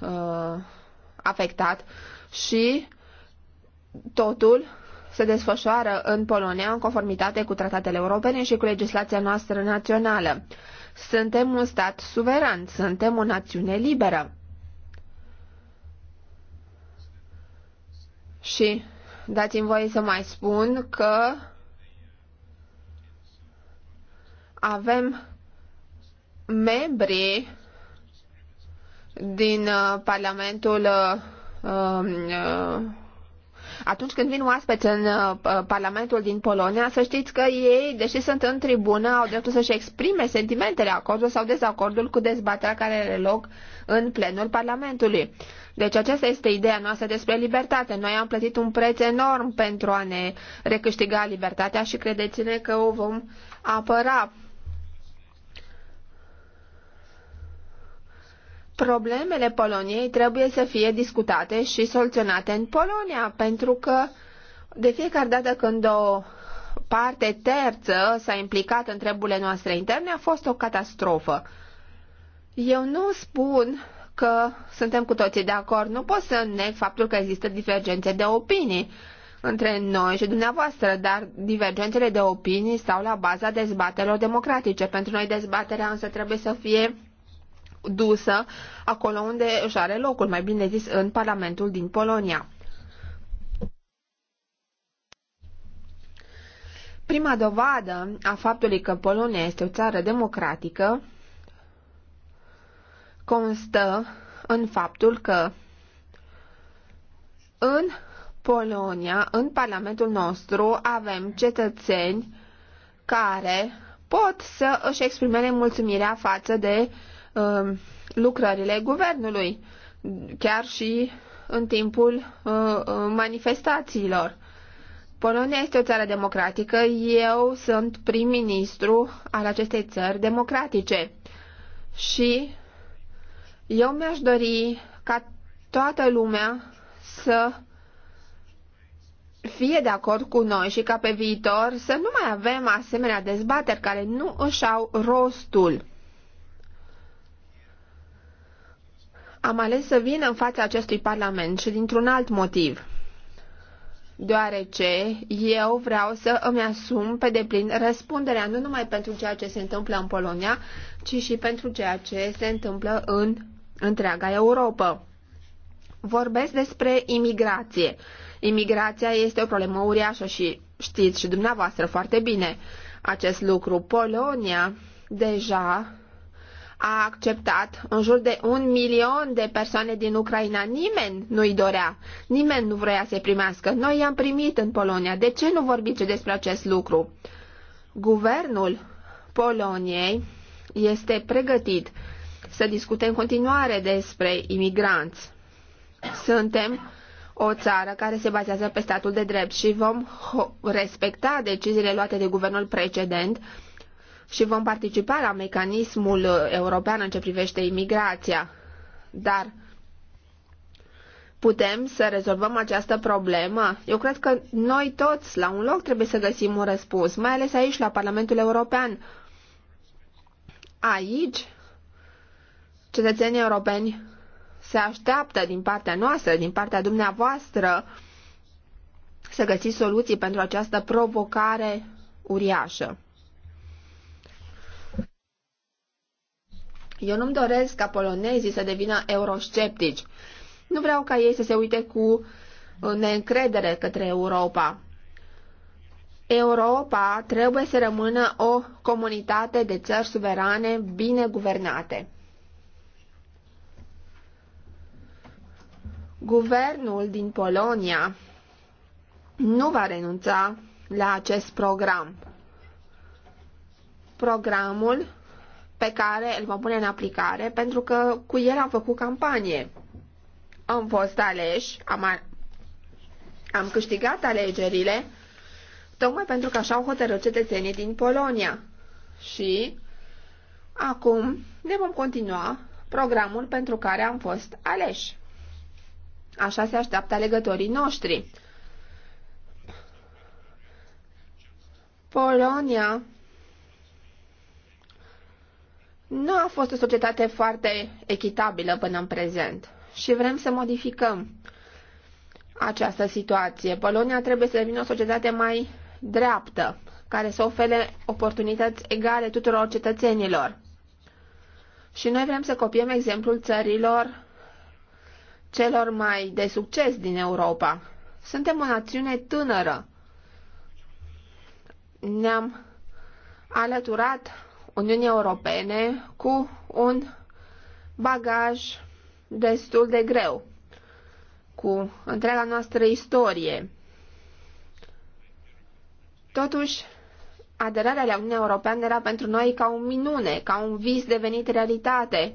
uh, afectat și totul se desfășoară în Polonia în conformitate cu tratatele europene și cu legislația noastră națională. Suntem un stat suveran, suntem o națiune liberă. Și dați-mi voie să mai spun că avem membri din uh, Parlamentul uh, um, uh, atunci când vin oaspeți în Parlamentul din Polonia, să știți că ei, deși sunt în tribună, au dreptul să-și exprime sentimentele, acordul sau dezacordul cu dezbaterea care are loc în plenul Parlamentului. Deci aceasta este ideea noastră despre libertate. Noi am plătit un preț enorm pentru a ne recâștiga libertatea și credeți-ne că o vom apăra. Problemele Poloniei trebuie să fie discutate și soluționate în Polonia, pentru că de fiecare dată când o parte terță s-a implicat în treburile noastre interne, a fost o catastrofă. Eu nu spun că suntem cu toții de acord. Nu pot să neg faptul că există divergențe de opinii între noi și dumneavoastră, dar divergențele de opinii stau la baza dezbaterilor democratice. Pentru noi dezbaterea însă trebuie să fie dusă acolo unde își are locul, mai bine zis, în Parlamentul din Polonia. Prima dovadă a faptului că Polonia este o țară democratică constă în faptul că în Polonia, în Parlamentul nostru, avem cetățeni care pot să își exprime mulțumirea față de uh, lucrările guvernului, chiar și în timpul uh, uh, manifestațiilor. Polonia este o țară democratică, eu sunt prim-ministru al acestei țări democratice și eu mi-aș dori ca toată lumea să fie de acord cu noi și ca pe viitor să nu mai avem asemenea dezbateri care nu își au rostul. Am ales să vin în fața acestui Parlament și dintr-un alt motiv, deoarece eu vreau să îmi asum pe deplin răspunderea nu numai pentru ceea ce se întâmplă în Polonia, ci și pentru ceea ce se întâmplă în întreaga Europa. Vorbesc despre imigrație. Imigrația este o problemă uriașă și știți și dumneavoastră foarte bine acest lucru. Polonia deja a acceptat în jur de un milion de persoane din Ucraina. Nimeni nu-i dorea, nimeni nu vrea să-i primească. Noi i-am primit în Polonia. De ce nu vorbiți despre acest lucru? Guvernul Poloniei este pregătit să discute în continuare despre imigranți. Suntem o țară care se bazează pe statul de drept și vom respecta deciziile luate de guvernul precedent și vom participa la mecanismul european în ce privește imigrația. Dar putem să rezolvăm această problemă? Eu cred că noi toți, la un loc, trebuie să găsim un răspuns, mai ales aici, la Parlamentul European. Aici Cetățenii europeni se așteaptă din partea noastră, din partea dumneavoastră, să găsiți soluții pentru această provocare uriașă. Eu nu-mi doresc ca polonezii să devină eurosceptici. Nu vreau ca ei să se uite cu neîncredere către Europa. Europa trebuie să rămână o comunitate de țări suverane bine guvernate. Guvernul din Polonia nu va renunța la acest program. Programul pe care îl vom pune în aplicare pentru că cu el am făcut campanie. Am fost aleși, am, a... am câștigat alegerile, tocmai pentru că așa au hotărât cetățenii din Polonia. Și acum ne vom continua programul pentru care am fost aleși. Așa se așteaptă legătorii noștri. Polonia nu a fost o societate foarte echitabilă până în prezent și vrem să modificăm această situație. Polonia trebuie să devină o societate mai dreaptă, care să ofere oportunități egale tuturor cetățenilor. Și noi vrem să copiem exemplul țărilor celor mai de succes din Europa. Suntem o națiune tânără. Ne-am alăturat Uniunii Europene cu un bagaj destul de greu, cu întreaga noastră istorie. Totuși, aderarea la Uniunea Europeană era pentru noi ca o minune, ca un vis devenit realitate.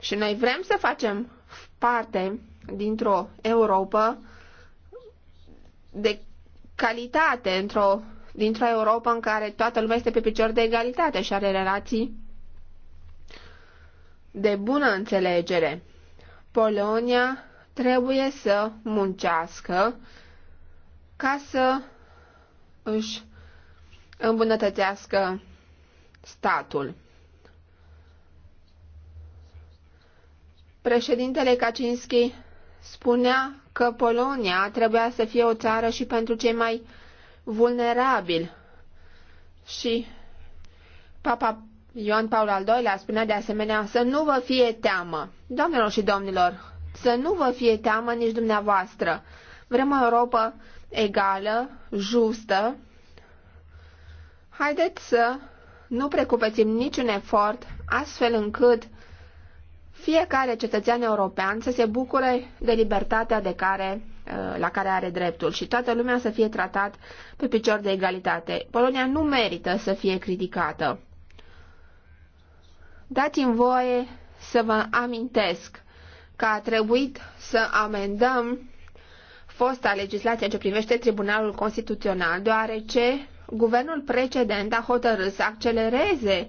Și noi vrem să facem parte dintr-o Europa de calitate, într-o, dintr-o Europa în care toată lumea este pe picior de egalitate și are relații de bună înțelegere. Polonia trebuie să muncească ca să își îmbunătățească statul. Președintele Kaczynski spunea că Polonia trebuia să fie o țară și pentru cei mai vulnerabili. Și Papa Ioan Paul al II-lea spunea de asemenea să nu vă fie teamă. Doamnelor și domnilor, să nu vă fie teamă nici dumneavoastră. Vrem o Europa egală, justă. Haideți să nu precupețim niciun efort astfel încât fiecare cetățean european să se bucure de libertatea de care, uh, la care are dreptul și toată lumea să fie tratat pe picior de egalitate. Polonia nu merită să fie criticată. Dați-mi voie să vă amintesc că a trebuit să amendăm fosta legislație ce privește Tribunalul Constituțional, deoarece guvernul precedent a hotărât să accelereze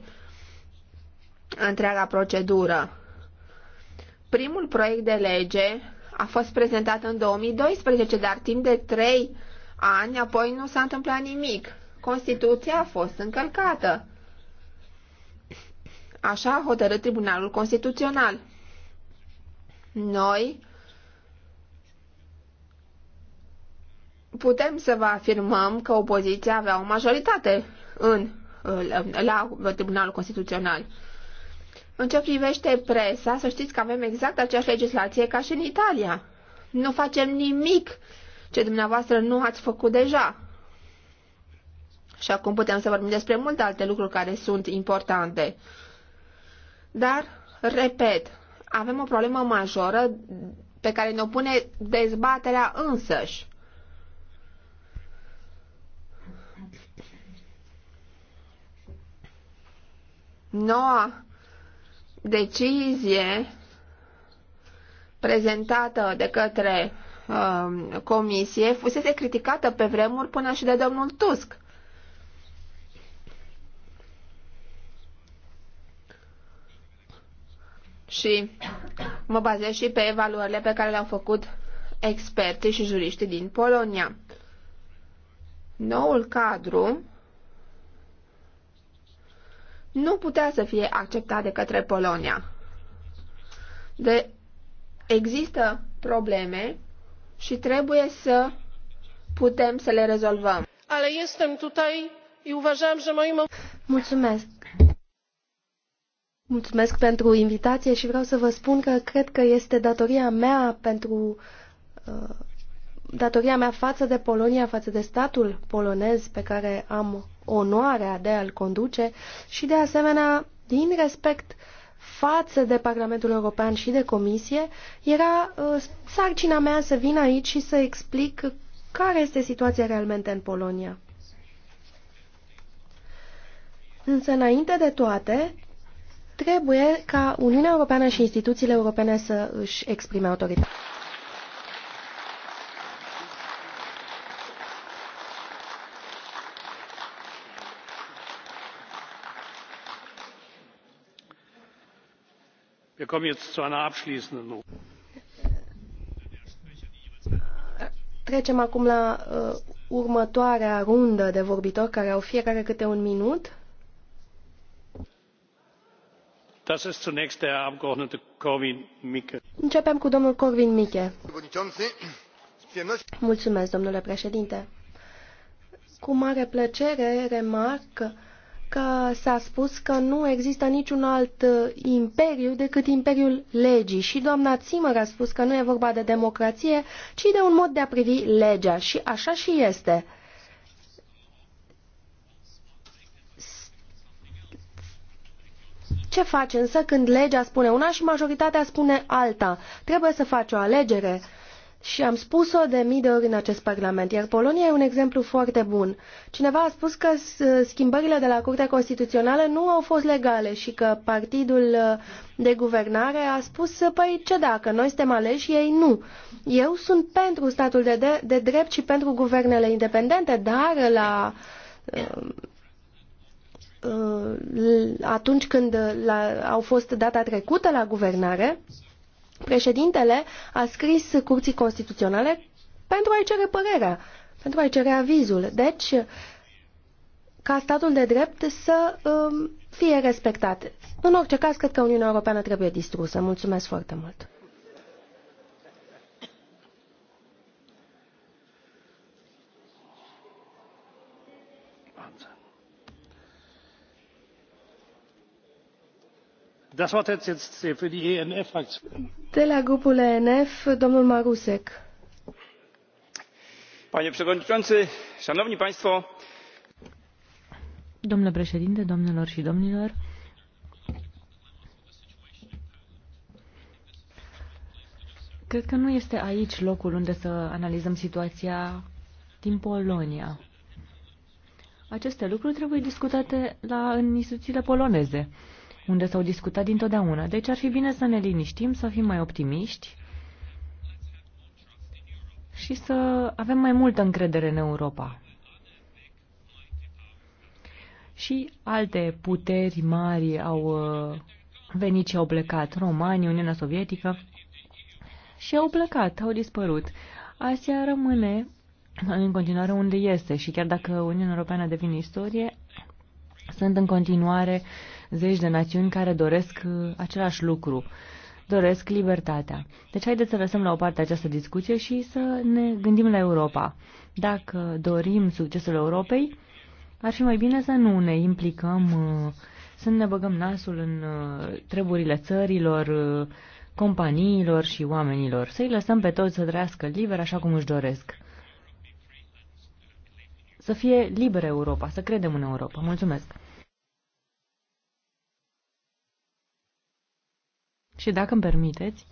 întreaga procedură Primul proiect de lege a fost prezentat în 2012, dar timp de trei ani apoi nu s-a întâmplat nimic. Constituția a fost încălcată. Așa a hotărât Tribunalul Constituțional. Noi putem să vă afirmăm că opoziția avea o majoritate în, la, la Tribunalul Constituțional. În ce privește presa, să știți că avem exact aceeași legislație ca și în Italia. Nu facem nimic ce dumneavoastră nu ați făcut deja. Și acum putem să vorbim despre multe alte lucruri care sunt importante. Dar, repet, avem o problemă majoră pe care ne opune pune dezbaterea însăși. Noua decizie prezentată de către uh, comisie fusese criticată pe vremuri până și de domnul Tusk. Și mă bazez și pe evaluările pe care le-au făcut experții și juriștii din Polonia. Noul cadru nu putea să fie acceptat de către Polonia. De există probleme și trebuie să putem să le rezolvăm. Ale jestem tutaj i uważam, że moim... Mulțumesc. Mulțumesc pentru invitație și vreau să vă spun că cred că este datoria mea pentru uh, datoria mea față de Polonia, față de statul polonez pe care am onoarea de a-l conduce și, de asemenea, din respect față de Parlamentul European și de Comisie, era uh, sarcina mea să vin aici și să explic care este situația realmente în Polonia. Însă, înainte de toate, trebuie ca Uniunea Europeană și instituțiile europene să își exprime autoritatea. wir kommen jetzt zu einer abschließenden Trecem acum la uh, următoarea rundă de vorbitori care au fiecare câte un minut. Das ist zunächst der Abgeordnete Corwin Mikke. Începem cu domnul Corwin Mikke. Mulțumesc, domnule președinte. Cu mare plăcere remarc că că s-a spus că nu există niciun alt uh, imperiu decât imperiul legii și doamna Zimmer a spus că nu e vorba de democrație, ci de un mod de a privi legea și așa și este. Ce faci însă când legea spune una și majoritatea spune alta? Trebuie să faci o alegere și am spus-o de mii de ori în acest Parlament, iar Polonia e un exemplu foarte bun. Cineva a spus că schimbările de la Curtea Constituțională nu au fost legale și că partidul uh, de guvernare a spus, păi ce dacă, noi suntem aleși, ei nu. Eu sunt pentru statul de, de, de drept și pentru guvernele independente, dar la... Uh, uh, atunci când uh, la, au fost data trecută la guvernare, Președintele a scris Curții Constituționale pentru a-i cere părerea, pentru a-i cere avizul. Deci, ca statul de drept să um, fie respectat. În orice caz, cred că Uniunea Europeană trebuie distrusă. Mulțumesc foarte mult! Äh, de la grupul enf domnul panie przewodniczący! szanowni państwo! domnule președinte doamnelor și domnilor cred că nu este aici locul unde să analizăm situația din polonia. aceste lucruri trebuie discutate la, în instituțiile poloneze unde s-au discutat dintotdeauna. Deci ar fi bine să ne liniștim, să fim mai optimiști și să avem mai multă încredere în Europa. Și alte puteri mari au uh, venit și au plecat. Romanii, Uniunea Sovietică și au plecat, au dispărut. Asia rămâne în continuare unde este și chiar dacă Uniunea Europeană devine istorie, sunt în continuare uh, zeci de națiuni care doresc uh, același lucru, doresc libertatea. Deci haideți să lăsăm la o parte această discuție și să ne gândim la Europa. Dacă dorim succesul Europei, ar fi mai bine să nu ne implicăm, uh, să nu ne băgăm nasul în uh, treburile țărilor, companiilor și oamenilor. Să-i lăsăm pe toți să trăiască liber așa cum își doresc. Să fie liberă Europa, să credem în Europa. Mulțumesc! Și dacă îmi permiteți,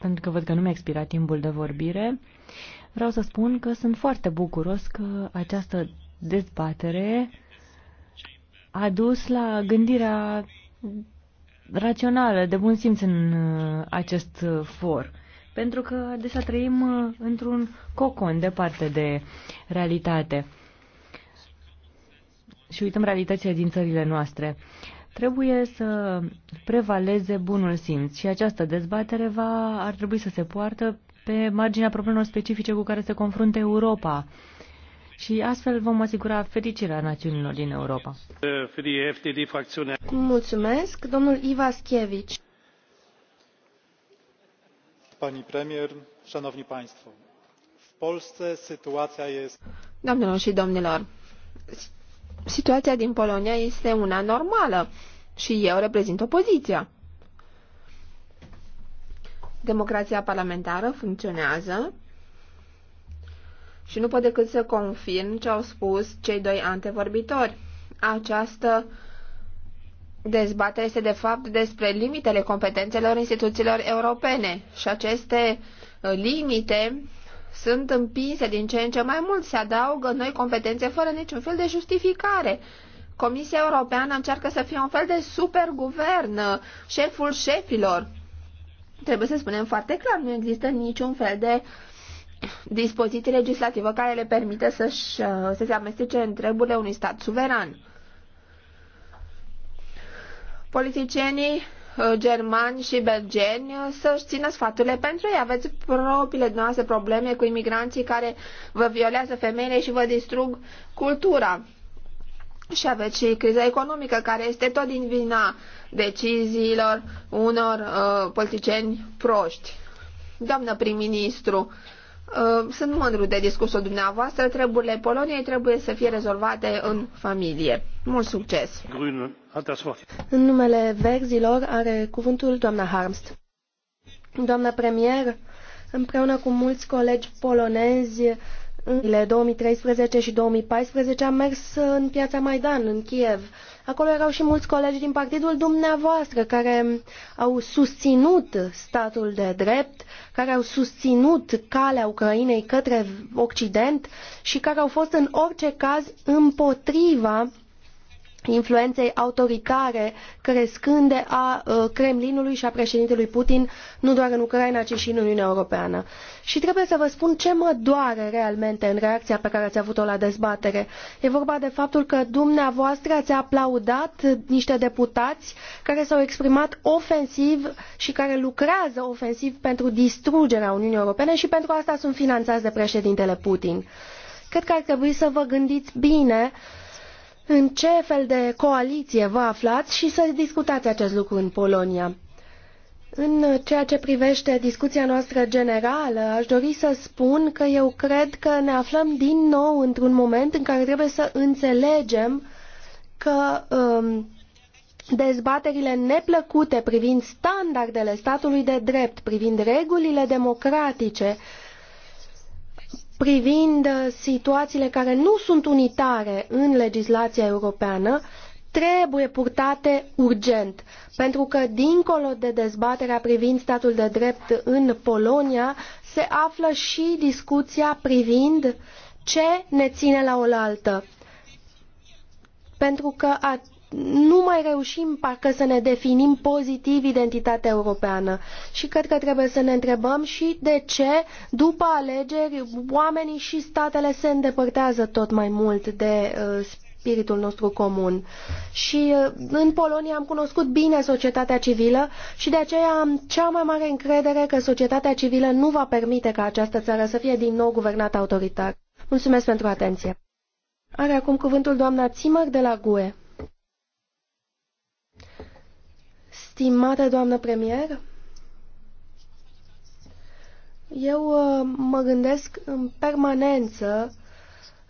pentru că văd că nu mi-a expirat timpul de vorbire, vreau să spun că sunt foarte bucuros că această dezbatere a dus la gândirea rațională, de bun simț în uh, acest uh, for. Pentru că adesea trăim uh, într-un cocon departe de realitate și uităm realitatea din țările noastre. Trebuie să prevaleze bunul simț și această dezbatere va, ar trebui să se poartă pe marginea problemelor specifice cu care se confruntă Europa și astfel vom asigura fericirea națiunilor din Europa. Mulțumesc, domnul Iva Schievici. Pani premier, szanowni państwo, w Polsce situația este. Doamnelor și domnilor, situația din Polonia este una normală și eu reprezint opoziția. Democrația parlamentară funcționează și nu pot decât să confirm ce au spus cei doi antevorbitori. Această dezbatere este de fapt despre limitele competențelor instituțiilor europene și aceste limite sunt împinse din ce în ce mai mult, se adaugă noi competențe fără niciun fel de justificare. Comisia Europeană încearcă să fie un fel de superguvern, șeful șefilor. Trebuie să spunem foarte clar, nu există niciun fel de dispoziție legislativă care le permite să, uh, să se amestece în treburile unui stat suveran. Politicienii Uh, germani și belgeni să-și țină sfaturile pentru ei. Aveți propriile noastre probleme cu imigranții care vă violează femeile și vă distrug cultura. Și aveți și criza economică, care este tot din vina deciziilor unor uh, politicieni proști. Doamnă prim-ministru, uh, sunt mândru de discursul dumneavoastră. Treburile Poloniei trebuie să fie rezolvate în familie. Mult succes! Grune are Harmst. Doamnă premier, împreună cu mulți colegi polonezi, în 2013 și 2014 am mers în piața Maidan, în Kiev. Acolo erau și mulți colegi din partidul dumneavoastră care au susținut statul de drept, care au susținut calea Ucrainei către Occident și care au fost în orice caz împotriva influenței autoritare crescânde a uh, Kremlinului și a președintelui Putin, nu doar în Ucraina, ci și în Uniunea Europeană. Și trebuie să vă spun ce mă doare realmente în reacția pe care ați avut-o la dezbatere. E vorba de faptul că dumneavoastră ați aplaudat niște deputați care s-au exprimat ofensiv și care lucrează ofensiv pentru distrugerea Uniunii Europene și pentru asta sunt finanțați de președintele Putin. Cred că ar trebui să vă gândiți bine în ce fel de coaliție vă aflați și să discutați acest lucru în Polonia. În ceea ce privește discuția noastră generală, aș dori să spun că eu cred că ne aflăm din nou într-un moment în care trebuie să înțelegem că um, dezbaterile neplăcute privind standardele statului de drept, privind regulile democratice, uh, privind uh, situațiile care nu sunt unitare în legislația europeană trebuie purtate urgent, pentru că dincolo de dezbaterea privind statul de drept în Polonia, se află și discuția privind ce ne ține la oaltă. Pentru că nu mai reușim parcă să ne definim pozitiv identitatea europeană și cred că trebuie să ne întrebăm și de ce după alegeri oamenii și statele se îndepărtează tot mai mult de uh, spiritul nostru comun. Și uh, în Polonia am cunoscut bine societatea civilă și de aceea am cea mai mare încredere că societatea civilă nu va permite ca această țară să fie din nou guvernată autoritar. Mulțumesc pentru atenție. Are acum cuvântul doamna Țimăr de la GUE. Stimată doamnă premier, eu uh, mă gândesc în permanență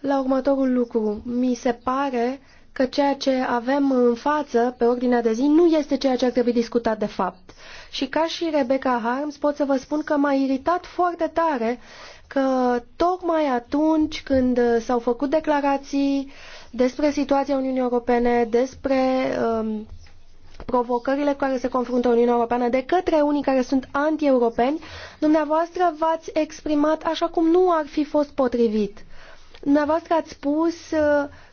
la următorul lucru. Mi se pare că ceea ce avem în față, pe ordinea de zi, nu este ceea ce ar trebui discutat de fapt. Și ca și Rebecca Harms pot să vă spun că m-a iritat foarte tare că tocmai atunci când uh, s-au făcut declarații despre situația Uniunii Europene, despre uh, provocările cu care se confruntă Uniunea Europeană de către unii care sunt anti-europeni, dumneavoastră v-ați exprimat așa cum nu ar fi fost potrivit. Dumneavoastră ați spus uh,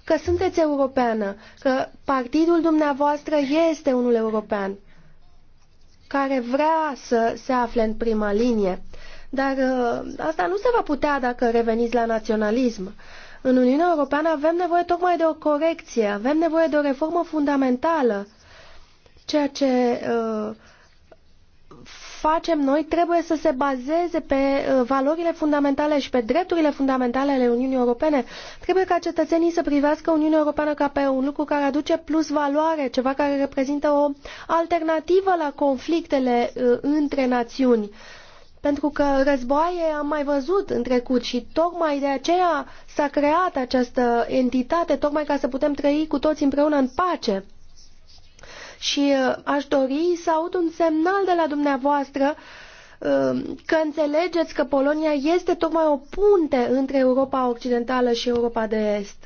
că sunteți europeană, că partidul dumneavoastră este unul european care vrea să se afle în prima linie. Dar uh, asta nu se va putea dacă reveniți la naționalism. În Uniunea Europeană avem nevoie tocmai de o corecție, avem nevoie de o reformă fundamentală Ceea ce uh, facem noi trebuie să se bazeze pe uh, valorile fundamentale și pe drepturile fundamentale ale Uniunii Europene. Trebuie ca cetățenii să privească Uniunea Europeană ca pe un lucru care aduce plus valoare, ceva care reprezintă o alternativă la conflictele uh, între națiuni. Pentru că războaie am mai văzut în trecut și tocmai de aceea s-a creat această entitate, tocmai ca să putem trăi cu toți împreună în pace și uh, aș dori să aud un semnal de la dumneavoastră uh, că înțelegeți că Polonia este tocmai o punte între Europa Occidentală și Europa de Est.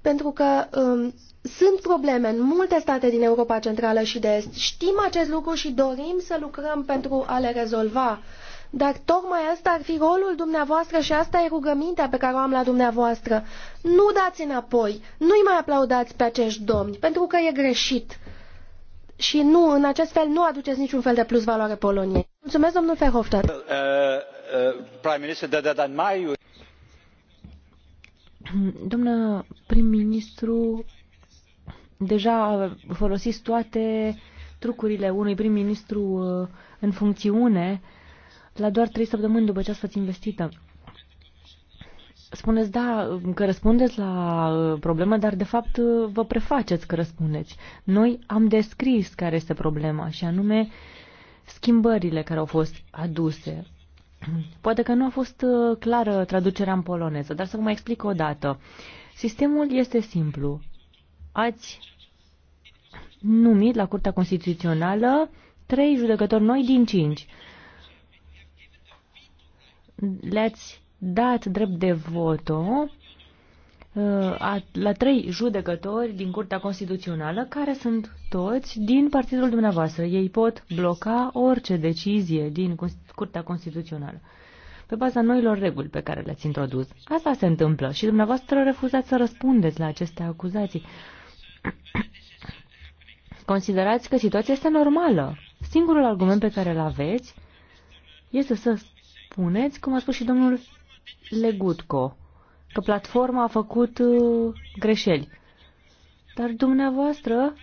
Pentru că um, sunt probleme în multe state din Europa Centrală și de Est. Știm acest lucru și dorim să lucrăm pentru a le rezolva. Uh, dar tocmai ăsta ar fi rolul dumneavoastră și asta e rugămintea pe care o am la dumneavoastră. Nu dați înapoi, nu-i mai aplaudați pe acești domni, pentru că e greșit. Și nu, în acest fel nu aduceți niciun fel de plus valoare Poloniei. Mulțumesc, domnul Verhofstadt. Uh, uh Domnul prim-ministru, deja folosiți toate trucurile unui prim-ministru uh, în funcțiune la doar trei săptămâni după ce ați fost investită. Spuneți, da, că răspundeți la uh, problemă, dar de fapt uh, vă prefaceți că răspundeți. Noi am descris care este problema și anume schimbările care au fost aduse. Poate că nu a fost uh, clară traducerea în poloneză, dar să vă mai explic o dată. Sistemul este simplu. Ați numit la Curtea Constituțională trei judecători noi din cinci le-ați dat drept de voto uh, la trei judecători din Curtea Constituțională, care sunt toți din partidul dumneavoastră. Ei pot bloca orice decizie din Curtea Constituțională pe baza noilor reguli pe care le-ați introdus. Asta se întâmplă și dumneavoastră refuzați să răspundeți la aceste acuzații. Considerați că situația este normală. Singurul argument pe care îl aveți este să spuneți, cum a spus și domnul Legutco, că platforma a făcut uh, greșeli. Dar dumneavoastră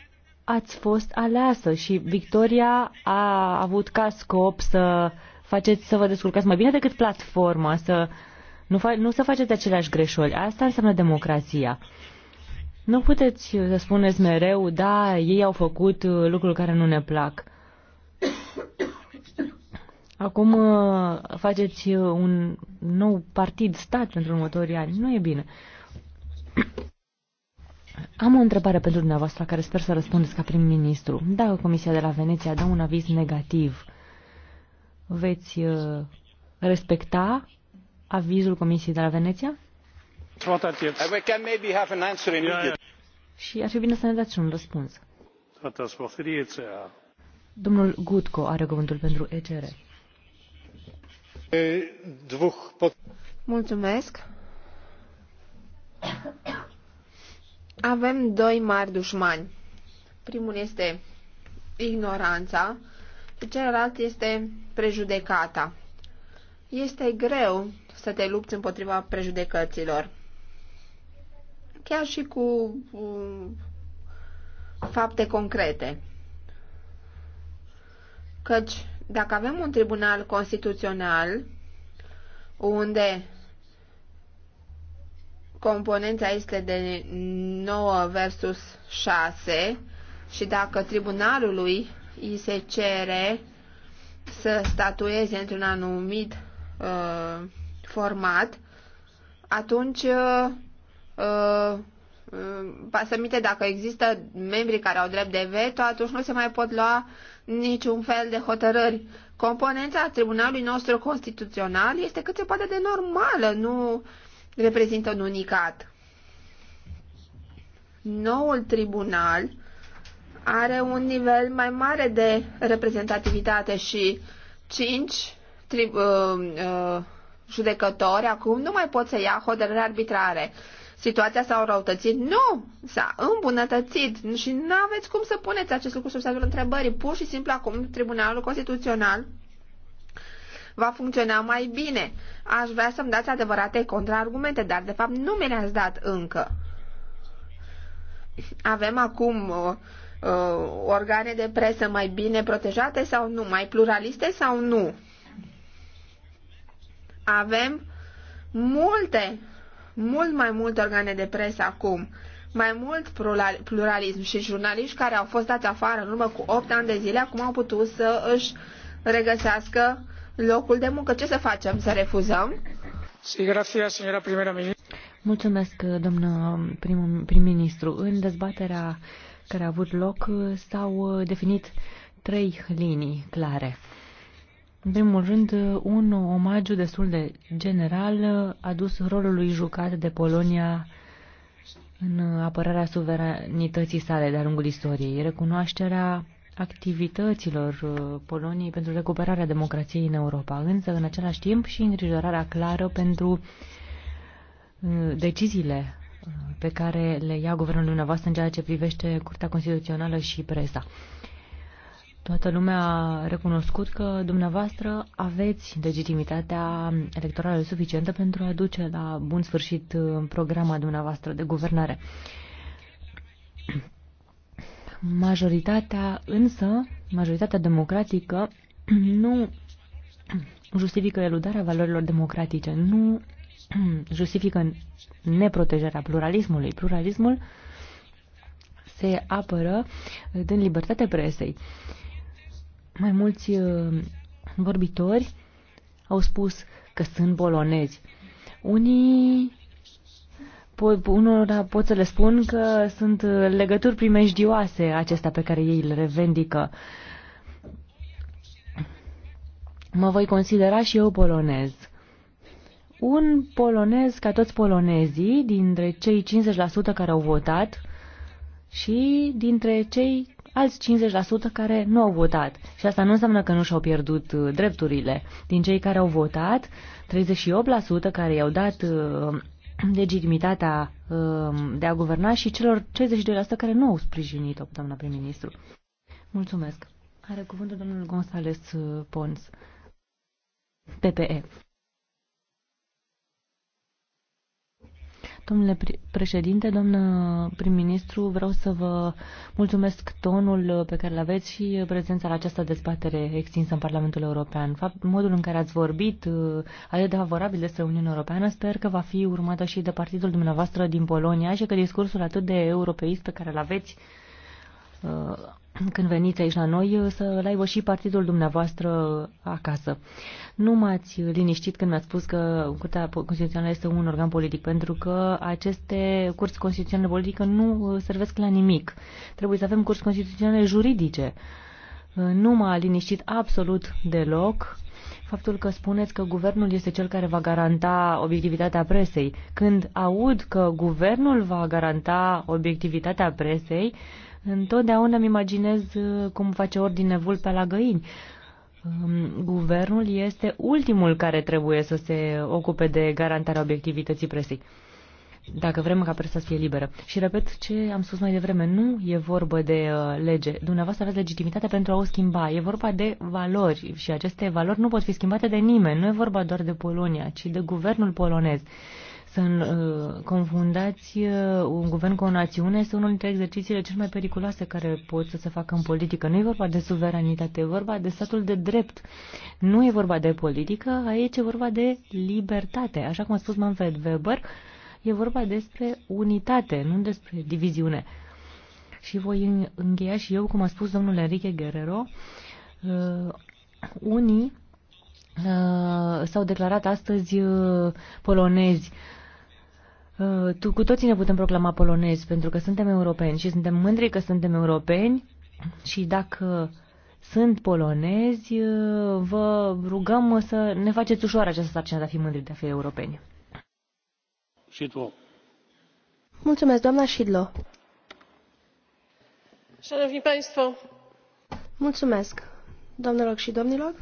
ați fost aleasă și victoria a avut ca scop să faceți să vă descurcați mai bine decât platforma, să nu, fa- nu să faceți aceleași greșeli. Asta înseamnă democrația. Nu puteți să spuneți mereu, da, ei au făcut uh, lucruri care nu ne plac. Acum uh, faceți uh, un nou partid stat pentru următorii ani. Nu e bine. Am o întrebare pentru dumneavoastră, care sper să răspundeți ca prim-ministru. Dacă Comisia de la Veneția dă un aviz negativ, veți uh, respecta avizul Comisiei de la Veneția? Și ar fi bine să ne dați un răspuns. Domnul Gutco are cuvântul pentru ECR. Avem doi mari dușmani. Primul este ignoranța și celălalt este prejudecata. Este greu să te lupți împotriva prejudecăților. Chiar și cu fapte concrete. Căci dacă avem un tribunal constituțional unde componența este de 9 versus 6 și dacă tribunalului îi se cere să statueze într-un anumit uh, format, atunci uh, uh, uh, să minte dacă există membri care au drept de veto, atunci nu se mai pot lua niciun fel de hotărâri. Componența tribunalului nostru constituțional este cât se poate de normală, nu reprezintă un unicat. Noul tribunal are un nivel mai mare de reprezentativitate și cinci tri- uh, uh, judecători acum nu mai pot să ia hotărâri arbitrare situația s-a răutățit. Nu! S-a îmbunătățit și nu aveți cum să puneți acest lucru sub semnul întrebării. Pur și simplu acum Tribunalul Constituțional va funcționa mai bine. Aș vrea să-mi dați adevărate contraargumente, dar de fapt nu mi le-ați dat încă. Avem acum uh, uh, organe de presă mai bine protejate sau nu, mai pluraliste sau nu. Avem multe mult mai multe organe de presă acum, mai mult pluralism și jurnaliști care au fost dați afară în urmă cu 8 ani de zile, acum au putut să își regăsească locul de muncă. Ce să facem? Să refuzăm? Sí, gracias, señora primera ministra. Mulțumesc, doamnă prim-ministru. Prim în dezbaterea care a avut loc s-au definit trei linii clare. În primul rând, un omagiu destul de general adus rolului jucat de Polonia în apărarea suveranității sale de-a lungul istoriei, recunoașterea activităților uh, Poloniei pentru recuperarea democrației în Europa, însă în același timp și îngrijorarea clară pentru uh, deciziile uh, pe care le ia guvernul dumneavoastră în ceea ce privește Curtea Constituțională și presa. Toată lumea a recunoscut că dumneavoastră aveți legitimitatea electorală suficientă pentru a duce la bun sfârșit uh, programa dumneavoastră de guvernare. Majoritatea însă, majoritatea democratică, nu justifică eludarea valorilor democratice, nu justifică neprotejarea pluralismului. Pluralismul se apără din libertatea presei. Uh, mai mulți uh, vorbitori au spus că sunt bolonezi. Unii po- unora pot să le spun că sunt uh, legături primejdioase acestea pe care ei le revendică. Mă voi considera și eu polonez. Un polonez ca toți polonezii, dintre cei 50% care au votat și dintre cei alți 50% care nu au votat. Și asta nu înseamnă că nu și-au pierdut uh, drepturile. Din cei care au votat, 38% care i-au dat uh, legitimitatea um, de a guverna și celor 52% care nu au sprijinit-o, doamna prim-ministru. Mulțumesc. Are cuvântul domnul González uh, Pons, PPE. Domnule președinte, domnă prim-ministru, vreau să vă mulțumesc tonul pe care îl aveți și prezența la această dezbatere extinsă în Parlamentul European. Fapt, modul în care ați vorbit uh, atât de favorabil despre Uniunea Europeană sper că va fi urmată și de partidul dumneavoastră din Polonia și că discursul atât de europeist pe care îl aveți Uh, când veniți aici la noi, uh, să-l aibă și partidul dumneavoastră acasă. Nu m-ați liniștit când mi-ați spus că Curtea Constituțională este un organ politic, pentru că aceste curți constituționale politică nu uh, servesc la nimic. Trebuie să avem curți constituționale juridice. Nu m-a liniștit absolut deloc faptul că spuneți că guvernul este cel care va garanta obiectivitatea presei. Când aud că guvernul va garanta obiectivitatea presei, uh, Întotdeauna îmi imaginez uh, cum face ordine vulpea la găini. Um, guvernul este ultimul care trebuie să se ocupe de garantarea obiectivității presei. Dacă vrem ca presa să fie liberă. Și repet ce am spus mai devreme, nu e vorbă de uh, lege. Dumneavoastră aveți legitimitatea pentru a o schimba. E vorba de valori și aceste valori nu pot fi schimbate de nimeni. Nu e vorba doar de Polonia, ci de guvernul polonez. Uh, să uh, confundați uh, un guvern cu o națiune este unul dintre exercițiile cel mai periculoase care pot să se facă în politică. Nu e vorba de suveranitate, e vorba de statul de drept. Nu e vorba de politică, aici e vorba de libertate. Așa cum a spus Manfred Weber, e vorba despre unitate, nu despre diviziune. Și voi încheia și eu, cum a spus domnul Enrique Guerrero, uh, unii uh, s-au declarat astăzi polonezi. Uh, tu, cu toții ne putem proclama polonezi pentru că suntem europeni și suntem mândri că suntem europeni și dacă sunt polonezi, uh, vă rugăm să ne faceți ușor această sarcină de a fi mândri de a fi europeni. Și tu. Mulțumesc, doamna Șidlo. Șanovni Mulțumesc, doamnelor și domnilor.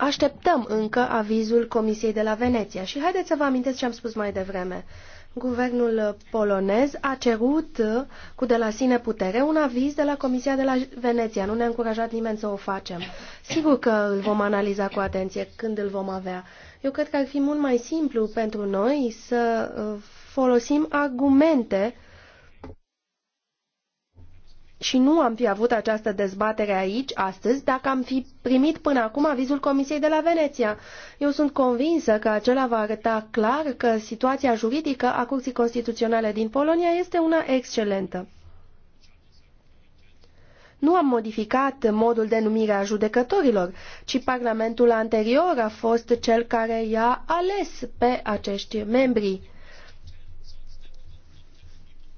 Așteptăm încă avizul Comisiei de la Veneția și haideți să vă amintesc ce am spus mai devreme. Guvernul polonez a cerut cu de la sine putere un aviz de la Comisia de la Veneția. Nu ne-a încurajat nimeni să o facem. Sigur că îl vom analiza cu atenție când îl vom avea. Eu cred că ar fi mult mai simplu pentru noi să folosim argumente uh, și nu am fi avut această dezbatere aici, astăzi, dacă am fi primit până acum avizul Comisiei de la Veneția. Eu sunt convinsă că acela va arăta clar că situația juridică a Curții Constituționale din Polonia este una excelentă. Nu am modificat modul de numire a judecătorilor, ci Parlamentul anterior a fost cel care i-a ales pe acești membri.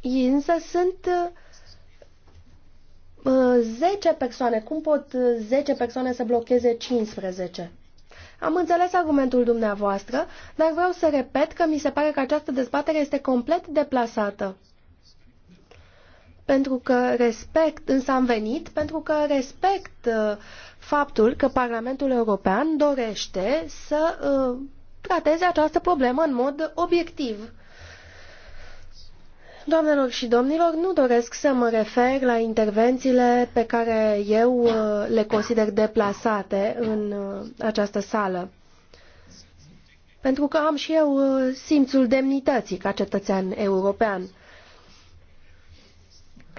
Însă sunt 10 uh, persoane, cum pot 10 uh, persoane să blocheze 15? Am înțeles argumentul dumneavoastră, dar vreau să repet că mi se pare că această dezbatere este complet deplasată. Pentru că respect, însă am venit, pentru că respect uh, faptul că Parlamentul European dorește să uh, trateze această problemă în mod obiectiv Doamnelor și domnilor, nu doresc să mă refer la intervențiile pe care eu uh, le consider deplasate în uh, această sală. Pentru că am și eu uh, simțul demnității ca cetățean european.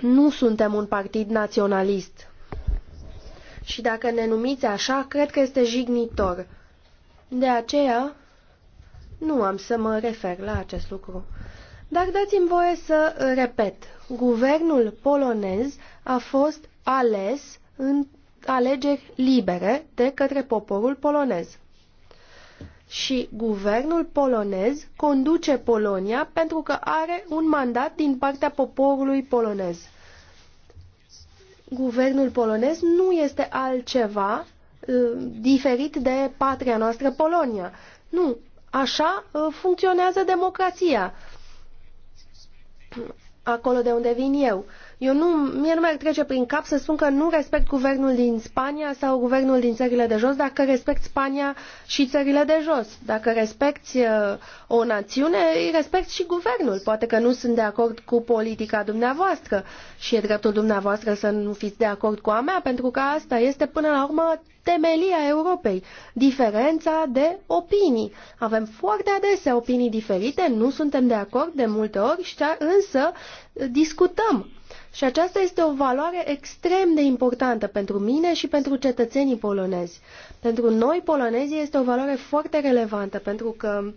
Nu suntem un partid naționalist. Și dacă ne numiți așa, cred că este jignitor. De aceea, nu am să mă refer la acest lucru. Dar dați-mi voie să uh, repet. Guvernul polonez a fost ales în alegeri libere de către poporul polonez. Și guvernul polonez conduce Polonia pentru că are un mandat din partea poporului polonez. Guvernul polonez nu este altceva uh, diferit de patria noastră Polonia. Nu, așa uh, funcționează democrația acolo de unde vin eu. Eu nu, mie nu mi-ar trece prin cap să spun că nu respect guvernul din Spania sau guvernul din țările de jos dacă respect Spania și țările de jos. Dacă respecti uh, o națiune, îi respecti și guvernul. Poate că nu sunt de acord cu politica dumneavoastră și e dreptul dumneavoastră să nu fiți de acord cu a mea, pentru că asta este până la urmă temelia Europei, diferența de opinii. Avem foarte adesea opinii diferite, nu suntem de acord de multe ori, însă uh, discutăm și aceasta este o valoare extrem de importantă pentru mine și pentru cetățenii polonezi. Pentru noi polonezii este o valoare foarte relevantă, pentru că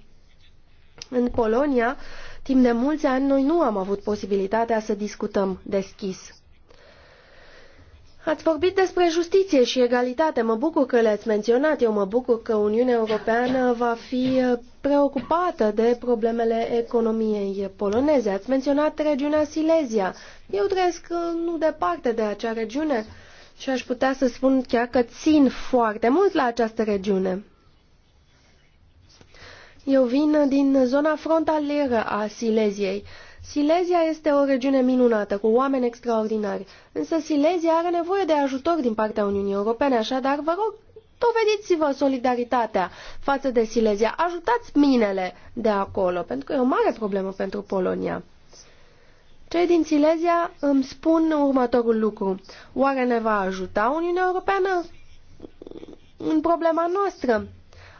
în Polonia, timp de mulți ani, noi nu am avut posibilitatea să discutăm deschis. Ați vorbit despre justiție și egalitate. Mă bucur că le-ați menționat. Eu mă bucur că Uniunea Europeană va fi eh, preocupată de problemele economiei poloneze. Ați menționat regiunea Silesia. Eu trăiesc eh, nu departe de acea regiune și aș putea să spun chiar că țin foarte mult la această regiune. Eu vin din zona frontalieră a Silesiei Silezia este o regiune minunată, cu oameni extraordinari, însă Silezia are nevoie de ajutor din partea Uniunii Europene, așadar vă rog, dovediți-vă solidaritatea față de Silezia, ajutați minele de acolo, pentru că e o mare problemă pentru Polonia. Cei din Silezia îmi spun următorul lucru. Oare ne va ajuta Uniunea Europeană în problema noastră?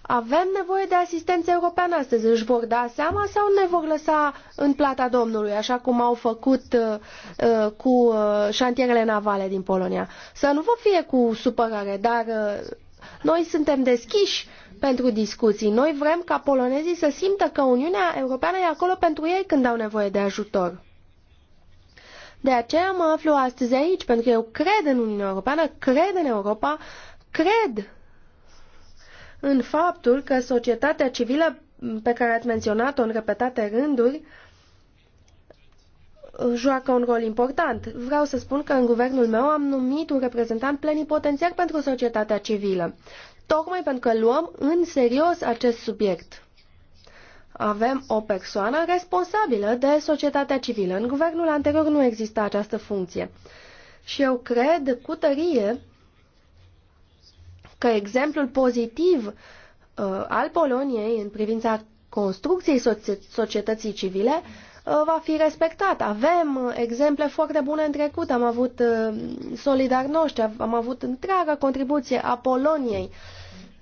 Avem nevoie de asistență europeană astăzi, își vor da seama sau ne vor lăsa în plata Domnului, așa cum au făcut uh, uh cu uh, șantierele navale din Polonia. Să nu vă fie cu supărare, dar uh, noi suntem deschiși pentru discuții. Noi vrem ca polonezii să simtă că Uniunea Europeană e acolo pentru ei când au nevoie de ajutor. De aceea mă aflu astăzi aici, pentru că eu cred în Uniunea Europeană, cred în Europa, cred în faptul că societatea civilă pe care ați menționat-o în repetate rânduri joacă un rol important. Vreau să spun că în guvernul meu am numit un reprezentant plenipotențiar pentru societatea civilă, tocmai pentru că luăm în serios acest subiect. Avem o persoană responsabilă de societatea civilă. În guvernul anterior nu exista această funcție. Și eu cred cu tărie că exemplul pozitiv uh, al Poloniei în privința construcției societății civile uh, va fi respectat. Avem uh, exemple foarte bune în trecut, am avut solidar noștri, am avut întreaga contribuție a Poloniei.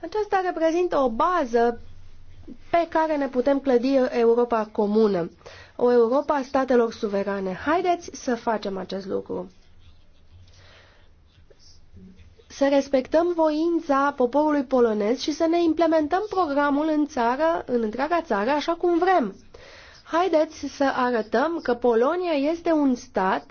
Aceasta reprezintă o bază pe care ne putem clădi Europa comună, o Europa statelor suverane. Haideți să facem acest lucru să respectăm voința poporului polonez și să ne implementăm programul în țară, în întreaga țară, așa cum vrem. Haideți să arătăm că Polonia este un stat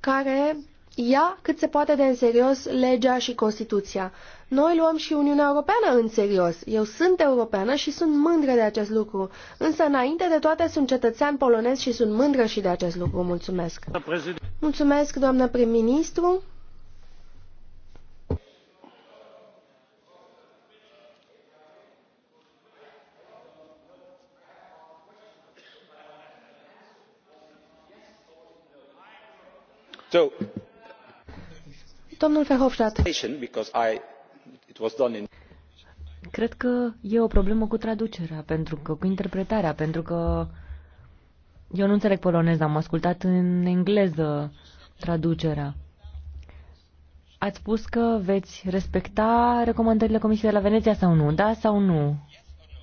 care ia cât se poate de în serios legea și Constituția. Noi luăm și Uniunea Europeană în serios. Eu sunt europeană și sunt mândră de acest lucru. Însă, înainte de toate, sunt cetățean polonez și sunt mândră și de acest lucru. Mulțumesc! Mulțumesc, doamnă prim-ministru! domnule Verhofstadt, cred că e o problemă cu traducerea, pentru că, cu interpretarea, pentru că eu nu înțeleg poloneză, am ascultat în engleză traducerea. Ați spus că veți respecta recomandările Comisiei de la Veneția sau nu? Da sau nu?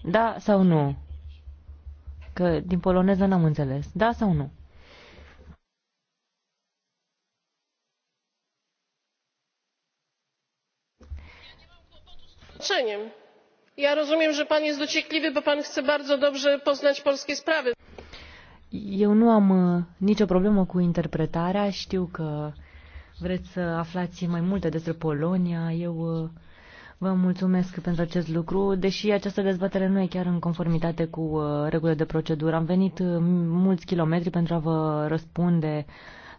Da sau nu? Că din poloneză n-am înțeles. Da sau nu? doświadczeniem. ja rozumiem że pan jest dociekliwy bo pan chce bardzo dobrze poznać polskie sprawy. eu nu am nicio problemă cu interpretarea știu că vreți să aflați mai multe despre Polonia. Eu vă mulțumesc pentru acest lucru, deși această dezbatere nu e chiar în conformitate cu regulile de procedură. Am venit mulți kilometri pentru a vă răspunde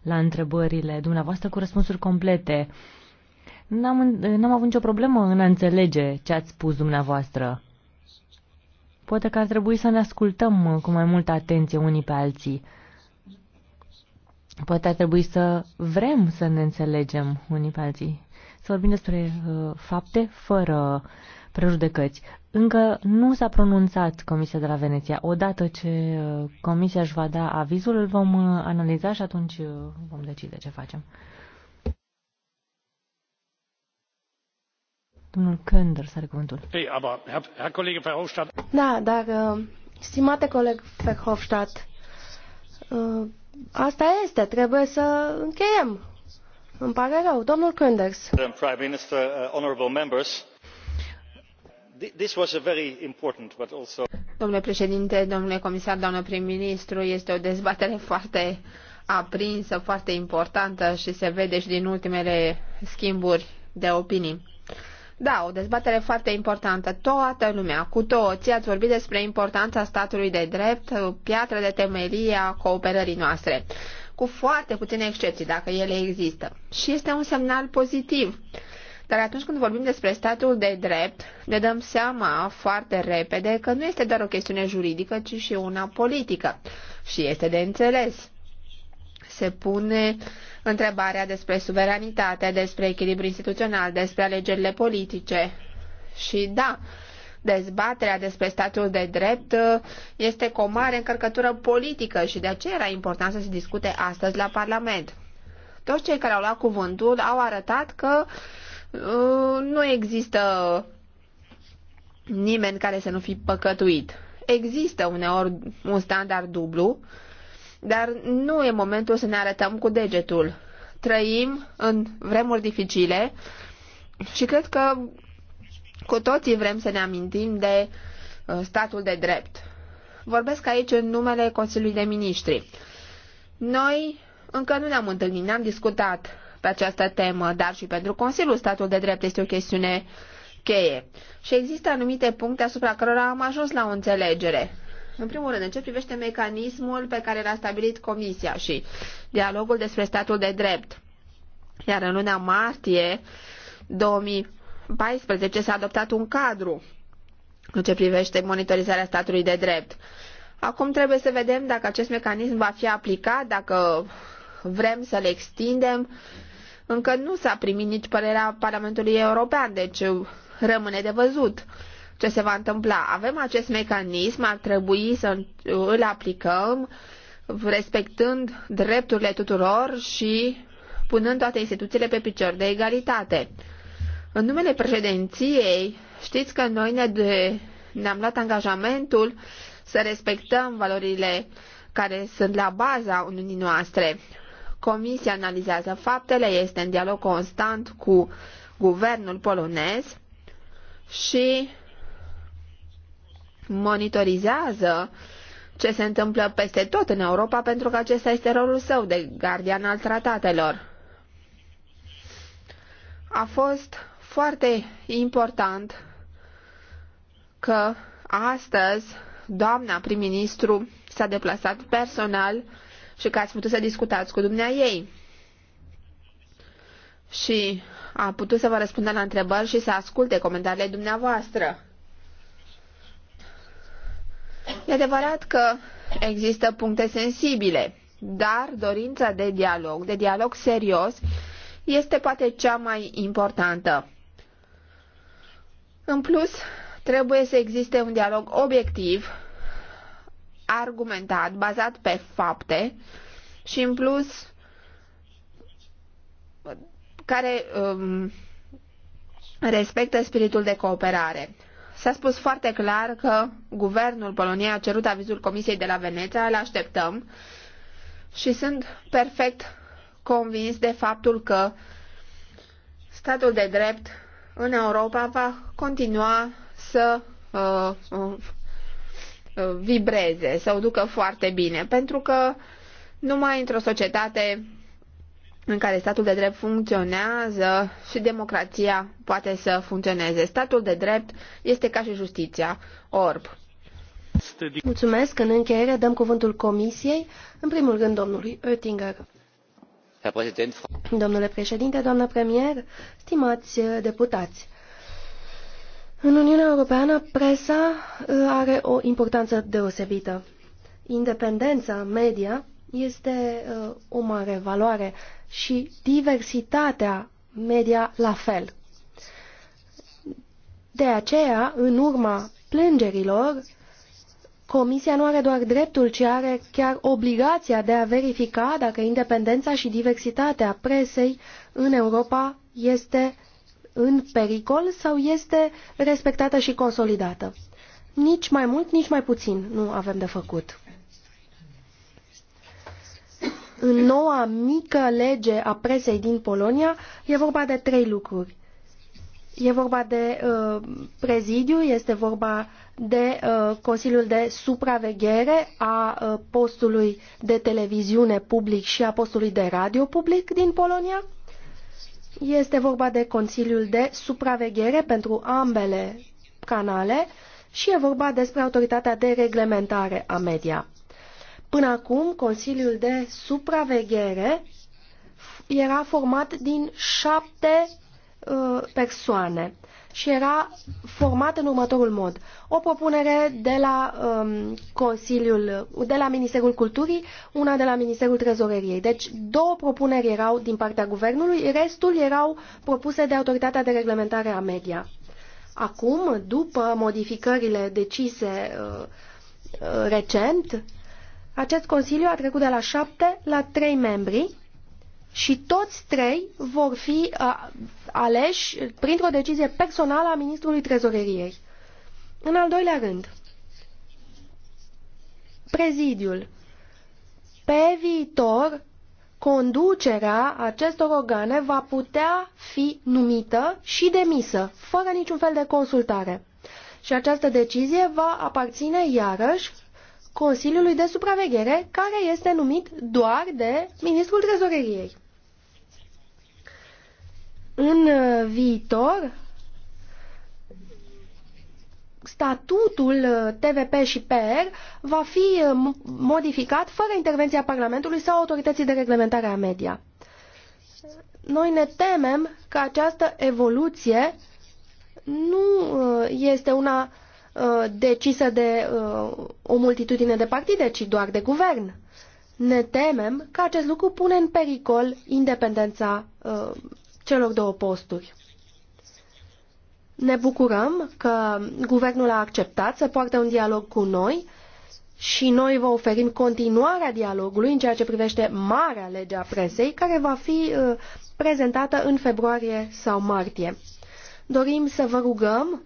la întrebările dumneavoastră cu răspunsuri complete. N-am, n-am avut nicio problemă în a înțelege ce ați spus dumneavoastră. Poate că ar trebui să ne ascultăm cu mai multă atenție unii pe alții. Poate ar trebui să vrem să ne înțelegem unii pe alții. Să vorbim despre uh, fapte fără prejudecăți. Încă nu s-a pronunțat Comisia de la Veneția. Odată ce uh, Comisia își va da avizul, îl vom uh, analiza și atunci uh, vom decide ce facem. Da, dar, uh, stimate coleg Verhofstadt, uh, asta este, trebuie să încheiem. Îmi pare rău. Domnul Könders. Prime Minister, uh, honorable members, Also... domnule președinte domnule comisar doamnă prim ministru este o dezbatere foarte aprinsă foarte importantă și se vede și din ultimele schimburi de opinii. Da, o dezbatere foarte importantă. Toată lumea, cu toții, ați vorbit despre importanța statului de drept, piatra de temelie a cooperării noastre, cu foarte puține excepții, dacă ele există. Și este un semnal pozitiv. Dar atunci când vorbim despre statul de drept, ne dăm seama foarte repede că nu este doar o chestiune juridică, ci și una politică. Și este de înțeles se pune întrebarea despre suveranitate, despre echilibru instituțional, despre alegerile politice. Și da, dezbaterea despre statul de drept uh, este cu o mare încărcătură politică și de aceea era important să se discute astăzi la Parlament. Toți cei care au luat cuvântul au arătat că uh, nu există nimeni care să nu fi păcătuit. Există uneori un standard dublu dar nu e momentul să ne arătăm cu degetul. Trăim în vremuri dificile și cred că cu toții vrem să ne amintim de uh, statul de drept. Vorbesc aici în numele Consiliului de Ministri. Noi încă nu ne-am întâlnit, ne-am discutat pe această temă, dar și pentru Consiliul statul de drept este o chestiune cheie. Și există anumite puncte asupra cărora am ajuns la o înțelegere. În primul rând, în ce privește mecanismul pe care l-a stabilit Comisia și dialogul despre statul de drept. Iar în luna martie 2014 s-a adoptat un cadru în ce privește monitorizarea statului de drept. Acum trebuie să vedem dacă acest mecanism va fi aplicat, dacă vrem să-l extindem. Încă nu s-a primit nici părerea Parlamentului European, deci rămâne de văzut ce se va întâmpla. Avem acest mecanism, ar trebui să îl aplicăm respectând drepturile tuturor și punând toate instituțiile pe picior de egalitate. În numele președinției, știți că noi ne de, ne-am luat angajamentul să respectăm valorile care sunt la baza Uniunii noastre. Comisia analizează faptele, este în dialog constant cu guvernul polonez și monitorizează ce se întâmplă peste tot în Europa, pentru că acesta este rolul său de gardian al tratatelor. A fost foarte important că astăzi doamna prim-ministru s-a deplasat personal și că ați putut să discutați cu dumnea ei. Și a putut să vă răspundă la întrebări și să asculte comentariile dumneavoastră. E adevărat că există puncte sensibile, dar dorința de dialog, de dialog serios, este poate cea mai importantă. În plus, trebuie să existe un dialog obiectiv, argumentat, bazat pe fapte și în plus care um, respectă spiritul de cooperare. S-a spus foarte clar că guvernul Poloniei a cerut avizul Comisiei de la Veneția, îl așteptăm și sunt perfect convins de faptul că statul de drept în Europa va continua să uh, uh, vibreze, să o ducă foarte bine, pentru că numai într-o societate în care statul de drept funcționează și democrația poate să funcționeze. Statul de drept este ca și justiția, orb. Mulțumesc. În încheiere dăm cuvântul Comisiei, în primul rând domnului Oettinger. Domnule președinte, doamnă premier, stimați uh, deputați, în Uniunea Europeană presa uh, are o importanță deosebită. Independența media este uh, o mare valoare și diversitatea media la fel. De aceea, în urma plângerilor, Comisia nu are doar dreptul, ci are chiar obligația de a verifica dacă independența și diversitatea presei în Europa este în pericol sau este respectată și consolidată. Nici mai mult, nici mai puțin nu avem de făcut în noua mică lege a presei din Polonia, e vorba de trei lucruri. E vorba de uh, prezidiu, este vorba de uh, Consiliul de Supraveghere a uh, postului de televiziune public și a postului de radio public din Polonia. Este vorba de Consiliul de Supraveghere pentru ambele canale și e vorba despre Autoritatea de Reglementare a Media. Până acum, Consiliul de Supraveghere era format din șapte uh, persoane și era format în următorul mod. O propunere de la, um, Consiliul, de la Ministerul Culturii, una de la Ministerul Trezoreriei. Deci două propuneri erau din partea Guvernului, restul erau propuse de Autoritatea de Reglementare a Media. Acum, după modificările decise uh, uh recent, acest Consiliu a trecut de la șapte la trei membri și toți trei vor fi uh, aleși printr-o decizie personală a Ministrului Trezoreriei. În al doilea rând, prezidiul. Pe viitor, conducerea acestor organe va putea fi numită și demisă, fără niciun fel de consultare. Și această decizie va aparține iarăși Consiliului de Supraveghere, care este numit doar de Ministrul Trezoreriei. În uh, viitor, statutul uh, TVP și PR va fi uh, modificat fără intervenția Parlamentului sau autorității de reglementare a media. Noi ne temem că această evoluție nu este una uh, Uh, decisă de uh, o multitudine de partide, ci doar de guvern. Ne temem că acest lucru pune în pericol independența uh, celor două posturi. Ne bucurăm că guvernul a acceptat să poarte un dialog cu noi și noi vă oferim continuarea dialogului în ceea ce privește marea lege a presei, care va fi prezentată în februarie sau martie. Dorim să vă rugăm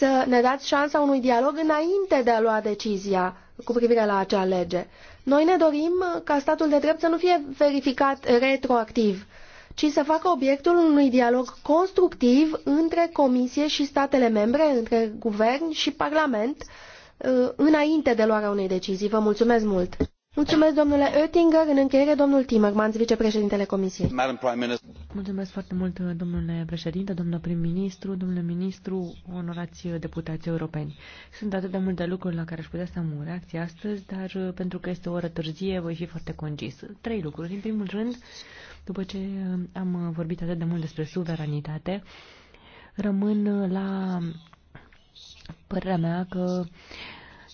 să ne dați șansa unui dialog înainte de a lua decizia cu privire la acea lege. Noi ne dorim ca statul de drept să nu fie verificat retroactiv, ci să facă obiectul unui dialog constructiv între Comisie și statele membre, între Guvern și Parlament, uh, înainte de luarea unei decizii. Vă mulțumesc mult! Mulțumesc, domnule Oettinger. În încheiere, domnul Timmermans, vicepreședintele Comisiei. Mulțumesc foarte mult, domnule președinte, domnule prim-ministru, domnule ministru, onorați deputați europeni. Sunt atât de multe lucruri la care aș putea să am o reacție astăzi, dar uh, pentru că este o oră târzie, voi fi foarte concis. Trei lucruri. În primul rând, după ce uh, am vorbit atât de mult despre suveranitate, rămân la părerea mea că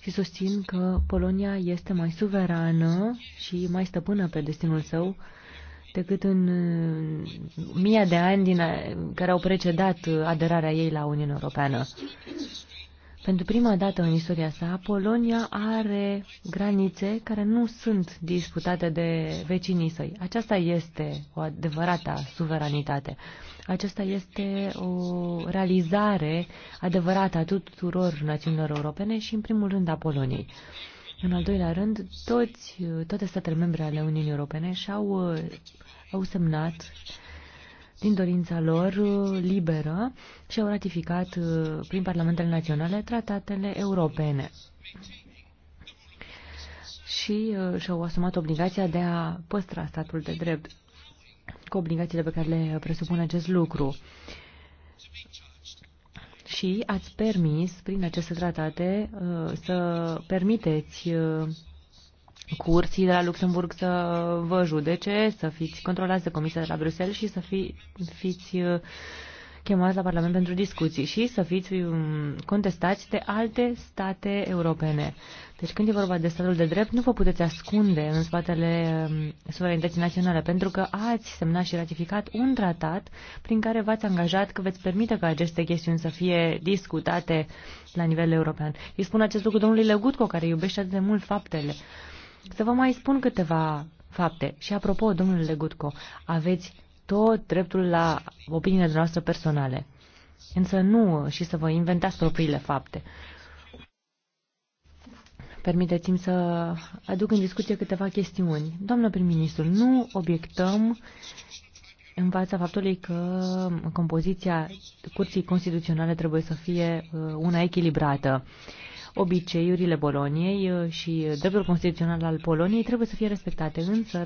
și susțin că Polonia este mai suverană și mai stăpână pe destinul său decât în mii de ani din a, care au precedat aderarea ei la Uniunea Europeană. Pentru prima dată în istoria sa, Polonia are granițe care nu sunt disputate de vecinii săi. Aceasta este o adevărată suveranitate. Aceasta este o realizare adevărată a tuturor națiunilor europene și, în primul rând, a Poloniei. În al doilea rând, toți, toate statele membre ale Uniunii Europene și-au uh, au semnat din dorința lor uh, liberă și au ratificat uh, prin parlamentele naționale tratatele europene și și-au asumat obligația de a păstra statul de drept cu obligațiile pe care le presupune acest lucru. Și ați permis, prin aceste tratate, uh, să permiteți uh, curții de la Luxemburg să vă judece, să fiți controlați de Comisia de la Bruxelles și să fi, fiți uh, chemați la Parlament pentru discuții și să fiți um, contestați de alte state europene. Deci când e vorba de statul de drept, nu vă puteți ascunde în spatele um, suverenității naționale, pentru că ați semnat și ratificat un tratat prin care v-ați angajat că veți permite ca aceste chestiuni să fie discutate la nivel european. Îi spun acest lucru domnului Legutco, care iubește atât de mult faptele. Să vă mai spun câteva fapte. Și apropo, domnule Legutco, aveți tot dreptul la opiniile noastre personale. Însă nu și să vă inventați propriile fapte. Permiteți-mi să aduc în discuție câteva chestiuni. Doamnă prim-ministru, nu obiectăm în fața faptului că compoziția Curții Constituționale trebuie să fie uh, una echilibrată. Obiceiurile Boloniei uh, și dreptul constituțional al Poloniei trebuie să fie respectate, însă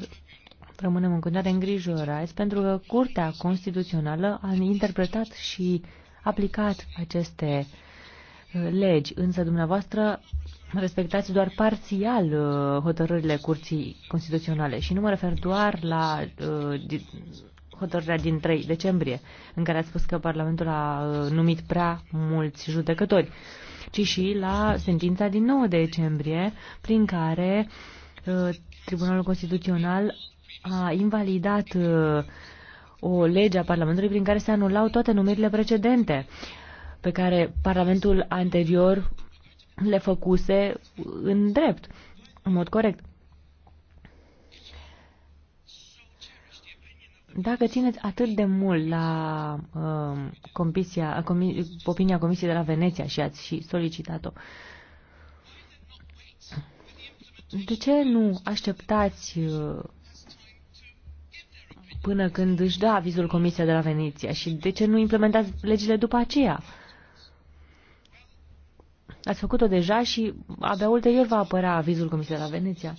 rămânem în continuare îngrijorați pentru că Curtea Constituțională a interpretat și aplicat aceste uh, legi, însă dumneavoastră respectați doar parțial uh, hotărârile Curții Constituționale și nu mă refer doar la uh, hotărârea din 3 decembrie, în care a spus că Parlamentul a uh, numit prea mulți judecători, ci și la sentința din 9 decembrie, prin care Tribunalul Constituțional a invalidat o lege a Parlamentului prin care se anulau toate numirile precedente pe care Parlamentul anterior le făcuse în drept, în mod corect. Dacă țineți atât de mult la uh, comisia, comi, opinia Comisiei de la Veneția și ați și solicitat-o, de ce nu așteptați uh, până când își dă avizul Comisia de la Veneția și de ce nu implementați legile după aceea? Uh, Ați făcut-o deja și abia ulterior va apărea avizul Comisiei la Veneția.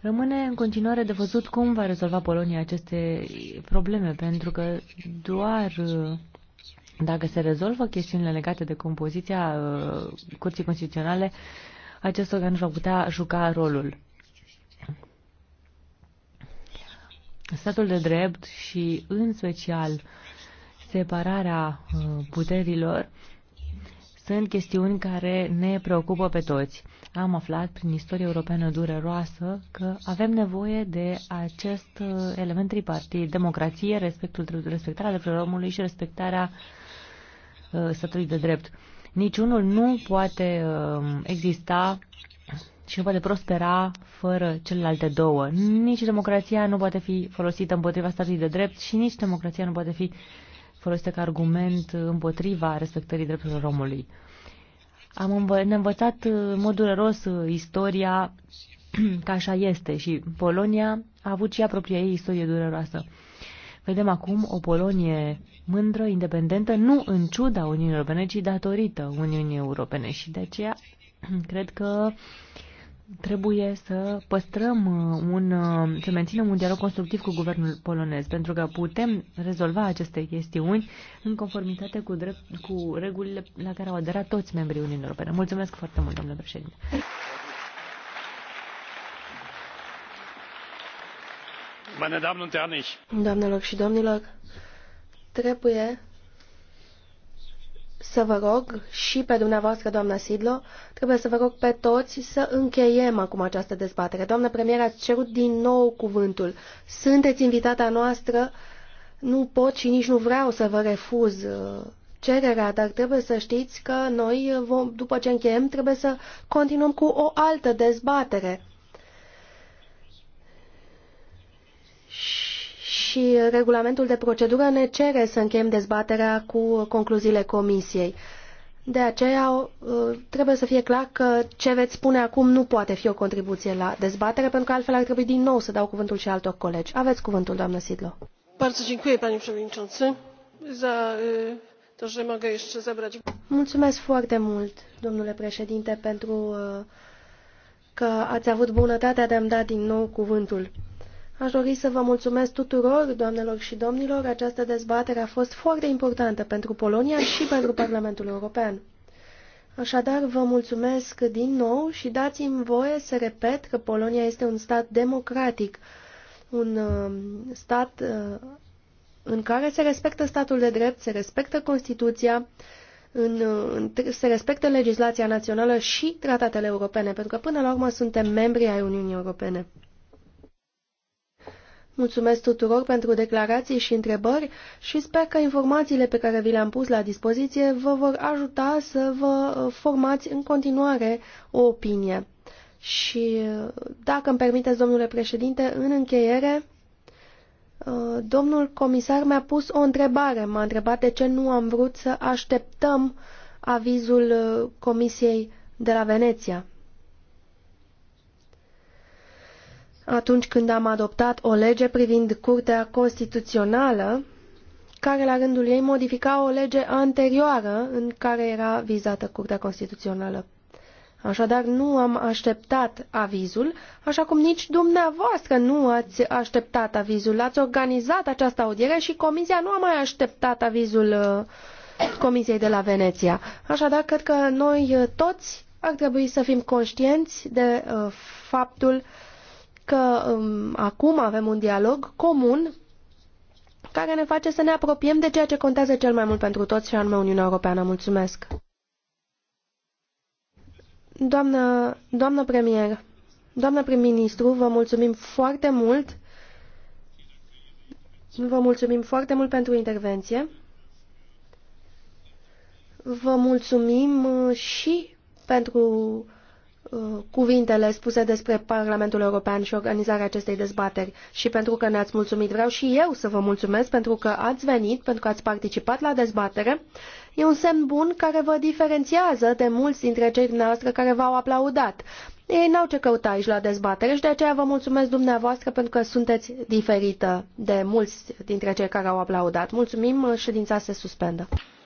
Rămâne în continuare de văzut cum va rezolva Polonia aceste probleme, pentru că doar uh, dacă se rezolvă chestiunile legate de compoziția uh, Curții Constituționale, acest organ va putea juca rolul. Statul de drept și, în special, separarea uh, puterilor sunt chestiuni care ne preocupă pe toți. Am aflat prin istoria europeană dureroasă că avem nevoie de acest uh, element tripartit, democrație, respectul, respectarea drepturilor omului și respectarea uh, statului de drept. Niciunul nu poate uh, exista și nu poate prospera fără celelalte două. Nici democrația nu poate fi folosită împotriva statului de drept și nici democrația nu poate fi uh, folosite ca argument împotriva respectării drepturilor omului. Am învă- ne învățat în mod dureros istoria că așa este și Polonia a avut și ea propria ei istorie dureroasă. Vedem acum o Polonie mândră, independentă, nu în ciuda Uniunii Europene, ci datorită Uniunii Europene și de aceea cred că uh, trebuie să păstrăm uh, un, uh, să menținem un dialog constructiv cu guvernul polonez, pentru că putem rezolva aceste chestiuni în conformitate cu, drept, cu regulile la care au aderat toți membrii Uniunii Europene. Mulțumesc foarte mult, domnule președinte. Doamnelor și domnilor, trebuie să vă rog și pe dumneavoastră, doamna Sidlo, trebuie să vă rog pe toți să încheiem acum această dezbatere. Doamna premier, ați cerut din nou cuvântul. Sunteți invitata noastră, nu pot și nici nu vreau să vă refuz uh, cererea, dar trebuie să știți că noi, uh, vom, după ce încheiem, trebuie să continuăm cu o altă dezbatere. Și și regulamentul de procedură ne cere să încheiem dezbaterea cu concluziile comisiei. De aceea ă, trebuie să fie clar că ce veți spune acum nu poate fi o contribuție la dezbatere, pentru că altfel ar trebui din nou să dau cuvântul și altor colegi. Aveți cuvântul, doamnă Sidlo. Mulțumesc foarte mult, domnule președinte, pentru ă, că ați avut bunătatea de a-mi da din nou cuvântul. Aș dori să vă mulțumesc tuturor, doamnelor și domnilor. Această dezbatere a fost foarte importantă pentru Polonia și pentru Parlamentul European. Așadar, vă mulțumesc din nou și dați-mi voie să repet că Polonia este un stat democratic, un uh, stat uh, în care se respectă statul de drept, se respectă Constituția, în, uh, se respectă legislația națională și tratatele europene, pentru că până la urmă suntem membri ai Uniunii Europene. Mulțumesc tuturor pentru declarații și întrebări și sper că informațiile pe care vi le-am pus la dispoziție vă vor ajuta să vă uh, formați în continuare o opinie. Și uh, dacă îmi permiteți, domnule președinte, în încheiere, uh, domnul comisar mi-a pus o întrebare. M-a întrebat de ce nu am vrut să așteptăm avizul Comisiei de la Veneția. atunci când am adoptat o lege privind Curtea Constituțională, care la rândul ei modifica o lege anterioară în care era vizată Curtea Constituțională. Așadar, nu am așteptat avizul, așa cum nici dumneavoastră nu ați așteptat avizul. Ați organizat această audiere și comisia nu a mai așteptat avizul uh, comisiei de la Veneția. Așadar, cred că noi uh, toți ar trebui să fim conștienți de uh, faptul că um, acum avem un dialog comun care ne face să ne apropiem de ceea ce contează cel mai mult pentru toți și anume Uniunea Europeană. Mulțumesc! Doamnă, doamnă premier, doamnă prim-ministru, vă mulțumim foarte mult. Vă mulțumim foarte mult pentru intervenție. Vă mulțumim și pentru Uh, cuvintele spuse despre Parlamentul European și organizarea acestei dezbateri și pentru că ne-ați mulțumit. Vreau și eu să vă mulțumesc pentru că ați venit, pentru că ați participat la dezbatere. E un semn bun care vă diferențiază de mulți dintre cei dumneavoastră care v-au aplaudat. Ei n-au ce căuta aici la dezbatere și de aceea vă mulțumesc dumneavoastră pentru că sunteți diferită de mulți dintre cei care au aplaudat. Mulțumim, uh, ședința se suspendă.